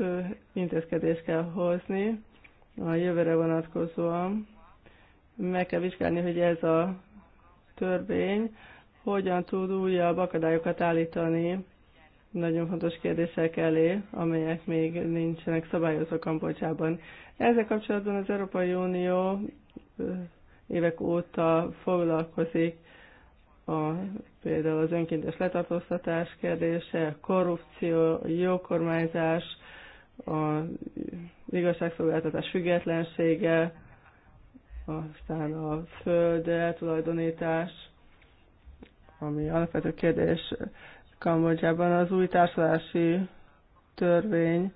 intézkedést kell hozni a jövőre vonatkozóan. Meg kell vizsgálni, hogy ez a törvény hogyan tud újabb akadályokat állítani nagyon fontos kérdések elé, amelyek még nincsenek szabályozva Kambodzsában. Ezzel kapcsolatban az Európai Unió évek óta foglalkozik a, például az önkéntes letartóztatás kérdése, korrupció, jókormányzás, az igazságszolgáltatás függetlensége, aztán a föld tulajdonítás, ami alapvető kérdés Kambodzsában az új társadalási törvény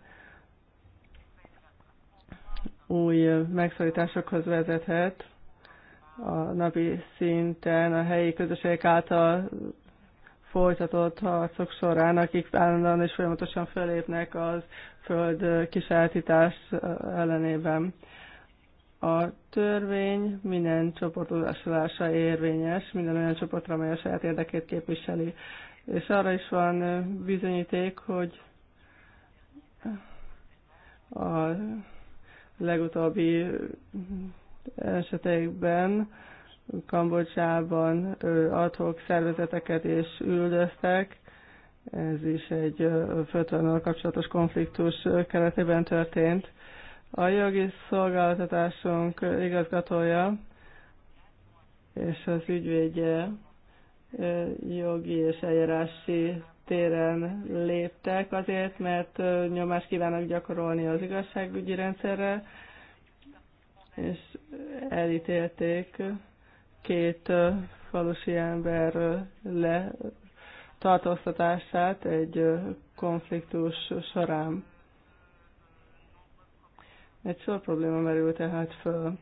új megszorításokhoz vezethet, a napi szinten a helyi közösségek által folytatott harcok során, akik állandóan és folyamatosan felépnek az föld kisátítás ellenében. A törvény minden csoportosulása érvényes, minden olyan csoportra, amely a saját érdekét képviseli. És arra is van bizonyíték, hogy a legutóbbi esetekben Kambodzsában adhok szervezeteket és üldöztek. Ez is egy földtörnal kapcsolatos konfliktus keretében történt. A jogi szolgáltatásunk igazgatója és az ügyvédje jogi és eljárási téren léptek azért, mert nyomást kívánnak gyakorolni az igazságügyi rendszerre, és elítélték két falusi ember le tartóztatását egy konfliktus során. Egy sor probléma merül tehát föl.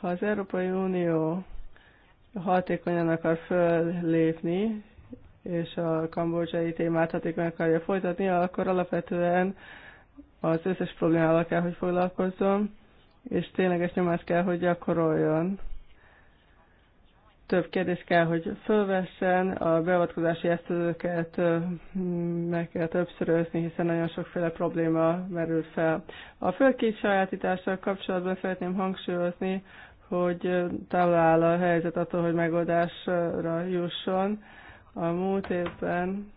Ha az Európai Unió hatékonyan akar föllépni, és a kambodzsai témát hatékonyan akarja folytatni, akkor alapvetően az összes problémával kell, hogy foglalkozzon, és tényleges nyomást kell, hogy gyakoroljon. Több kérdés kell, hogy fölvessen, a beavatkozási eszközöket meg kell többszörözni, hiszen nagyon sokféle probléma merül fel. A földkét sajátítással kapcsolatban szeretném hangsúlyozni, hogy távol a helyzet attól, hogy megoldásra jusson. A múlt évben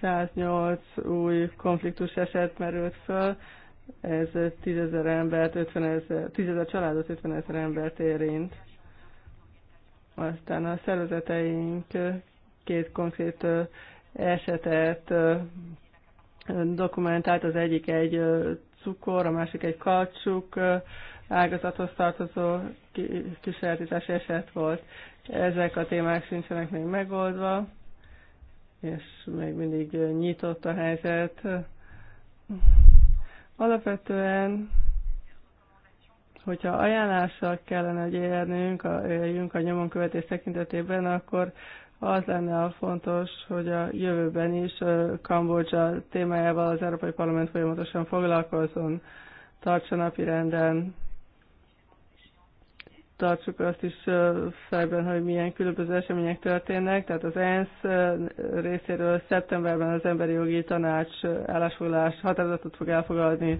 108 új konfliktus eset merült föl, ez 10 ezer embert, 50 ezer, 10 ezer családot, 50 ezer embert érint. Aztán a szervezeteink két konkrét esetet dokumentált, az egyik egy cukor, a másik egy kalcsuk ágazathoz tartozó kísérletítási eset volt. Ezek a témák sincsenek még megoldva, és még mindig nyitott a helyzet. Alapvetően, hogyha ajánlással kellene, hogy élnünk, éljünk a nyomonkövetés tekintetében, akkor az lenne a fontos, hogy a jövőben is Kambodzsa témájával az Európai Parlament folyamatosan foglalkozzon, tartsa renden tartsuk azt is felben, hogy milyen különböző események történnek. Tehát az ENSZ részéről szeptemberben az Emberi Jogi Tanács állásfoglalás határozatot fog elfogadni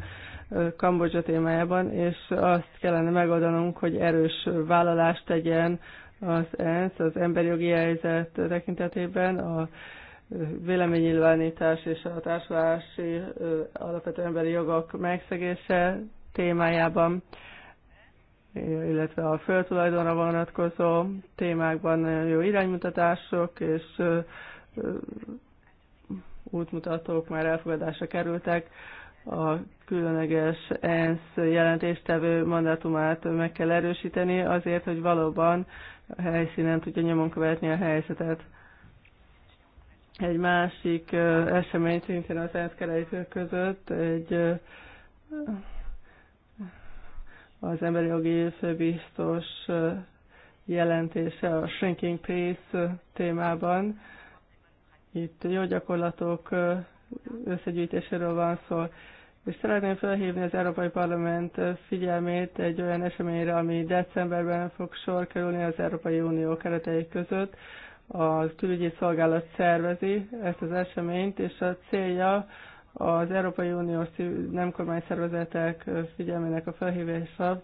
Kambodzsa témájában, és azt kellene megoldanunk, hogy erős vállalást tegyen az ENSZ az emberi jogi helyzet tekintetében, a véleménynyilvánítás és a társulási alapvető emberi jogok megszegése témájában illetve a földtulajdonra vonatkozó témákban nagyon jó iránymutatások és útmutatók már elfogadásra kerültek. A különleges ENSZ jelentéstevő mandátumát meg kell erősíteni azért, hogy valóban a helyszínen tudja nyomon követni a helyzetet. Egy másik esemény szintén az ENSZ között egy az emberi jogi főbiztos jelentése a Shrinking Pace témában. Itt jó gyakorlatok összegyűjtéséről van szó. És szeretném felhívni az Európai Parlament figyelmét egy olyan eseményre, ami decemberben fog sor kerülni az Európai Unió keretei között. A külügyi szolgálat szervezi ezt az eseményt, és a célja az Európai Uniós nem szervezetek figyelmének a felhívása,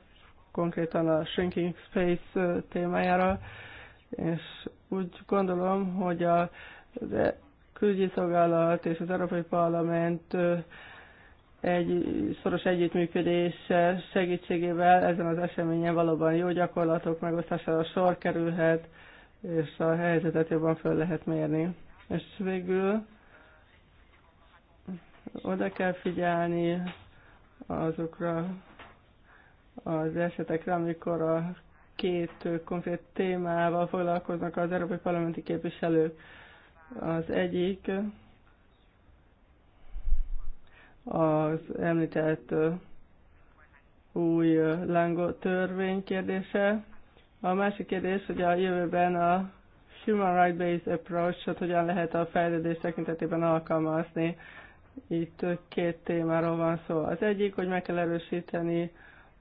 konkrétan a Shrinking Space témájára, és úgy gondolom, hogy a e- külügyi szolgálat és az Európai Parlament egy szoros együttműködés segítségével ezen az eseményen valóban jó gyakorlatok megosztására sor kerülhet, és a helyzetet jobban föl lehet mérni. És végül oda kell figyelni azokra az esetekre, amikor a két konkrét témával foglalkoznak az európai parlamenti képviselők. Az egyik az említett új lángó törvény kérdése. A másik kérdés, hogy a jövőben a Human Rights Based Approach-ot hogyan lehet a fejlődés tekintetében alkalmazni. Itt két témáról van szó. Az egyik, hogy meg kell erősíteni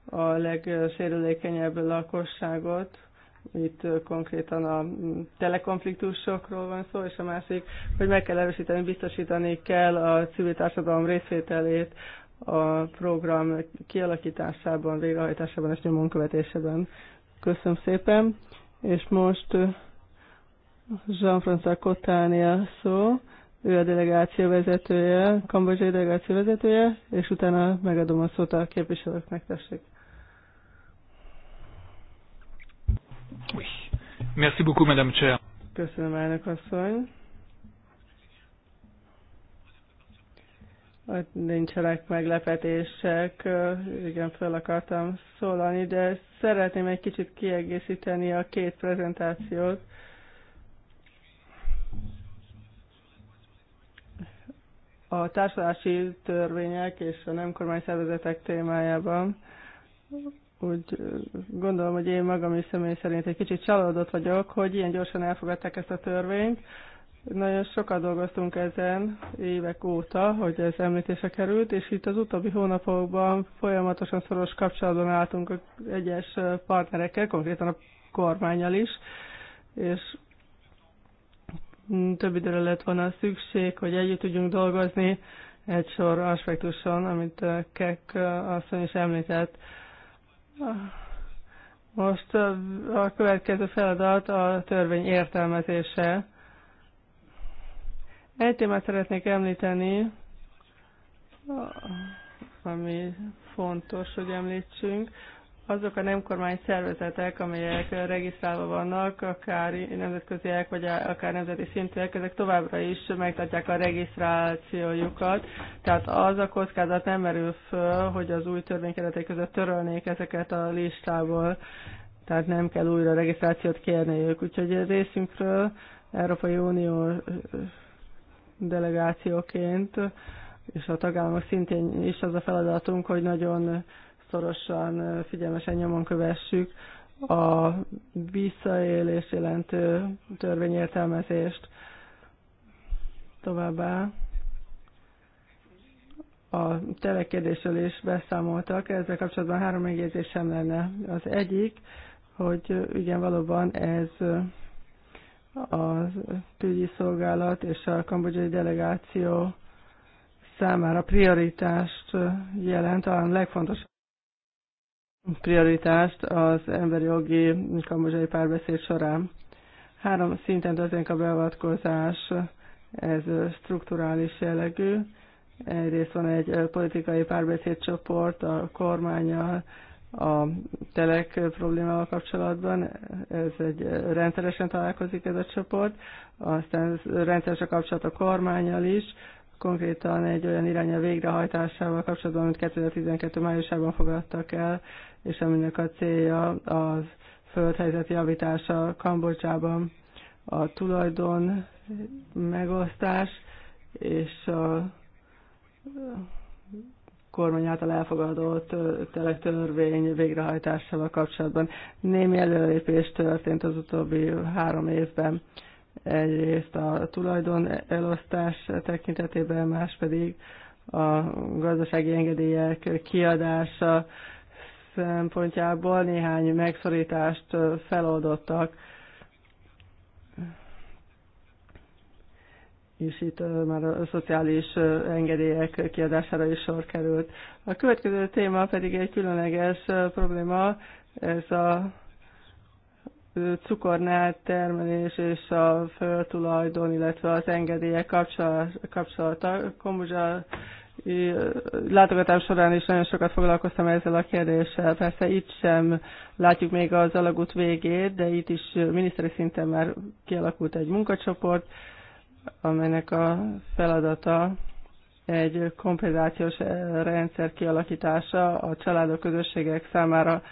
a legsérülékenyebb lakosságot, itt konkrétan a telekonfliktusokról van szó, és a másik, hogy meg kell erősíteni, biztosítani kell a civil társadalom részvételét a program kialakításában, végrehajtásában és nyomonkövetésében. Köszönöm szépen, és most Jean-François Cotánia szó, ő a delegáció vezetője, kambodzsai delegáció vezetője, és utána megadom a szót a képviselőknek, tessék. Merci beaucoup, Madame Chair. Köszönöm, elnök asszony. nincsenek meglepetések, igen, fel akartam szólani, de szeretném egy kicsit kiegészíteni a két prezentációt. a társulási törvények és a nem szervezetek témájában úgy gondolom, hogy én magam is személy szerint egy kicsit csalódott vagyok, hogy ilyen gyorsan elfogadták ezt a törvényt. Nagyon sokat dolgoztunk ezen évek óta, hogy ez említése került, és itt az utóbbi hónapokban folyamatosan szoros kapcsolatban álltunk egyes partnerekkel, konkrétan a kormányjal is, és több időre lett volna szükség, hogy együtt tudjunk dolgozni egy sor aspektuson, amit eh, Kek eh, asszony is említett. Most eh, a következő feladat a törvény értelmezése. Egy témát szeretnék említeni, ami fontos, hogy említsünk azok a nem kormány szervezetek, amelyek regisztrálva vannak, akár nemzetköziek, vagy akár nemzeti szintűek, ezek továbbra is megtartják a regisztrációjukat. Tehát az a kockázat nem merül föl, hogy az új törvénykeretek között törölnék ezeket a listából, tehát nem kell újra regisztrációt kérniük. Úgyhogy a részünkről Európai Unió delegációként és a tagállamok szintén is az a feladatunk, hogy nagyon szorosan, figyelmesen nyomon kövessük a visszaélés jelentő törvényértelmezést. Továbbá a telekérdésről is beszámoltak, ezzel kapcsolatban három sem lenne. Az egyik, hogy igen, valóban ez a külügyi szolgálat és a kambodzsai delegáció számára prioritást jelent, talán legfontosabb prioritást az emberi jogi kambozsai párbeszéd során. Három szinten történik a beavatkozás, ez strukturális jellegű. Egyrészt van egy politikai párbeszédcsoport a kormányal a telek problémával kapcsolatban, ez egy rendszeresen találkozik ez a csoport, aztán rendszeres a kapcsolat a kormányal is, konkrétan egy olyan irányja végrehajtásával kapcsolatban, amit 2012. májusában fogadtak el, és aminek a célja a földhelyzet javítása Kambodzsában, a tulajdon megosztás és a kormány által elfogadott teletörvény végrehajtásával kapcsolatban. Némi előrépés történt az utóbbi három évben. Egyrészt a tulajdon elosztás tekintetében, más pedig a gazdasági engedélyek kiadása szempontjából néhány megszorítást feloldottak. és itt már a szociális engedélyek kiadására is sor került. A következő téma pedig egy különleges probléma, ez a cukornál termelés és a föltulajdon, illetve az engedélyek kapcsolata. Komuzsa látogatás során is nagyon sokat foglalkoztam ezzel a kérdéssel. Persze itt sem látjuk még az alagút végét, de itt is miniszteri szinten már kialakult egy munkacsoport, amelynek a feladata egy kompenzációs eh, rendszer kialakítása a családok, közösségek számára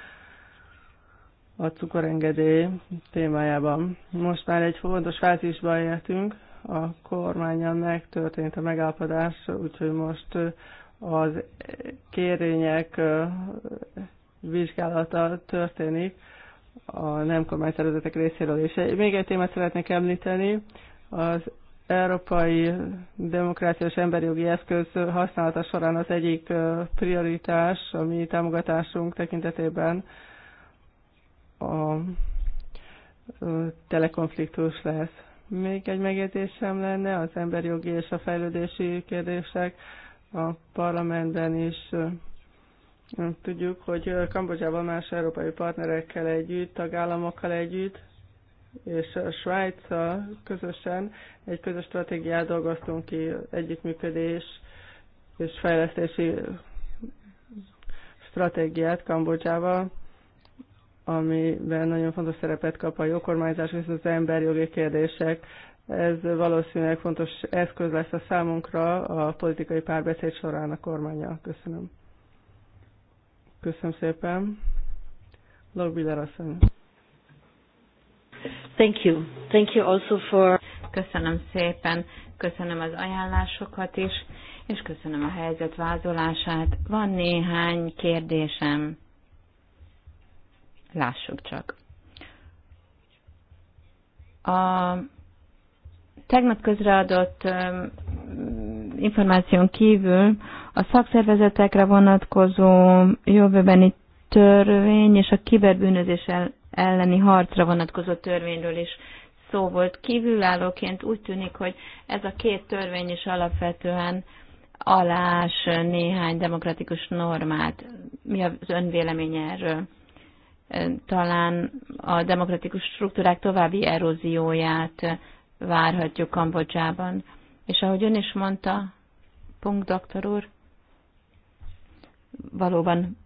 a cukorengedély témájában. Most már egy fontos fázisban értünk, a kormányon megtörtént a megállapodás, úgyhogy most az kérények vizsgálata történik a nem kormányszervezetek részéről is. Még egy témát szeretnék említeni, az Európai Demokráciás Emberi Jogi Eszköz használata során az egyik prioritás a mi támogatásunk tekintetében a telekonfliktus lesz. Még egy megjegyzésem lenne az emberjogi és a fejlődési kérdések a parlamentben is. Tudjuk, hogy Kambodzsában más európai partnerekkel együtt, tagállamokkal együtt, és a Svájccal közösen egy közös stratégiát dolgoztunk ki, együttműködés és fejlesztési stratégiát Kambodzsával amiben nagyon fontos szerepet kap a jogkormányzás és az emberjogi kérdések. Ez valószínűleg fontos eszköz lesz a számunkra a politikai párbeszéd során a kormánya. Köszönöm. Köszönöm szépen. Logbiller asszony. Thank you. Thank you also for... Köszönöm szépen. Köszönöm az ajánlásokat is, és köszönöm a helyzet vázolását. Van néhány kérdésem Lássuk csak. A tegnap közreadott információn kívül a szakszervezetekre vonatkozó jövőbeni törvény és a kiberbűnözés elleni harcra vonatkozó törvényről is szó volt. Kívülállóként úgy tűnik, hogy ez a két törvény is alapvetően alás néhány demokratikus normát. Mi az önvéleménye erről? talán a demokratikus struktúrák további erózióját várhatjuk Kambodzsában. És ahogy ön is mondta, punkt doktor úr, valóban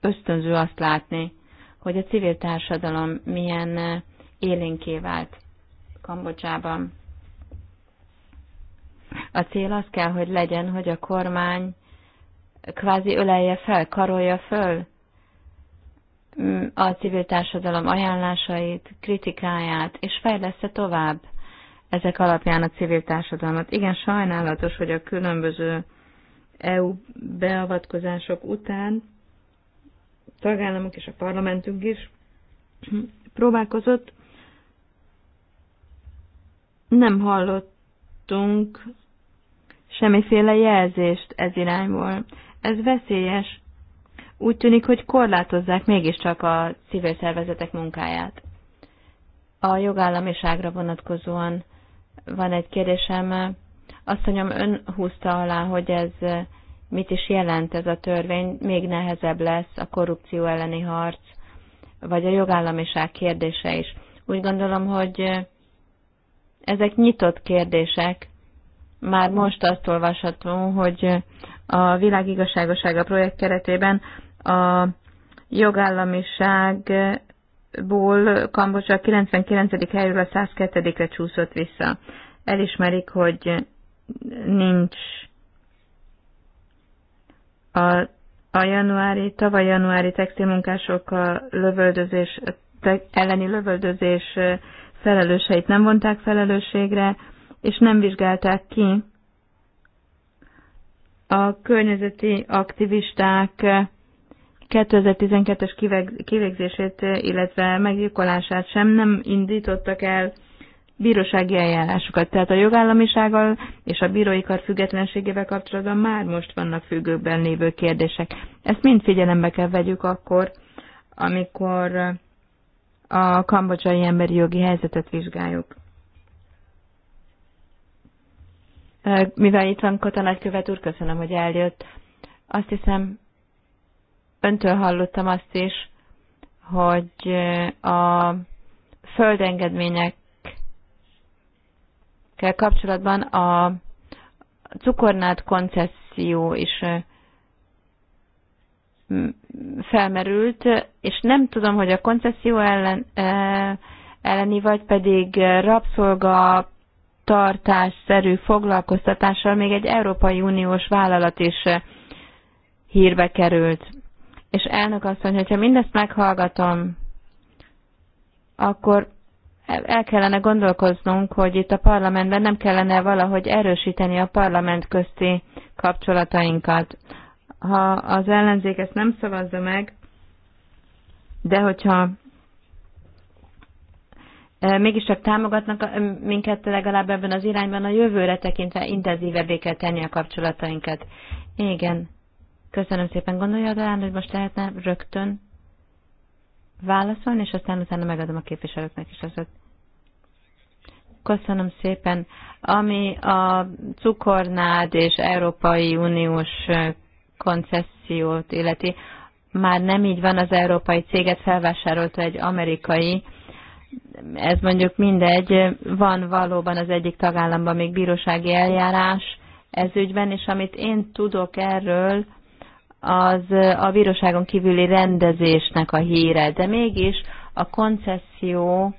ösztönző azt látni, hogy a civil társadalom milyen eh, élénké vált Kambodzsában. A cél az kell, hogy legyen, hogy a kormány kvázi ölelje fel, karolja föl a civil társadalom ajánlásait, kritikáját, és fejleszte tovább ezek alapján a civil társadalmat. Igen, sajnálatos, hogy a különböző EU beavatkozások után tagállamok és a parlamentünk is próbálkozott. Nem hallottunk semmiféle jelzést ez irányból. Ez veszélyes, úgy tűnik, hogy korlátozzák mégiscsak a civil szervezetek munkáját. A jogállamiságra vonatkozóan van egy kérdésem. Azt mondjam, ön húzta alá, hogy ez mit is jelent ez a törvény, még nehezebb lesz a korrupció elleni harc, vagy a jogállamiság kérdése is. Úgy gondolom, hogy ezek nyitott kérdések. Már most azt olvashatom, hogy a világ projekt keretében a jogállamiságból Kambodzsa 99. helyről a 102-re csúszott vissza. Elismerik, hogy nincs a, a januári, tavaly januári a lövöldözés, elleni lövöldözés felelőseit nem vonták felelősségre, és nem vizsgálták ki a környezeti aktivisták 2012-es kivégzését, illetve meggyilkolását sem nem indítottak el bírósági eljárásokat. Tehát a jogállamisággal és a bírói kar függetlenségével kapcsolatban már most vannak függőben lévő kérdések. Ezt mind figyelembe kell vegyük akkor, amikor a kambodzsai emberi jogi helyzetet vizsgáljuk. Mivel itt van Kata nagykövet úr, köszönöm, hogy eljött. Azt hiszem, öntől hallottam azt is, hogy eh, a földengedményekkel kapcsolatban a cukornát koncesszió is eh, felmerült, és nem tudom, hogy a koncesszió ellen, eh, elleni, vagy pedig rabszolga tartásszerű foglalkoztatással még egy Európai Uniós vállalat is hírbe került. És elnök asszony, hogyha mindezt meghallgatom, akkor el kellene gondolkoznunk, hogy itt a parlamentben nem kellene valahogy erősíteni a parlament közti kapcsolatainkat. Ha az ellenzék ezt nem szavazza meg, de hogyha e, mégiscsak támogatnak e, minket legalább ebben az irányban a jövőre tekintve intenzívebbé kell tenni a kapcsolatainkat. Igen, Köszönöm szépen. Gondolja talán, hogy most lehetne rögtön válaszolni, és aztán utána megadom a képviselőknek is az Köszönöm szépen. Ami a cukornád és Európai Uniós koncesziót illeti, már nem így van az európai céget felvásárolta egy amerikai, ez mondjuk mindegy, van valóban az egyik tagállamban még bírósági eljárás ez ügyben, és amit én tudok erről, az a bíróságon kívüli rendezésnek a híre, de mégis a koncesszió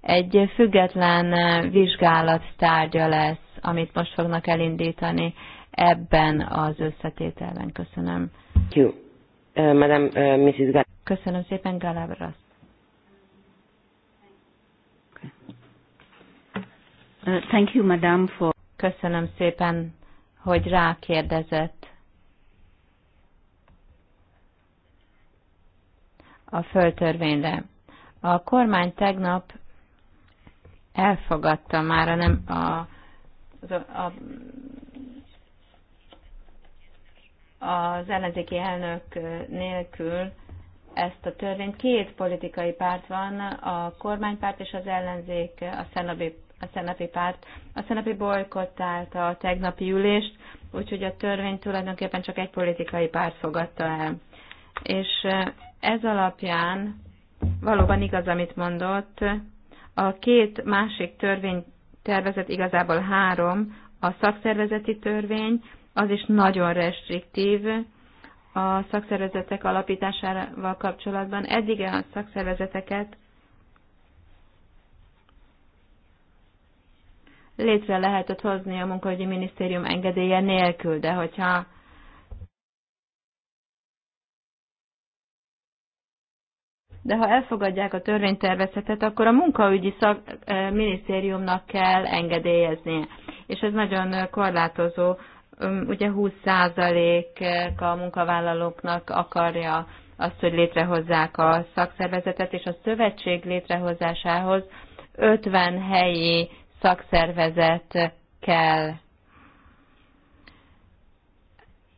egy független vizsgálat tárgya lesz, amit most fognak elindítani ebben az összetételben. Köszönöm. Köszönöm szépen, Galabras. Thank you, madam, for... Köszönöm szépen, hogy rákérdezett a földtörvényre. A kormány tegnap elfogadta már a nem a, a, a, az ellenzéki elnök nélkül ezt a törvényt. Két politikai párt van, a kormánypárt és az ellenzék, a szenabi a szenepi párt. A szenepi bolykottálta a tegnapi ülést, úgyhogy a törvényt tulajdonképpen csak egy politikai párt fogadta el. És ez alapján valóban igaz, amit mondott. A két másik törvénytervezet, igazából három, a szakszervezeti törvény, az is nagyon restriktív a szakszervezetek alapításával kapcsolatban. Eddig a szakszervezeteket létre lehetett hozni a munkahogyi minisztérium engedélye nélkül, de hogyha de ha elfogadják a törvénytervezetet, akkor a munkaügyi szak, eh, minisztériumnak kell engedélyeznie. És ez nagyon eh, korlátozó, ugye 20% a munkavállalóknak akarja azt, hogy létrehozzák a szakszervezetet, és a szövetség létrehozásához 50 helyi szakszervezet kell.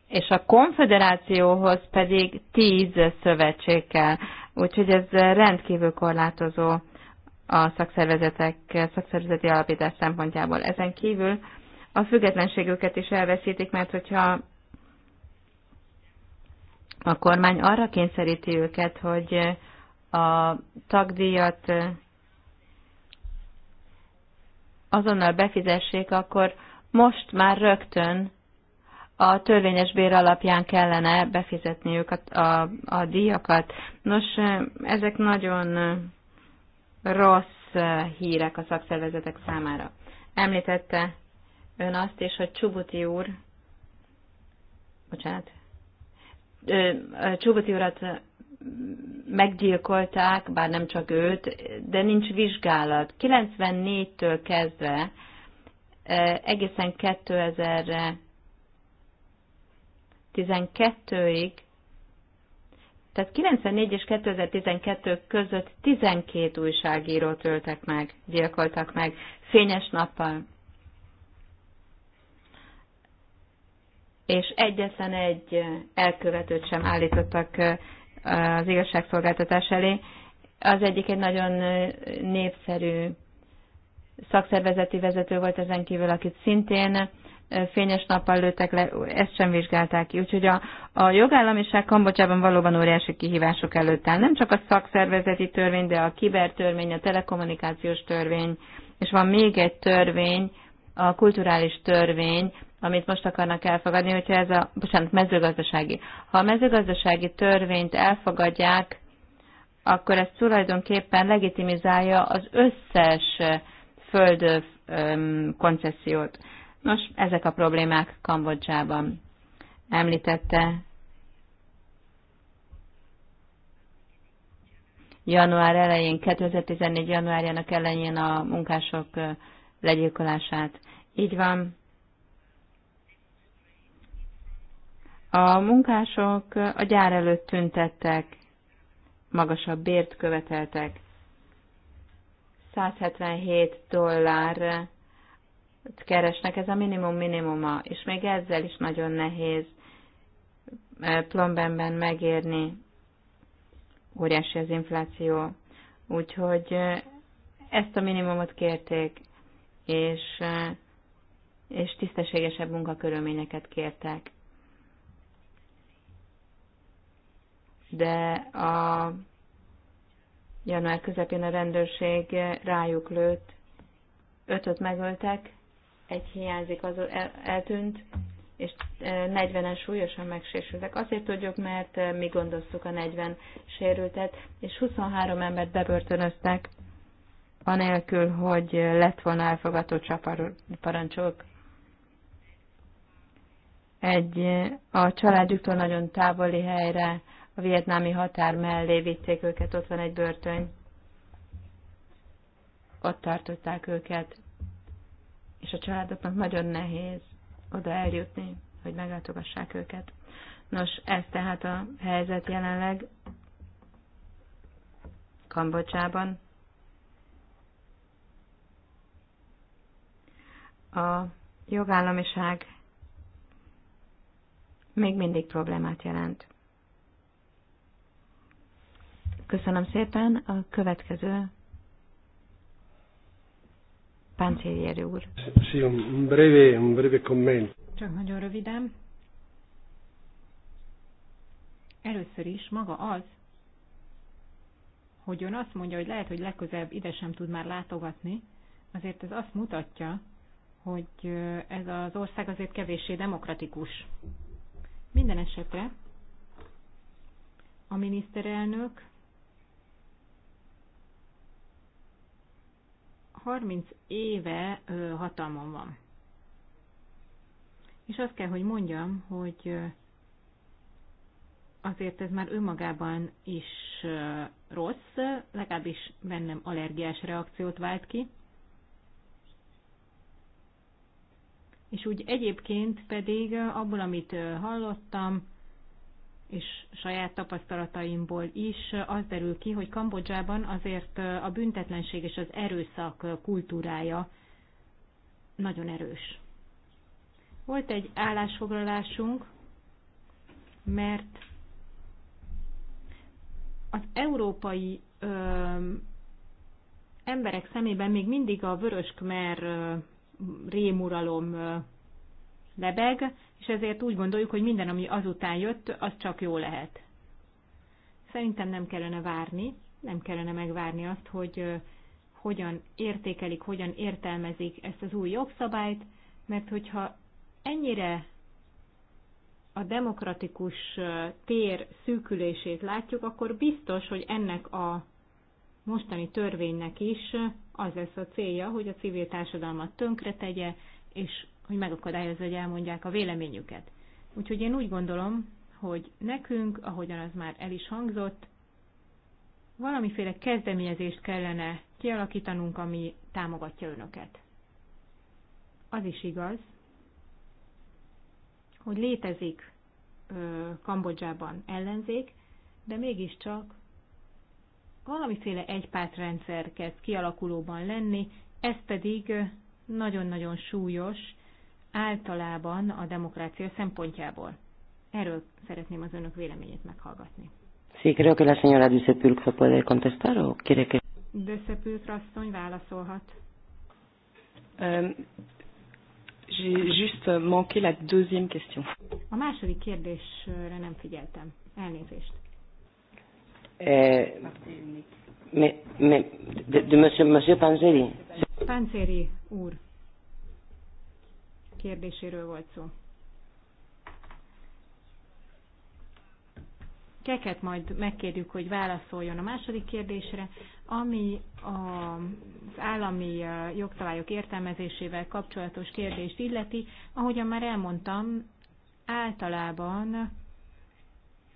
És a konfederációhoz pedig 10 szövetség kell. Úgyhogy ez rendkívül korlátozó a szakszervezetek, szakszervezeti alapítás szempontjából. Ezen kívül a függetlenségüket is elveszítik, mert hogyha a kormány arra kényszeríti őket, hogy a tagdíjat azonnal befizessék, akkor most már rögtön a törvényes bér alapján kellene befizetniük a, a, a díjakat. Nos, ezek nagyon rossz hírek a szakszervezetek számára. Említette ön azt is, hogy Csubuti úr, bocsánat, Csubuti urat meggyilkolták, bár nem csak őt, de nincs vizsgálat. 94-től kezdve egészen 2000 12-ig, tehát 94 és 2012 között 12 újságírót öltek meg, gyilkoltak meg, fényes nappal. És egyetlen egy elkövetőt sem állítottak az igazságszolgáltatás elé. Az egyik egy nagyon népszerű szakszervezeti vezető volt ezen kívül, akit szintén fényes nappal lőttek le, ezt sem vizsgálták ki. Úgyhogy a, a jogállamiság Kambocsában valóban óriási kihívások előtt áll. Nem csak a szakszervezeti törvény, de a kibertörvény, a telekommunikációs törvény, és van még egy törvény, a kulturális törvény, amit most akarnak elfogadni, hogyha ez a, bocsánat, mezőgazdasági. Ha a mezőgazdasági törvényt elfogadják, akkor ez tulajdonképpen legitimizálja az összes földkoncesziót. koncesziót. Nos, ezek a problémák Kambodzsában. Említette január elején, 2014. januárjának elején a munkások legyilkolását. Így van. A munkások a gyár előtt tüntettek, magasabb bért követeltek. 177 dollár keresnek, ez a minimum minimuma, és még ezzel is nagyon nehéz plombenben megérni. Óriási az infláció. Úgyhogy ezt a minimumot kérték, és, és tisztességesebb munkakörülményeket kértek. De a január közepén a rendőrség rájuk lőtt, ötöt megöltek, egy hiányzik, az el, eltűnt, és 40-en e, súlyosan megsérültek. Azért tudjuk, mert e, mi gondoztuk a 40 sérültet, és 23 embert bebörtönöztek, anélkül, hogy e, lett volna elfogadó parancsok. Egy a családjuktól nagyon távoli helyre, a vietnámi határ mellé vitték őket, ott van egy börtön. Ott tartották őket és a családoknak nagyon nehéz oda eljutni, hogy meglátogassák őket. Nos, ez tehát a helyzet jelenleg Kambodzsában. A jogállamiság még mindig problémát jelent. Köszönöm szépen. A következő Páncélieri úr. Sí, un breve, un breve comment. Csak nagyon röviden. Először is maga az, hogy ön azt mondja, hogy lehet, hogy legközelebb ide sem tud már látogatni, azért ez azt mutatja, hogy ez az ország azért kevéssé demokratikus. Minden esetre a miniszterelnök 30 éve hatalmon van. És azt kell, hogy mondjam, hogy azért ez már önmagában is rossz, legalábbis bennem allergiás reakciót vált ki. És úgy egyébként pedig abból, amit hallottam, és saját tapasztalataimból is az derül ki, hogy Kambodzsában azért a büntetlenség és az erőszak kultúrája nagyon erős. Volt egy állásfoglalásunk, mert az európai ö, emberek szemében még mindig a vöröskmer rémuralom ö, lebeg, és ezért úgy gondoljuk, hogy minden, ami azután jött, az csak jó lehet. Szerintem nem kellene várni, nem kellene megvárni azt, hogy hogyan értékelik, hogyan értelmezik ezt az új jogszabályt, mert hogyha ennyire a demokratikus tér szűkülését látjuk, akkor biztos, hogy ennek a mostani törvénynek is az lesz a célja, hogy a civil társadalmat tönkretegye, és hogy megakadályozza, hogy elmondják a véleményüket. Úgyhogy én úgy gondolom, hogy nekünk, ahogyan az már el is hangzott, valamiféle kezdeményezést kellene kialakítanunk, ami támogatja önöket. Az is igaz, hogy létezik ö, Kambodzsában ellenzék, de mégiscsak valamiféle egypártrendszer kezd kialakulóban lenni, ez pedig nagyon-nagyon súlyos általában a demokrácia szempontjából. Erről szeretném az önök véleményét meghallgatni. Sí, creo que la señora Düssepülkra puede contestar o quiere que... Düssepülkra asszony válaszolhat. Um, J'ai juste manqué la deuxième question. A második kérdésre nem figyeltem. Elnézést. Eh, me, me, de, de monsieur, monsieur Panzeri. Panzeri úr kérdéséről volt szó. Keket majd megkérjük, hogy válaszoljon a második kérdésre, ami az állami jogszabályok értelmezésével kapcsolatos kérdést illeti. Ahogyan már elmondtam, általában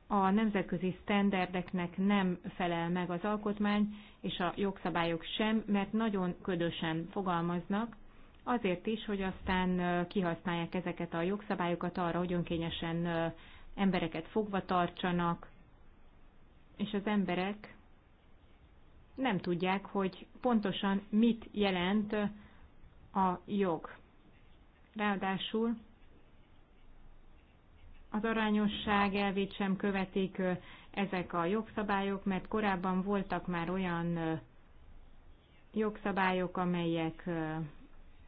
a nemzetközi sztenderdeknek nem felel meg az alkotmány, és a jogszabályok sem, mert nagyon ködösen fogalmaznak, azért is, hogy aztán kihasználják ezeket a jogszabályokat arra, hogy önkényesen embereket fogva tartsanak, és az emberek nem tudják, hogy pontosan mit jelent a jog. Ráadásul az arányosság elvét sem követik ezek a jogszabályok, mert korábban voltak már olyan jogszabályok, amelyek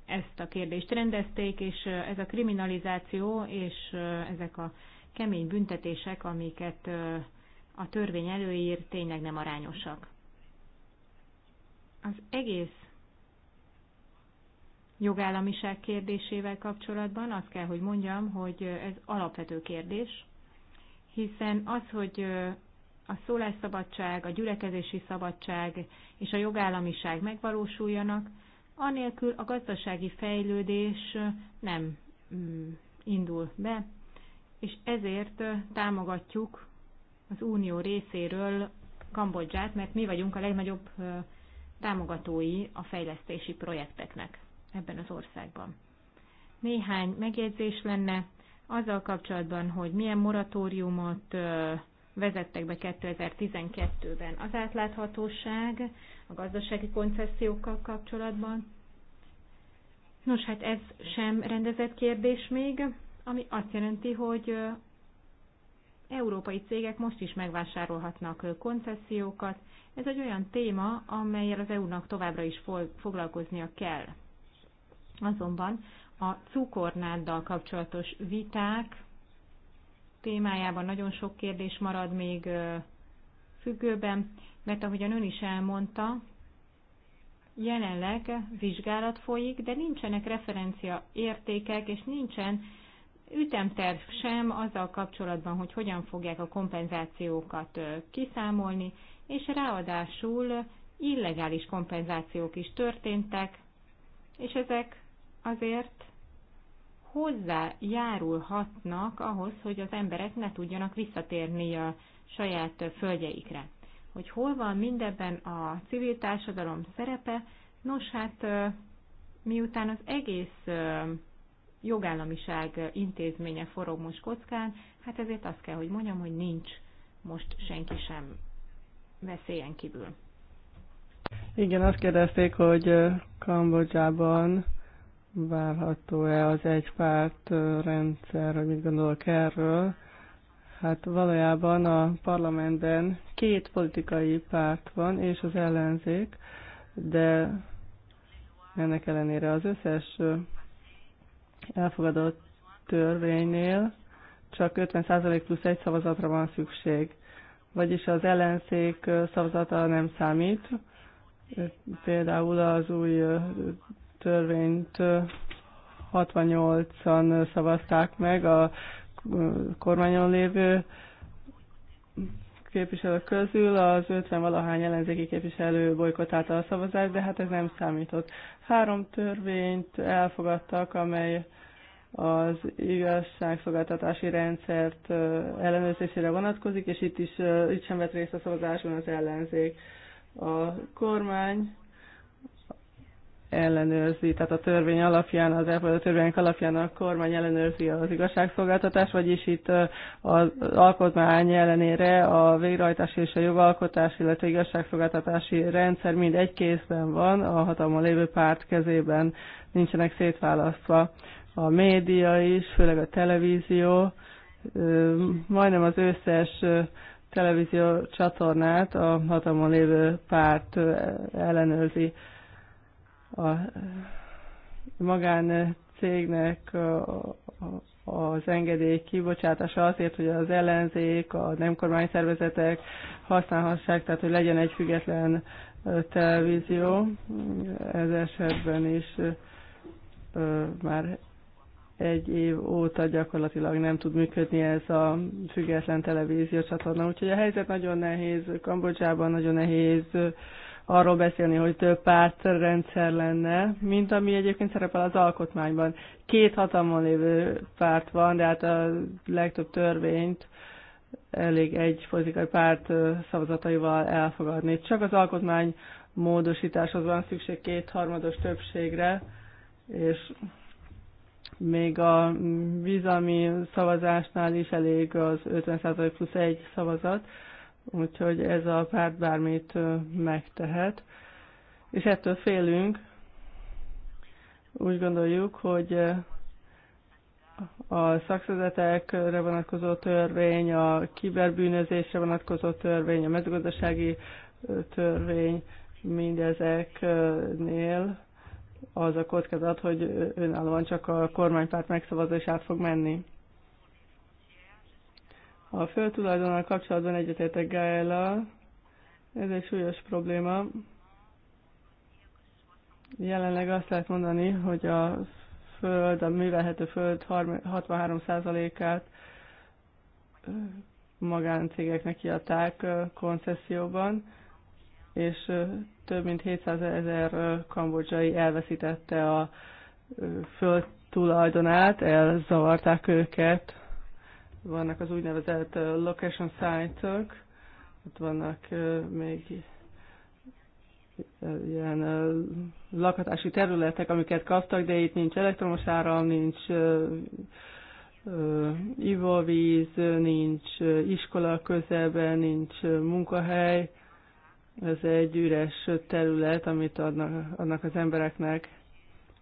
ezt a kérdést rendezték, és ez a kriminalizáció és ezek a kemény büntetések, amiket a törvény előír, tényleg nem arányosak. Az egész jogállamiság kérdésével kapcsolatban azt kell, hogy mondjam, hogy ez alapvető kérdés, hiszen az, hogy a szólásszabadság, a gyülekezési szabadság és a jogállamiság megvalósuljanak, anélkül a gazdasági fejlődés nem mm, indul be, és ezért támogatjuk az Unió részéről Kambodzsát, mert mi vagyunk a legnagyobb támogatói a fejlesztési projekteknek ebben az országban. Néhány megjegyzés lenne azzal kapcsolatban, hogy milyen moratóriumot vezettek be 2012-ben. Az átláthatóság a gazdasági koncesziókkal kapcsolatban. Nos, hát ez sem rendezett kérdés még, ami azt jelenti, hogy európai cégek most is megvásárolhatnak koncesziókat. Ez egy olyan téma, amelyel az EU-nak továbbra is foglalkoznia kell. Azonban a cukornáddal kapcsolatos viták témájában nagyon sok kérdés marad még függőben, mert ahogyan ön is elmondta, jelenleg vizsgálat folyik, de nincsenek referencia értékek, és nincsen ütemterv sem azzal kapcsolatban, hogy hogyan fogják a kompenzációkat kiszámolni, és ráadásul illegális kompenzációk is történtek, és ezek azért hozzájárulhatnak ahhoz, hogy az emberek ne tudjanak visszatérni a saját földjeikre. Hogy hol van mindebben a civil társadalom szerepe, nos hát miután az egész jogállamiság intézménye forog most kockán, hát ezért azt kell, hogy mondjam, hogy nincs most senki sem veszélyen kívül. Igen, azt kérdezték, hogy Kambodzsában várható-e az egypárt rendszer, hogy mit gondolok erről. Hát valójában a parlamentben két politikai párt van, és az ellenzék, de ennek ellenére az összes elfogadott törvénynél csak 50% plusz egy szavazatra van szükség. Vagyis az ellenzék szavazata nem számít. Például az új törvényt 68-an szavazták meg a kormányon lévő képviselők közül az 50 valahány ellenzéki képviselő bolykotálta a szavazást, de hát ez nem számított. Három törvényt elfogadtak, amely az igazságszolgáltatási rendszert ellenőrzésére vonatkozik, és itt is itt sem vett részt a szavazáson az ellenzék. A kormány ellenőrzi, tehát a törvény alapján, az elfogadott törvények alapján a kormány ellenőrzi az igazságszolgáltatás, vagyis itt az alkotmány ellenére a végrehajtás és a jogalkotás, illetve igazságszolgáltatási rendszer mind egy kézben van, a hatalma lévő párt kezében nincsenek szétválasztva. A média is, főleg a televízió, majdnem az összes televízió csatornát a hatalmon lévő párt ellenőrzi a magán cégnek az engedély kibocsátása azért, hogy az ellenzék, a nem kormányszervezetek használhassák, tehát hogy legyen egy független televízió. Ez esetben is már egy év óta gyakorlatilag nem tud működni ez a független televízió csatorna. Úgyhogy a helyzet nagyon nehéz Kambodzsában, nagyon nehéz arról beszélni, hogy több pártrendszer lenne, mint ami egyébként szerepel az alkotmányban. Két hatalmon lévő párt van, de hát a legtöbb törvényt elég egy politikai párt szavazataival elfogadni. Csak az alkotmány módosításhoz van szükség kétharmados többségre, és még a bizalmi szavazásnál is elég az 50% plusz egy szavazat, Úgyhogy ez a párt bármit megtehet. És ettől félünk, úgy gondoljuk, hogy a szakszervezetekre vonatkozó törvény, a kiberbűnözésre vonatkozó törvény, a mezőgazdasági törvény, mindezeknél az a kockázat, hogy önállóan csak a kormánypárt megszavazza át fog menni. A föltulajdonnal kapcsolatban egyetértek Gáellal, ez egy súlyos probléma. Jelenleg azt lehet mondani, hogy a föld, a művelhető föld 63%-át magáncégeknek kiadták koncesszióban, és több mint 700 ezer kambodzsai elveszítette a föld tulajdonát, elzavarták őket vannak az úgynevezett location site -ok, ott vannak még ilyen lakhatási területek, amiket kaptak, de itt nincs elektromos áram, nincs ivóvíz, nincs iskola közelben, nincs munkahely. Ez egy üres terület, amit adnak, adnak az embereknek,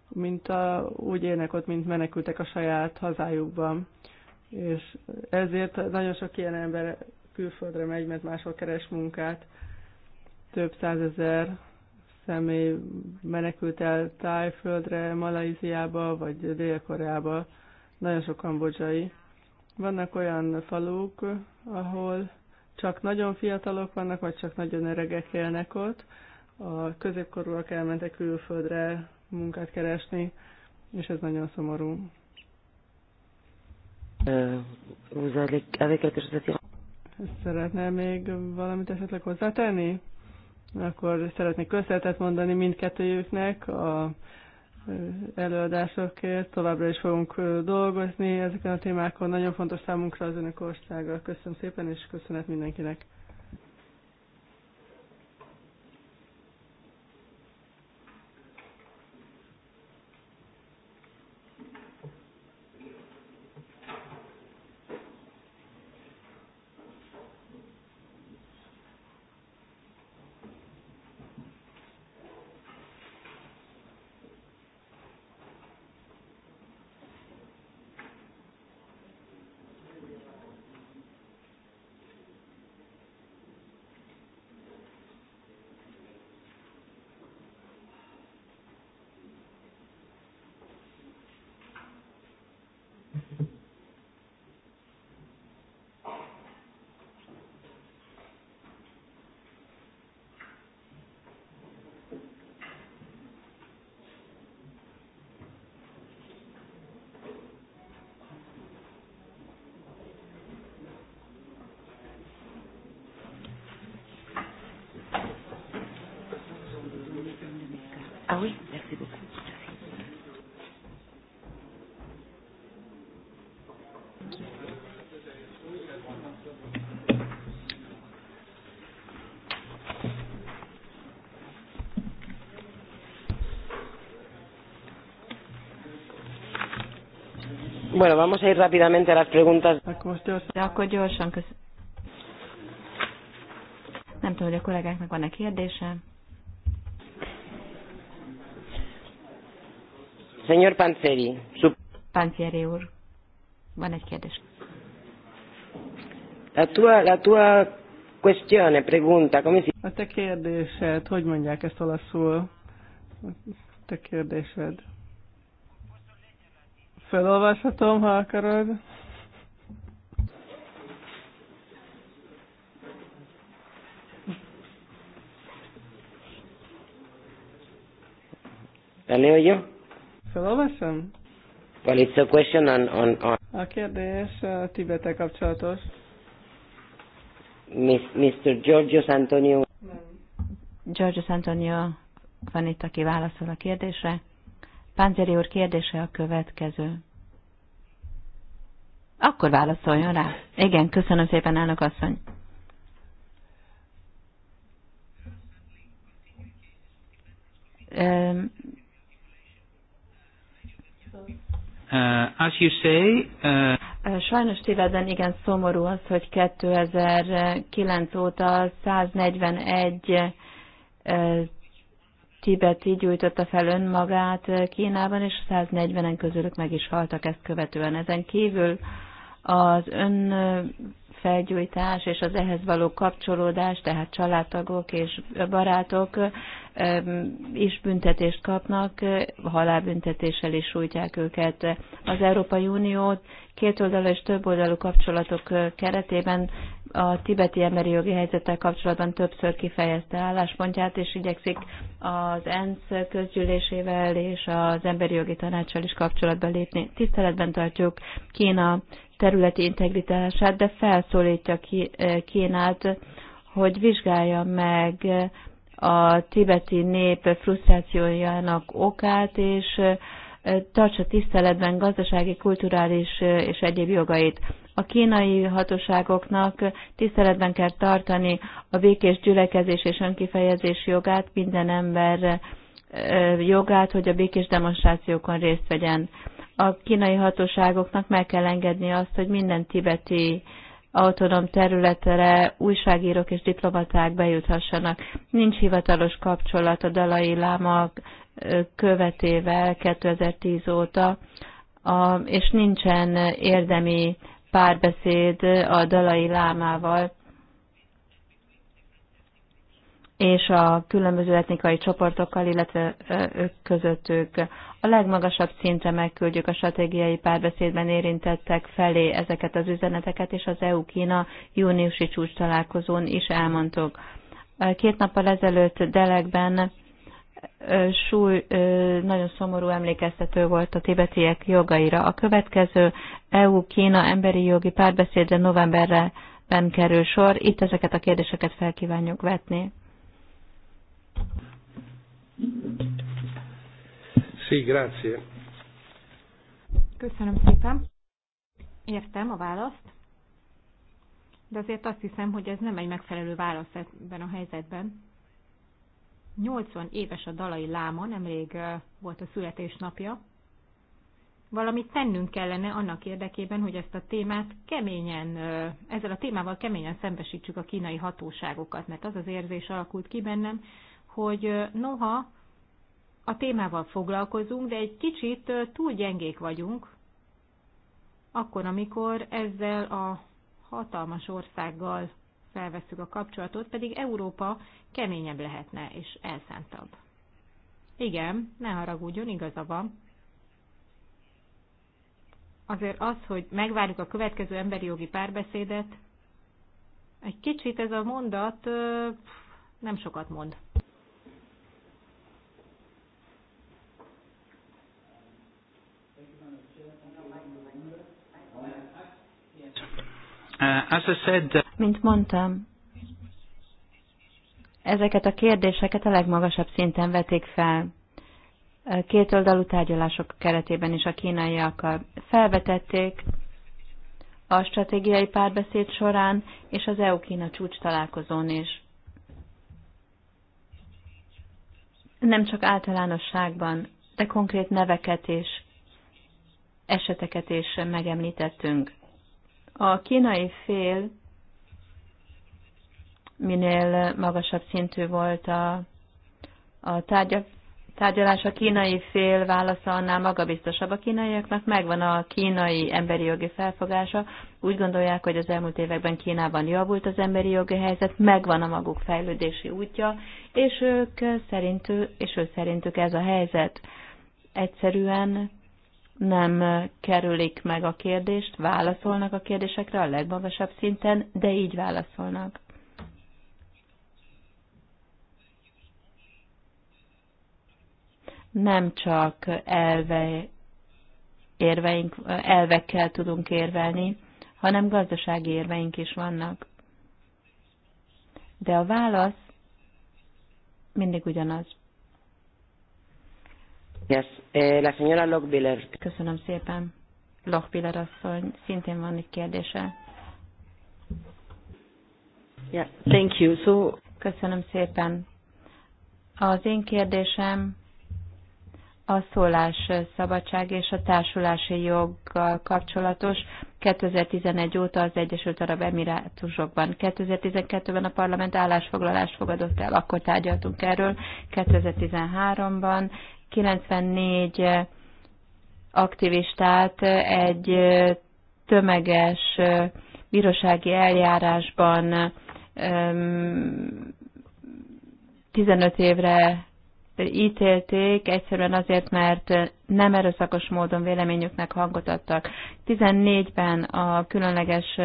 mint a, úgy élnek ott, mint menekültek a saját hazájukban és ezért nagyon sok ilyen ember külföldre megy, mert máshol keres munkát. Több százezer személy menekült el Tájföldre, Malajziába vagy Dél-Koreába, nagyon sok kambodzsai. Vannak olyan faluk, ahol csak nagyon fiatalok vannak, vagy csak nagyon öregek élnek ott. A középkorúak elmentek külföldre munkát keresni, és ez nagyon szomorú. Szeretné még valamit esetleg hozzátenni? Akkor szeretnék köszönetet mondani mindkettőjüknek a előadásokért. Továbbra is fogunk dolgozni ezeken a témákon. Nagyon fontos számunkra az önök országa. Köszönöm szépen, és köszönet mindenkinek. Bueno, vamos a ir rápidamente a las preguntas. De akkor gyorsan köz... Nem tudom, hogy a kollégáknak van-e kérdése. Señor Panceri. Su... Panceri úr, van egy kérdés. La tua, la tua questione, pregunta, come si... A te kérdésed, hogy mondják ezt olaszul? A te kérdésed. Felolvashatom, ha akarod. ¿La leo yo? Felolvasom? Well, it's a question on, on, on. A kérdés a Tibete kapcsolatos. Miss, Mr. Giorgio Antonio. Giorgio Antonio van itt, aki válaszol a kérdésre. Pánzeri úr kérdése a következő. Akkor válaszoljon rá. Igen, köszönöm szépen, elnök asszony. Uh, as you say, uh... Sajnos tévedben igen szomorú az, hogy 2009 óta 141 tibeti gyújtotta fel önmagát Kínában, és 140-en közülük meg is haltak ezt követően. Ezen kívül az ön felgyújtás és az ehhez való kapcsolódás, tehát családtagok és barátok is büntetést kapnak, halálbüntetéssel is sújtják őket. Az Európai Unió oldalú és többoldalú kapcsolatok keretében a tibeti emberi jogi helyzettel kapcsolatban többször kifejezte álláspontját, és igyekszik az ENSZ közgyűlésével és az emberi jogi tanácssal is kapcsolatba lépni. Tiszteletben tartjuk Kína területi integritását, de felszólítja eh, Kínát, hogy vizsgálja meg a tibeti nép frusztrációjának okát, és eh, tartsa tiszteletben gazdasági, kulturális eh, és egyéb jogait. A kínai hatóságoknak tiszteletben kell tartani a békés gyülekezés és önkifejezés jogát, minden ember jogát, hogy a békés demonstrációkon részt vegyen a kínai hatóságoknak meg kell engedni azt, hogy minden tibeti autonóm területre újságírók és diplomaták bejuthassanak. Nincs hivatalos kapcsolat a Dalai Láma követével 2010 óta, és nincsen érdemi párbeszéd a Dalai Lámával és a különböző etnikai csoportokkal, illetve ők közöttük. A legmagasabb szintre megküldjük a stratégiai párbeszédben érintettek felé ezeket az üzeneteket, és az EU-Kína júniusi csúcs találkozón is elmondtuk. Két nappal ezelőtt Delegben súly, nagyon szomorú emlékeztető volt a tibetiek jogaira. A következő EU-Kína emberi jogi párbeszédre novemberre ben kerül sor. Itt ezeket a kérdéseket felkívánjuk vetni. Sí, grazie. Köszönöm szépen. Értem a választ, de azért azt hiszem, hogy ez nem egy megfelelő válasz ebben a helyzetben. 80 éves a Dalai Láma, nemrég volt a születésnapja. Valamit tennünk kellene annak érdekében, hogy ezt a témát keményen, ezzel a témával keményen szembesítsük a kínai hatóságokat, mert az az érzés alakult ki bennem, hogy noha a témával foglalkozunk, de egy kicsit túl gyengék vagyunk, akkor, amikor ezzel a hatalmas országgal felveszük a kapcsolatot, pedig Európa keményebb lehetne és elszántabb. Igen, ne haragudjon, igaza van. Azért az, hogy megvárjuk a következő emberi jogi párbeszédet, egy kicsit ez a mondat nem sokat mond. Uh, uh, Mint mondtam, ezeket a kérdéseket a legmagasabb szinten vetik fel. Uh, Kétoldalú tárgyalások keretében is a kínaiakkal felvetették a stratégiai párbeszéd során és az EU-Kína csúcs találkozón is. Nem csak általánosságban, de konkrét neveket és eseteket is megemlítettünk. A kínai fél minél magasabb szintű volt a, a tárgya, tárgyalás, a kínai fél válasza annál magabiztosabb. A kínaiaknak megvan a kínai emberi jogi felfogása. Úgy gondolják, hogy az elmúlt években Kínában javult az emberi jogi helyzet, megvan a maguk fejlődési útja, és ők szerintük, és ő szerintük ez a helyzet. Egyszerűen nem kerülik meg a kérdést, válaszolnak a kérdésekre a legmagasabb szinten, de így válaszolnak. Nem csak elve, érveink, elvekkel tudunk érvelni, hanem gazdasági érveink is vannak. De a válasz mindig ugyanaz. Yes. Eh, la señora Lockbiller. Köszönöm szépen. Lockbiller asszony, szintén van egy kérdése. Yeah, thank you. So... Köszönöm szépen. Az én kérdésem a szólás szabadság és a társulási joggal kapcsolatos. 2011 óta az Egyesült Arab Emirátusokban. 2012-ben a parlament állásfoglalást fogadott el, akkor tárgyaltunk erről. 2013-ban 94 eh, aktivistát eh, egy eh, tömeges bírósági eljárásban 15 évre ítélték, egyszerűen azért, mert nem erőszakos módon véleményüknek hangot adtak. 14-ben a különleges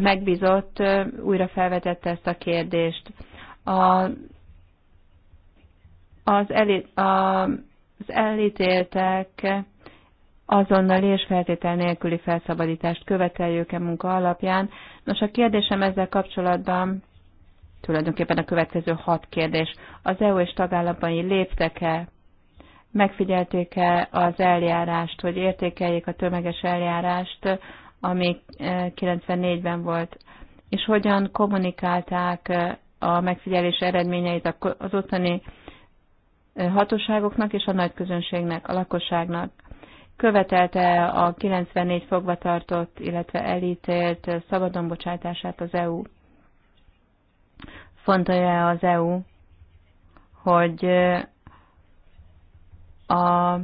megbízott újra felvetette ezt a kérdést. A az, a, az elítéltek azonnal és feltétel nélküli felszabadítást követeljük-e munka alapján. Nos, a kérdésem ezzel kapcsolatban tulajdonképpen a következő hat kérdés. Az EU és tagállamai léptek-e, megfigyelték-e az eljárást, hogy értékeljék a tömeges eljárást, ami 94-ben e, volt, és hogyan kommunikálták e, a megfigyelés eredményeit az ottani hatóságoknak és a nagy közönségnek, a lakosságnak. Követelte a 94 tartott, illetve elítélt szabadonbocsátását az EU. Fontolja az EU, hogy a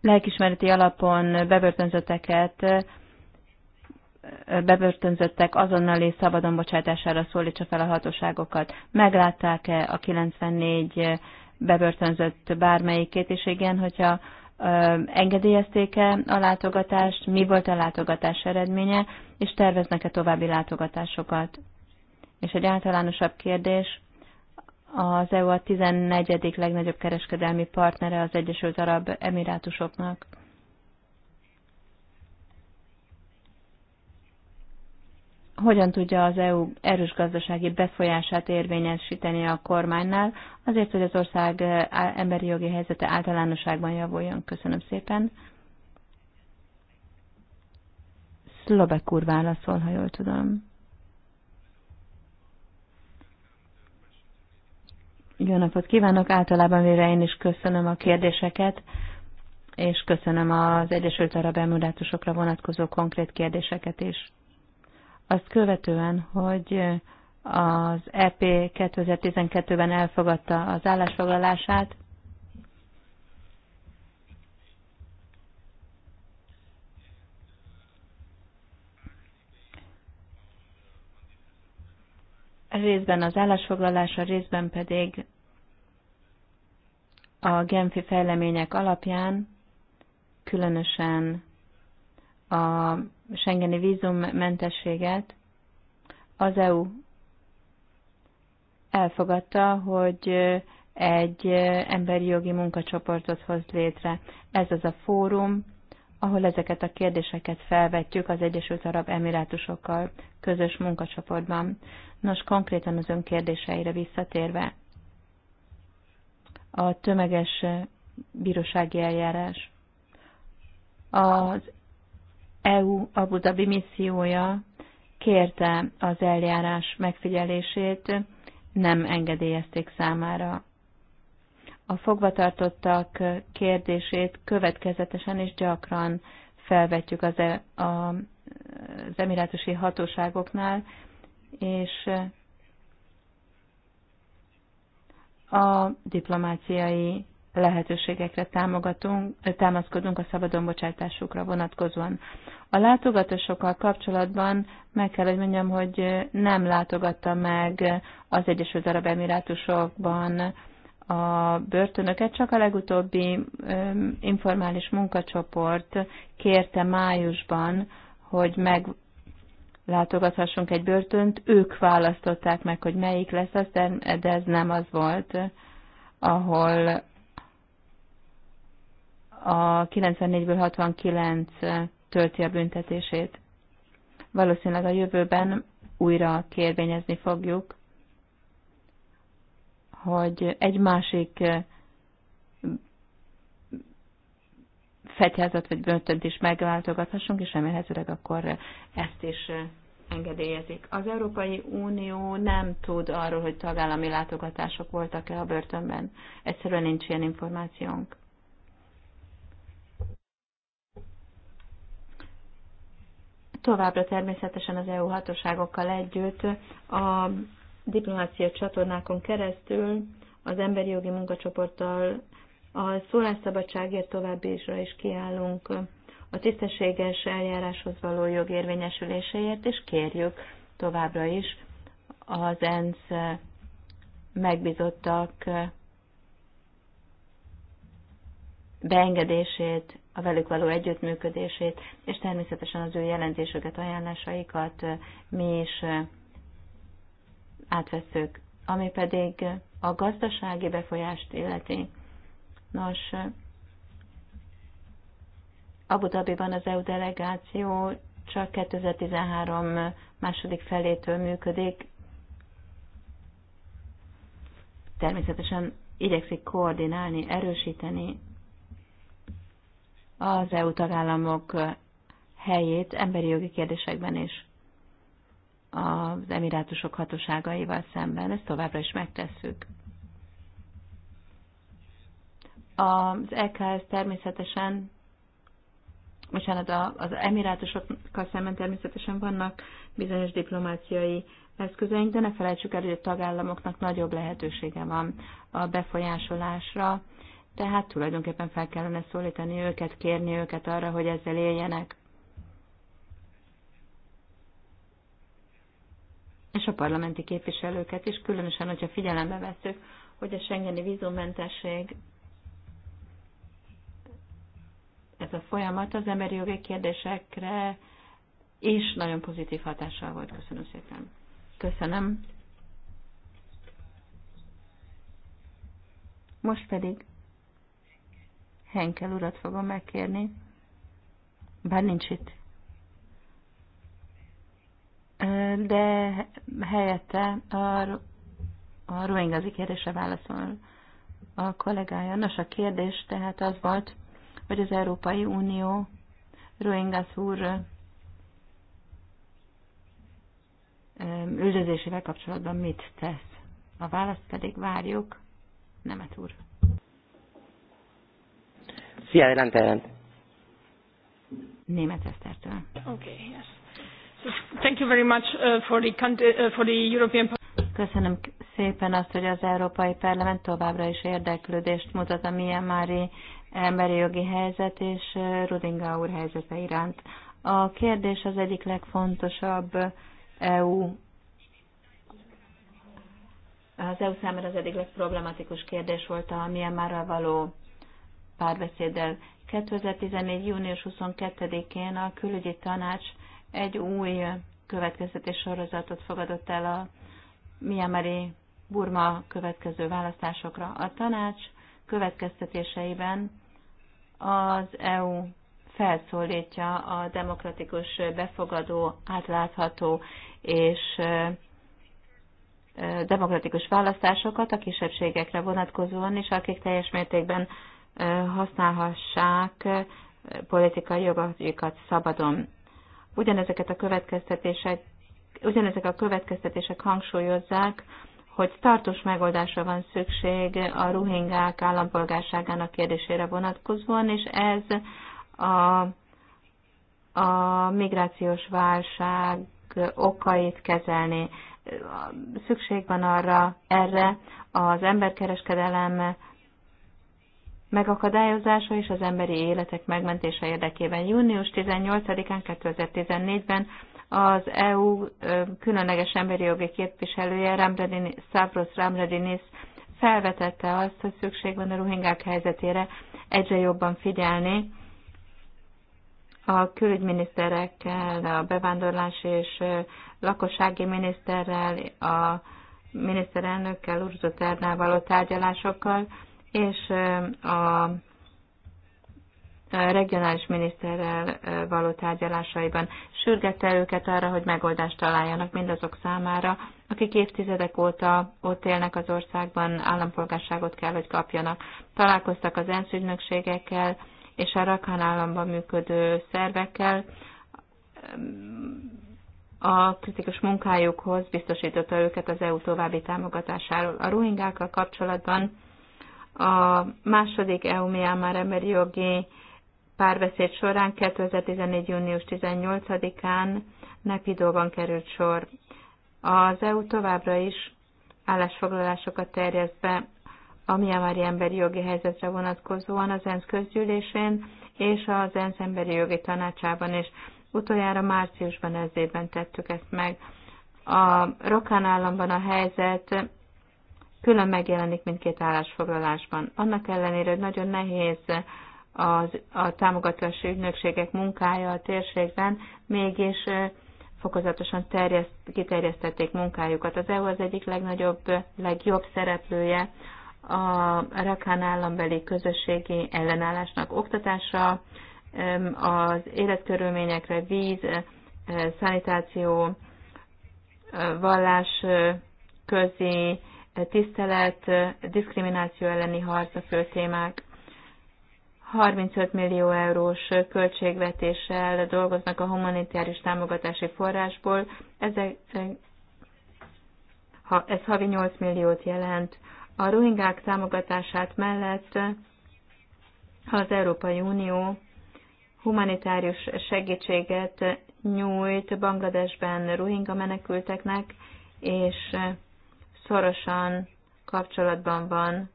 lelkismereti alapon bebörtönzötteket bebörtönzöttek azonnali szabadon bocsátására szólítsa fel a hatóságokat. Meglátták-e a 94 bebörtönzött bármelyikét, és igen, hogyha engedélyezték-e a látogatást, mi volt a látogatás eredménye, és terveznek-e további látogatásokat. És egy általánosabb kérdés, az EU a 14. legnagyobb kereskedelmi partnere az Egyesült Arab Emirátusoknak. hogyan tudja az EU erős gazdasági befolyását érvényesíteni a kormánynál, azért, hogy az ország e, emberi jogi helyzete általánosságban javuljon. Köszönöm szépen. Szlobek úr válaszol, ha jól tudom. Jó napot kívánok! Általában véve én is köszönöm a kérdéseket, és köszönöm az Egyesült Arab Emirátusokra vonatkozó konkrét kérdéseket is azt követően, hogy az EP 2012-ben elfogadta az állásfoglalását, részben az állásfoglalása, részben pedig a Genfi fejlemények alapján, különösen a Schengeni mentességet, az EU elfogadta, hogy egy emberi jogi munkacsoportot hoz létre. Ez az a fórum, ahol ezeket a kérdéseket felvetjük az Egyesült Arab Emirátusokkal közös munkacsoportban. Nos, konkrétan az ön kérdéseire visszatérve. A tömeges bírósági eljárás. Az EU Abu Dhabi missziója kérte az eljárás megfigyelését, nem engedélyezték számára. A fogvatartottak kérdését következetesen és gyakran felvetjük az, e, a, az emirátusi hatóságoknál, és a diplomáciai lehetőségekre támogatunk, támaszkodunk a szabadon bocsátásukra vonatkozóan. A látogatósokkal kapcsolatban meg kell, hogy mondjam, hogy nem látogatta meg az Egyesült Arab Emirátusokban a börtönöket, csak a legutóbbi informális munkacsoport kérte májusban, hogy meg látogathassunk egy börtönt, ők választották meg, hogy melyik lesz az, de ez nem az volt, ahol a 94-ből 69 tölti a büntetését. Valószínűleg a jövőben újra kérvényezni fogjuk, hogy egy másik fegyházat vagy börtönt is megváltogathassunk, és remélhetőleg akkor ezt is engedélyezik. Az Európai Unió nem tud arról, hogy tagállami látogatások voltak-e a börtönben. Egyszerűen nincs ilyen információnk. Továbbra természetesen az EU hatóságokkal együtt a diplomácia csatornákon keresztül az emberi jogi munkacsoporttal a szólásszabadságért továbbra is kiállunk a tisztességes eljáráshoz való jog érvényesüléséért, és kérjük továbbra is az ENSZ megbizottak beengedését a velük való együttműködését, és természetesen az ő jelentésüket, ajánlásaikat mi is átveszük. Ami pedig a gazdasági befolyást illeti. Nos, Abu Dhabiban az EU delegáció csak 2013 második felétől működik. Természetesen igyekszik koordinálni, erősíteni az EU tagállamok helyét emberi jogi kérdésekben is az emirátusok hatóságaival szemben. Ezt továbbra is megtesszük. Az EKS természetesen, bocsánat, az emirátusokkal szemben természetesen vannak bizonyos diplomáciai eszközeink, de ne felejtsük el, hogy a tagállamoknak nagyobb lehetősége van a befolyásolásra, tehát tulajdonképpen fel kellene szólítani őket, kérni őket arra, hogy ezzel éljenek. És a parlamenti képviselőket is, különösen, hogyha figyelembe veszük, hogy a Schengeni vízummentesség ez a folyamat az emberi jogi kérdésekre is nagyon pozitív hatással volt. Köszönöm szépen. Köszönöm. Most pedig Henkel urat fogom megkérni, bár nincs itt. De helyette a, a Ruingazi kérdése válaszol a kollégája. Nos, a kérdés tehát az volt, hogy az Európai Unió Ruingas úr üldözésével kapcsolatban mit tesz. A választ pedig várjuk, Nemet úr. Sí, adelante, adelante. Német Esztertől. Okay, yes. So, thank you very much uh, for, the, uh, for the European Köszönöm szépen azt, hogy az Európai Parlament továbbra is érdeklődést mutat a Myanmari emberi jogi helyzet és uh, Rudinga úr helyzete iránt. A kérdés az egyik legfontosabb uh, EU az EU számára az egyik legproblematikus kérdés volt a Myanmarral való párbeszéddel. 2014. június 22-én a külügyi tanács egy új következtetés sorozatot fogadott el a Miameri Burma következő választásokra. A tanács következtetéseiben az EU felszólítja a demokratikus, befogadó, átlátható és demokratikus választásokat a kisebbségekre vonatkozóan és akik teljes mértékben használhassák politikai jogaikat szabadon. Ugyanezeket a következtetések, ugyanezek a következtetések hangsúlyozzák, hogy tartós megoldásra van szükség a ruhingák állampolgárságának kérdésére vonatkozóan, és ez a, a migrációs válság okait kezelni. Szükség van arra, erre az emberkereskedelem megakadályozása és az emberi életek megmentése érdekében. Június 18-án 2014-ben az EU különleges emberi jogi képviselője Ramredin, Stavros Ramredinis felvetette azt, hogy szükség van a ruhingák helyzetére egyre jobban figyelni, a külügyminiszterekkel, a bevándorlás és lakossági miniszterrel, a miniszterelnökkel, Urzó Ternával, a tárgyalásokkal és a regionális miniszterrel való tárgyalásaiban sürgette őket arra, hogy megoldást találjanak mindazok számára, akik évtizedek óta ott élnek az országban, állampolgárságot kell, hogy kapjanak. Találkoztak az ENSZ ügynökségekkel és a Rakhán államban működő szervekkel, a kritikus munkájukhoz biztosította őket az EU további támogatásáról. A ruhingákkal kapcsolatban a második EU már emberi jogi párbeszéd során 2014. június 18-án Nepidóban került sor. Az EU továbbra is állásfoglalásokat terjeszt be a Miamári emberi jogi helyzetre vonatkozóan az ENSZ közgyűlésén és az ENSZ emberi jogi tanácsában is. Utoljára márciusban ezében tettük ezt meg. A Rokán államban a helyzet külön megjelenik mindkét állásfoglalásban. Annak ellenére, hogy nagyon nehéz az, a támogatási ügynökségek munkája a térségben, mégis fokozatosan terjeszt, kiterjesztették munkájukat. Az EU az egyik legnagyobb, legjobb szereplője a Rakán állambeli közösségi ellenállásnak oktatása, az életkörülményekre víz, szanitáció, vallás közi tisztelet, diszkrimináció elleni harc a fő témák. 35 millió eurós költségvetéssel dolgoznak a humanitárius támogatási forrásból, ezek, ha ez havi 8 milliót jelent. A rohingák támogatását mellett az Európai Unió humanitárius segítséget nyújt Bangladesben rohinga menekülteknek, és szorosan kapcsolatban van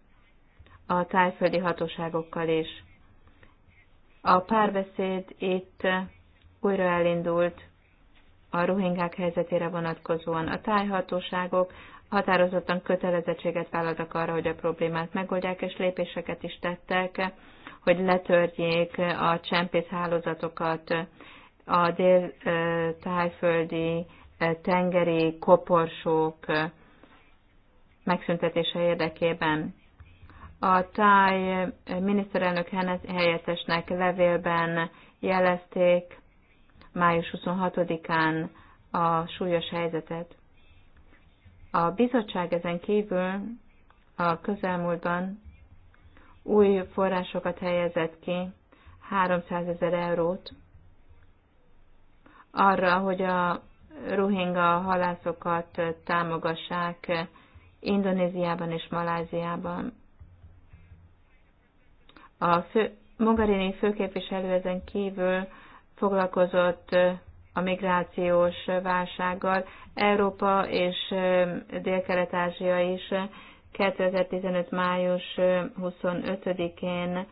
a tájföldi hatóságokkal is. A párbeszéd itt újra elindult a ruhingák helyzetére vonatkozóan. A tájhatóságok határozottan kötelezettséget vállaltak arra, hogy a problémát megoldják, és lépéseket is tettek, hogy letörjék a csempész hálózatokat, a dél-tájföldi tengeri koporsók megszüntetése érdekében. A táj miniszterelnök helyettesnek levélben jelezték május 26-án a súlyos helyzetet. A bizottság ezen kívül a közelmúltban új forrásokat helyezett ki, 300 ezer eurót, arra, hogy a ruhinga halászokat támogassák Indonéziában és Maláziában. A fő, Mogherini főképviselő ezen kívül foglalkozott a migrációs válsággal. Európa és Dél-Kelet-Ázsia is 2015. május 25-én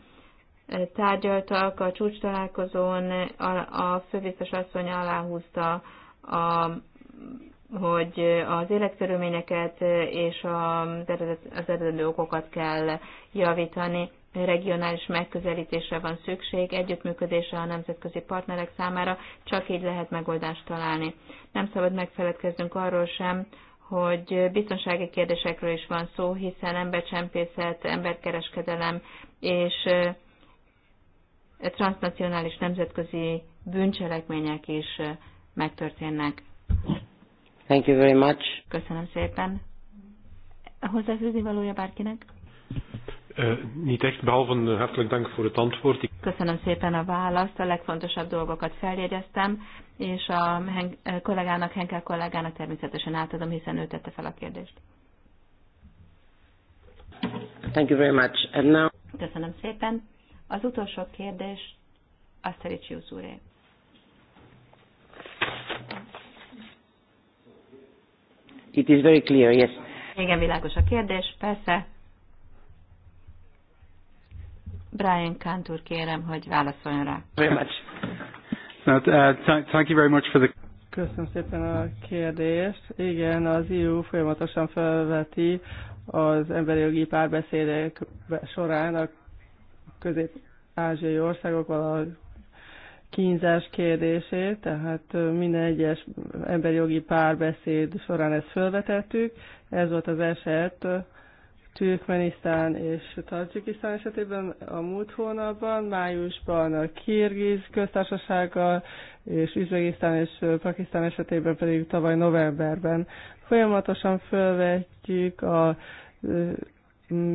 tárgyaltak a csúcs találkozón, a, a főbiztos asszony aláhúzta a hogy az életkörülményeket és az eredő okokat kell javítani, regionális megközelítésre van szükség, együttműködésre a nemzetközi partnerek számára, csak így lehet megoldást találni. Nem szabad megfeledkeznünk arról sem, hogy biztonsági kérdésekről is van szó, hiszen embercsempészet, emberkereskedelem és eh, transnacionális nemzetközi bűncselekmények is eh, megtörténnek. Thank you very much. Köszönöm szépen. Hozzáfűzni valója bárkinek? Eh, niet echt, behalve eh, dank voor het antwoord. Köszönöm szépen a választ, a legfontosabb dolgokat feljegyeztem, és a eh, kollégának, Henkel kollégának természetesen átadom, hiszen ő tette fel a kérdést. Thank you very much. And now... Köszönöm szépen. Az utolsó kérdés Aszterics Júzúré. It is very clear, yes. Igen, világos a kérdés, persze. Brian Cantor, kérem, hogy válaszoljon rá. Very much. No, uh, thank you very much for the... Köszönöm szépen a kérdést. Igen, az EU folyamatosan felveti az emberi jogi párbeszédek során a közép-ázsiai országokkal, valahogy kínzás kérdését, tehát minden egyes emberjogi párbeszéd során ezt felvetettük. Ez volt az eset Türkmenisztán és Tajikisztán esetében a múlt hónapban, májusban a Kirgiz köztársasággal, és Üzbegisztán és Pakisztán esetében pedig tavaly novemberben. Folyamatosan felvetjük a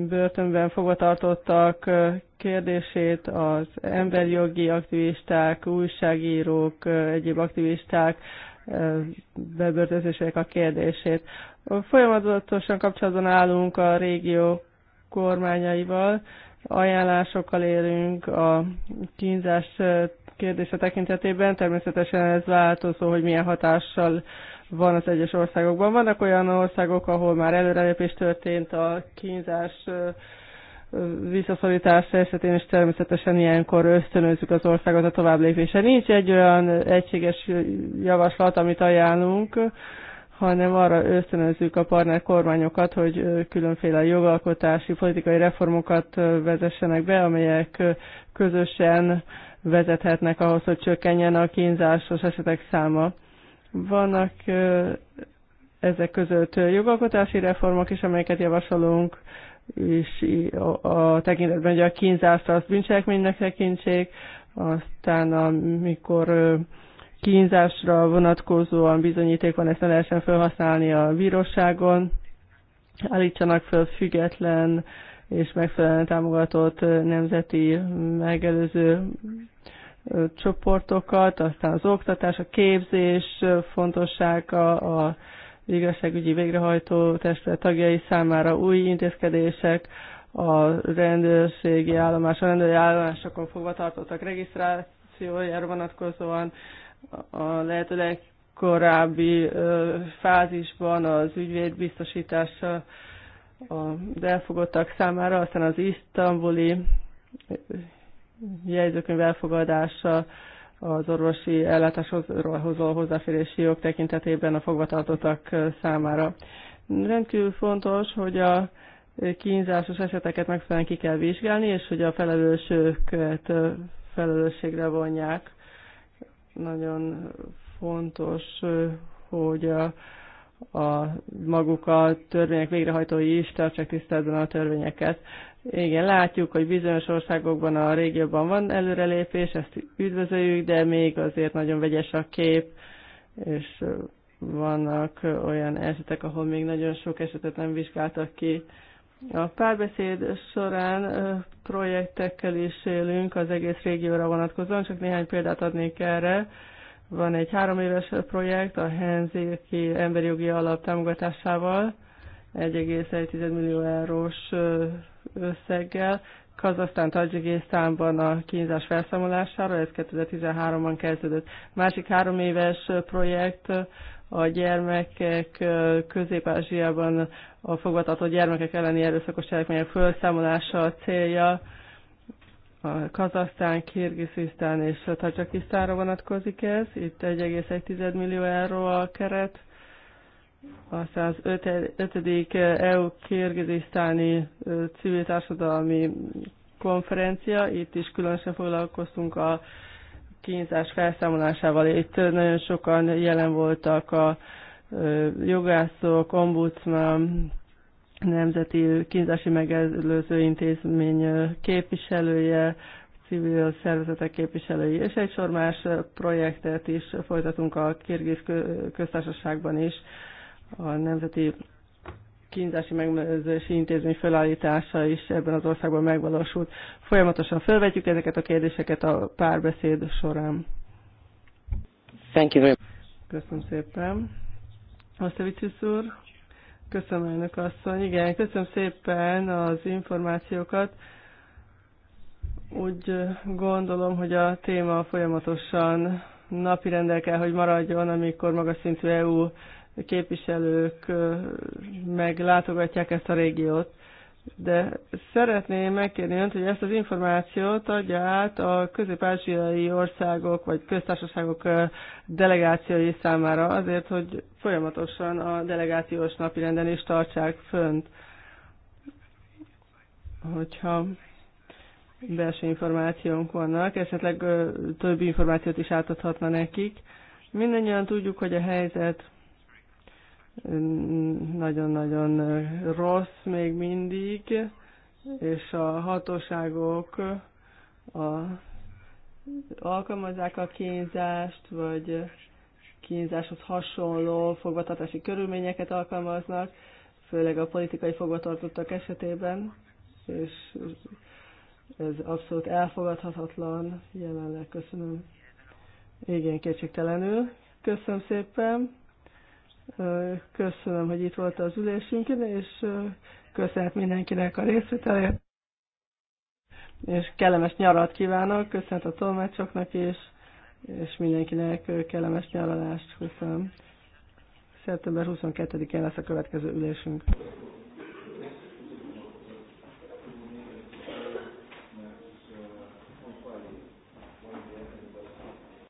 börtönben fogvatartottak kérdését, az emberjogi aktivisták, újságírók, egyéb aktivisták bebörtözésének a kérdését. Folyamatosan kapcsolatban állunk a régió kormányaival, ajánlásokkal érünk a kínzás kérdése tekintetében. Természetesen ez változó, hogy milyen hatással van az egyes országokban. Vannak olyan országok, ahol már előrelépés történt a kínzás visszaszorítás esetén, és természetesen ilyenkor ösztönözzük az országot a tovább lépése. Nincs egy olyan egységes javaslat, amit ajánlunk, hanem arra ösztönözzük a partner kormányokat, hogy különféle jogalkotási, politikai reformokat vezessenek be, amelyek közösen vezethetnek ahhoz, hogy csökkenjen a kínzásos esetek száma. Vannak ezek között jogalkotási reformok is, amelyeket javasolunk, és a, tekintetben, hogy a kínzást azt bűncselekménynek tekintsék, aztán amikor kínzásra vonatkozóan bizonyíték van, ezt ne lehessen felhasználni a bíróságon, állítsanak föl független és megfelelően támogatott nemzeti megelőző csoportokat, aztán az oktatás, a képzés fontossága, a igazságügyi végrehajtó testület tagjai számára új intézkedések, a rendőrségi állomás, a rendőri állomásokon fogva tartottak regisztrációjára vonatkozóan, a lehető legkorábbi fázisban az ügyvéd biztosítása a elfogottak számára, aztán az isztambuli jegyzőkönyv elfogadása az orvosi ellátáshoz hozó hozzáférési jog tekintetében a fogvatartottak számára. Rendkívül fontos, hogy a kínzásos eseteket megfelelően ki kell vizsgálni, és hogy a felelősöket felelősségre vonják. Nagyon fontos, hogy a, a maguk a törvények végrehajtói is tartsák tiszteletben a törvényeket. Igen, látjuk, hogy bizonyos országokban a régióban van előrelépés, ezt üdvözöljük, de még azért nagyon vegyes a kép, és vannak olyan esetek, ahol még nagyon sok esetet nem vizsgáltak ki. A párbeszéd során projektekkel is élünk az egész régióra vonatkozóan, csak néhány példát adnék erre. Van egy három éves projekt a Henzéki Emberi Jogi Alap támogatásával, 1,1 millió eurós összeggel Kazasztán Tajikisztánban a kínzás felszámolására, ez 2013-ban kezdődött. Másik három éves projekt a gyermekek Közép-Ázsiában a fogvatartó gyermekek elleni erőszakos cselekmények felszámolása a célja. A Kazasztán, Kirgisztán és Tajikisztánra vonatkozik ez. Itt 1,1 millió euró a keret a 105. EU kirgizisztáni civil társadalmi konferencia, itt is különösen foglalkoztunk a kínzás felszámolásával. Itt nagyon sokan jelen voltak a jogászok, ombudsman, Nemzeti Kínzási Megelőző Intézmény képviselője, civil szervezetek képviselői, és egy sor más projektet is folytatunk a Kirgiz köztársaságban is a Nemzeti Kínzási Megmezősi Intézmény felállítása is ebben az országban megvalósult. Folyamatosan felvetjük ezeket a kérdéseket a párbeszéd során. Thank you very much. Köszönöm szépen. Asztevicius úr, köszönöm elnök asszony. Igen, köszönöm szépen az információkat úgy gondolom, hogy a téma folyamatosan napirenden kell, hogy maradjon, amikor magas szintű EU képviselők meglátogatják ezt a régiót. De szeretném megkérni önt, hogy ezt az információt adja át a közép országok vagy köztársaságok delegációi számára, azért, hogy folyamatosan a delegációs renden is tartsák fönt. Hogyha belső információnk vannak, esetleg több információt is átadhatna nekik. Mindennyian tudjuk, hogy a helyzet nagyon-nagyon rossz még mindig, és a hatóságok a, alkalmazzák a kínzást, vagy kínzáshoz hasonló fogvatartási körülményeket alkalmaznak, főleg a politikai fogvatartottak esetében, és ez abszolút elfogadhatatlan jelenleg. Köszönöm. Igen, kétségtelenül. Köszönöm szépen. Köszönöm, hogy itt volt az ülésünkön, és köszönhet mindenkinek a részvételét. És kellemes nyarat kívánok, köszönhet a tolmácsoknak is, és mindenkinek kellemes nyaralást. Köszönöm. Szeptember 22-én lesz a következő ülésünk.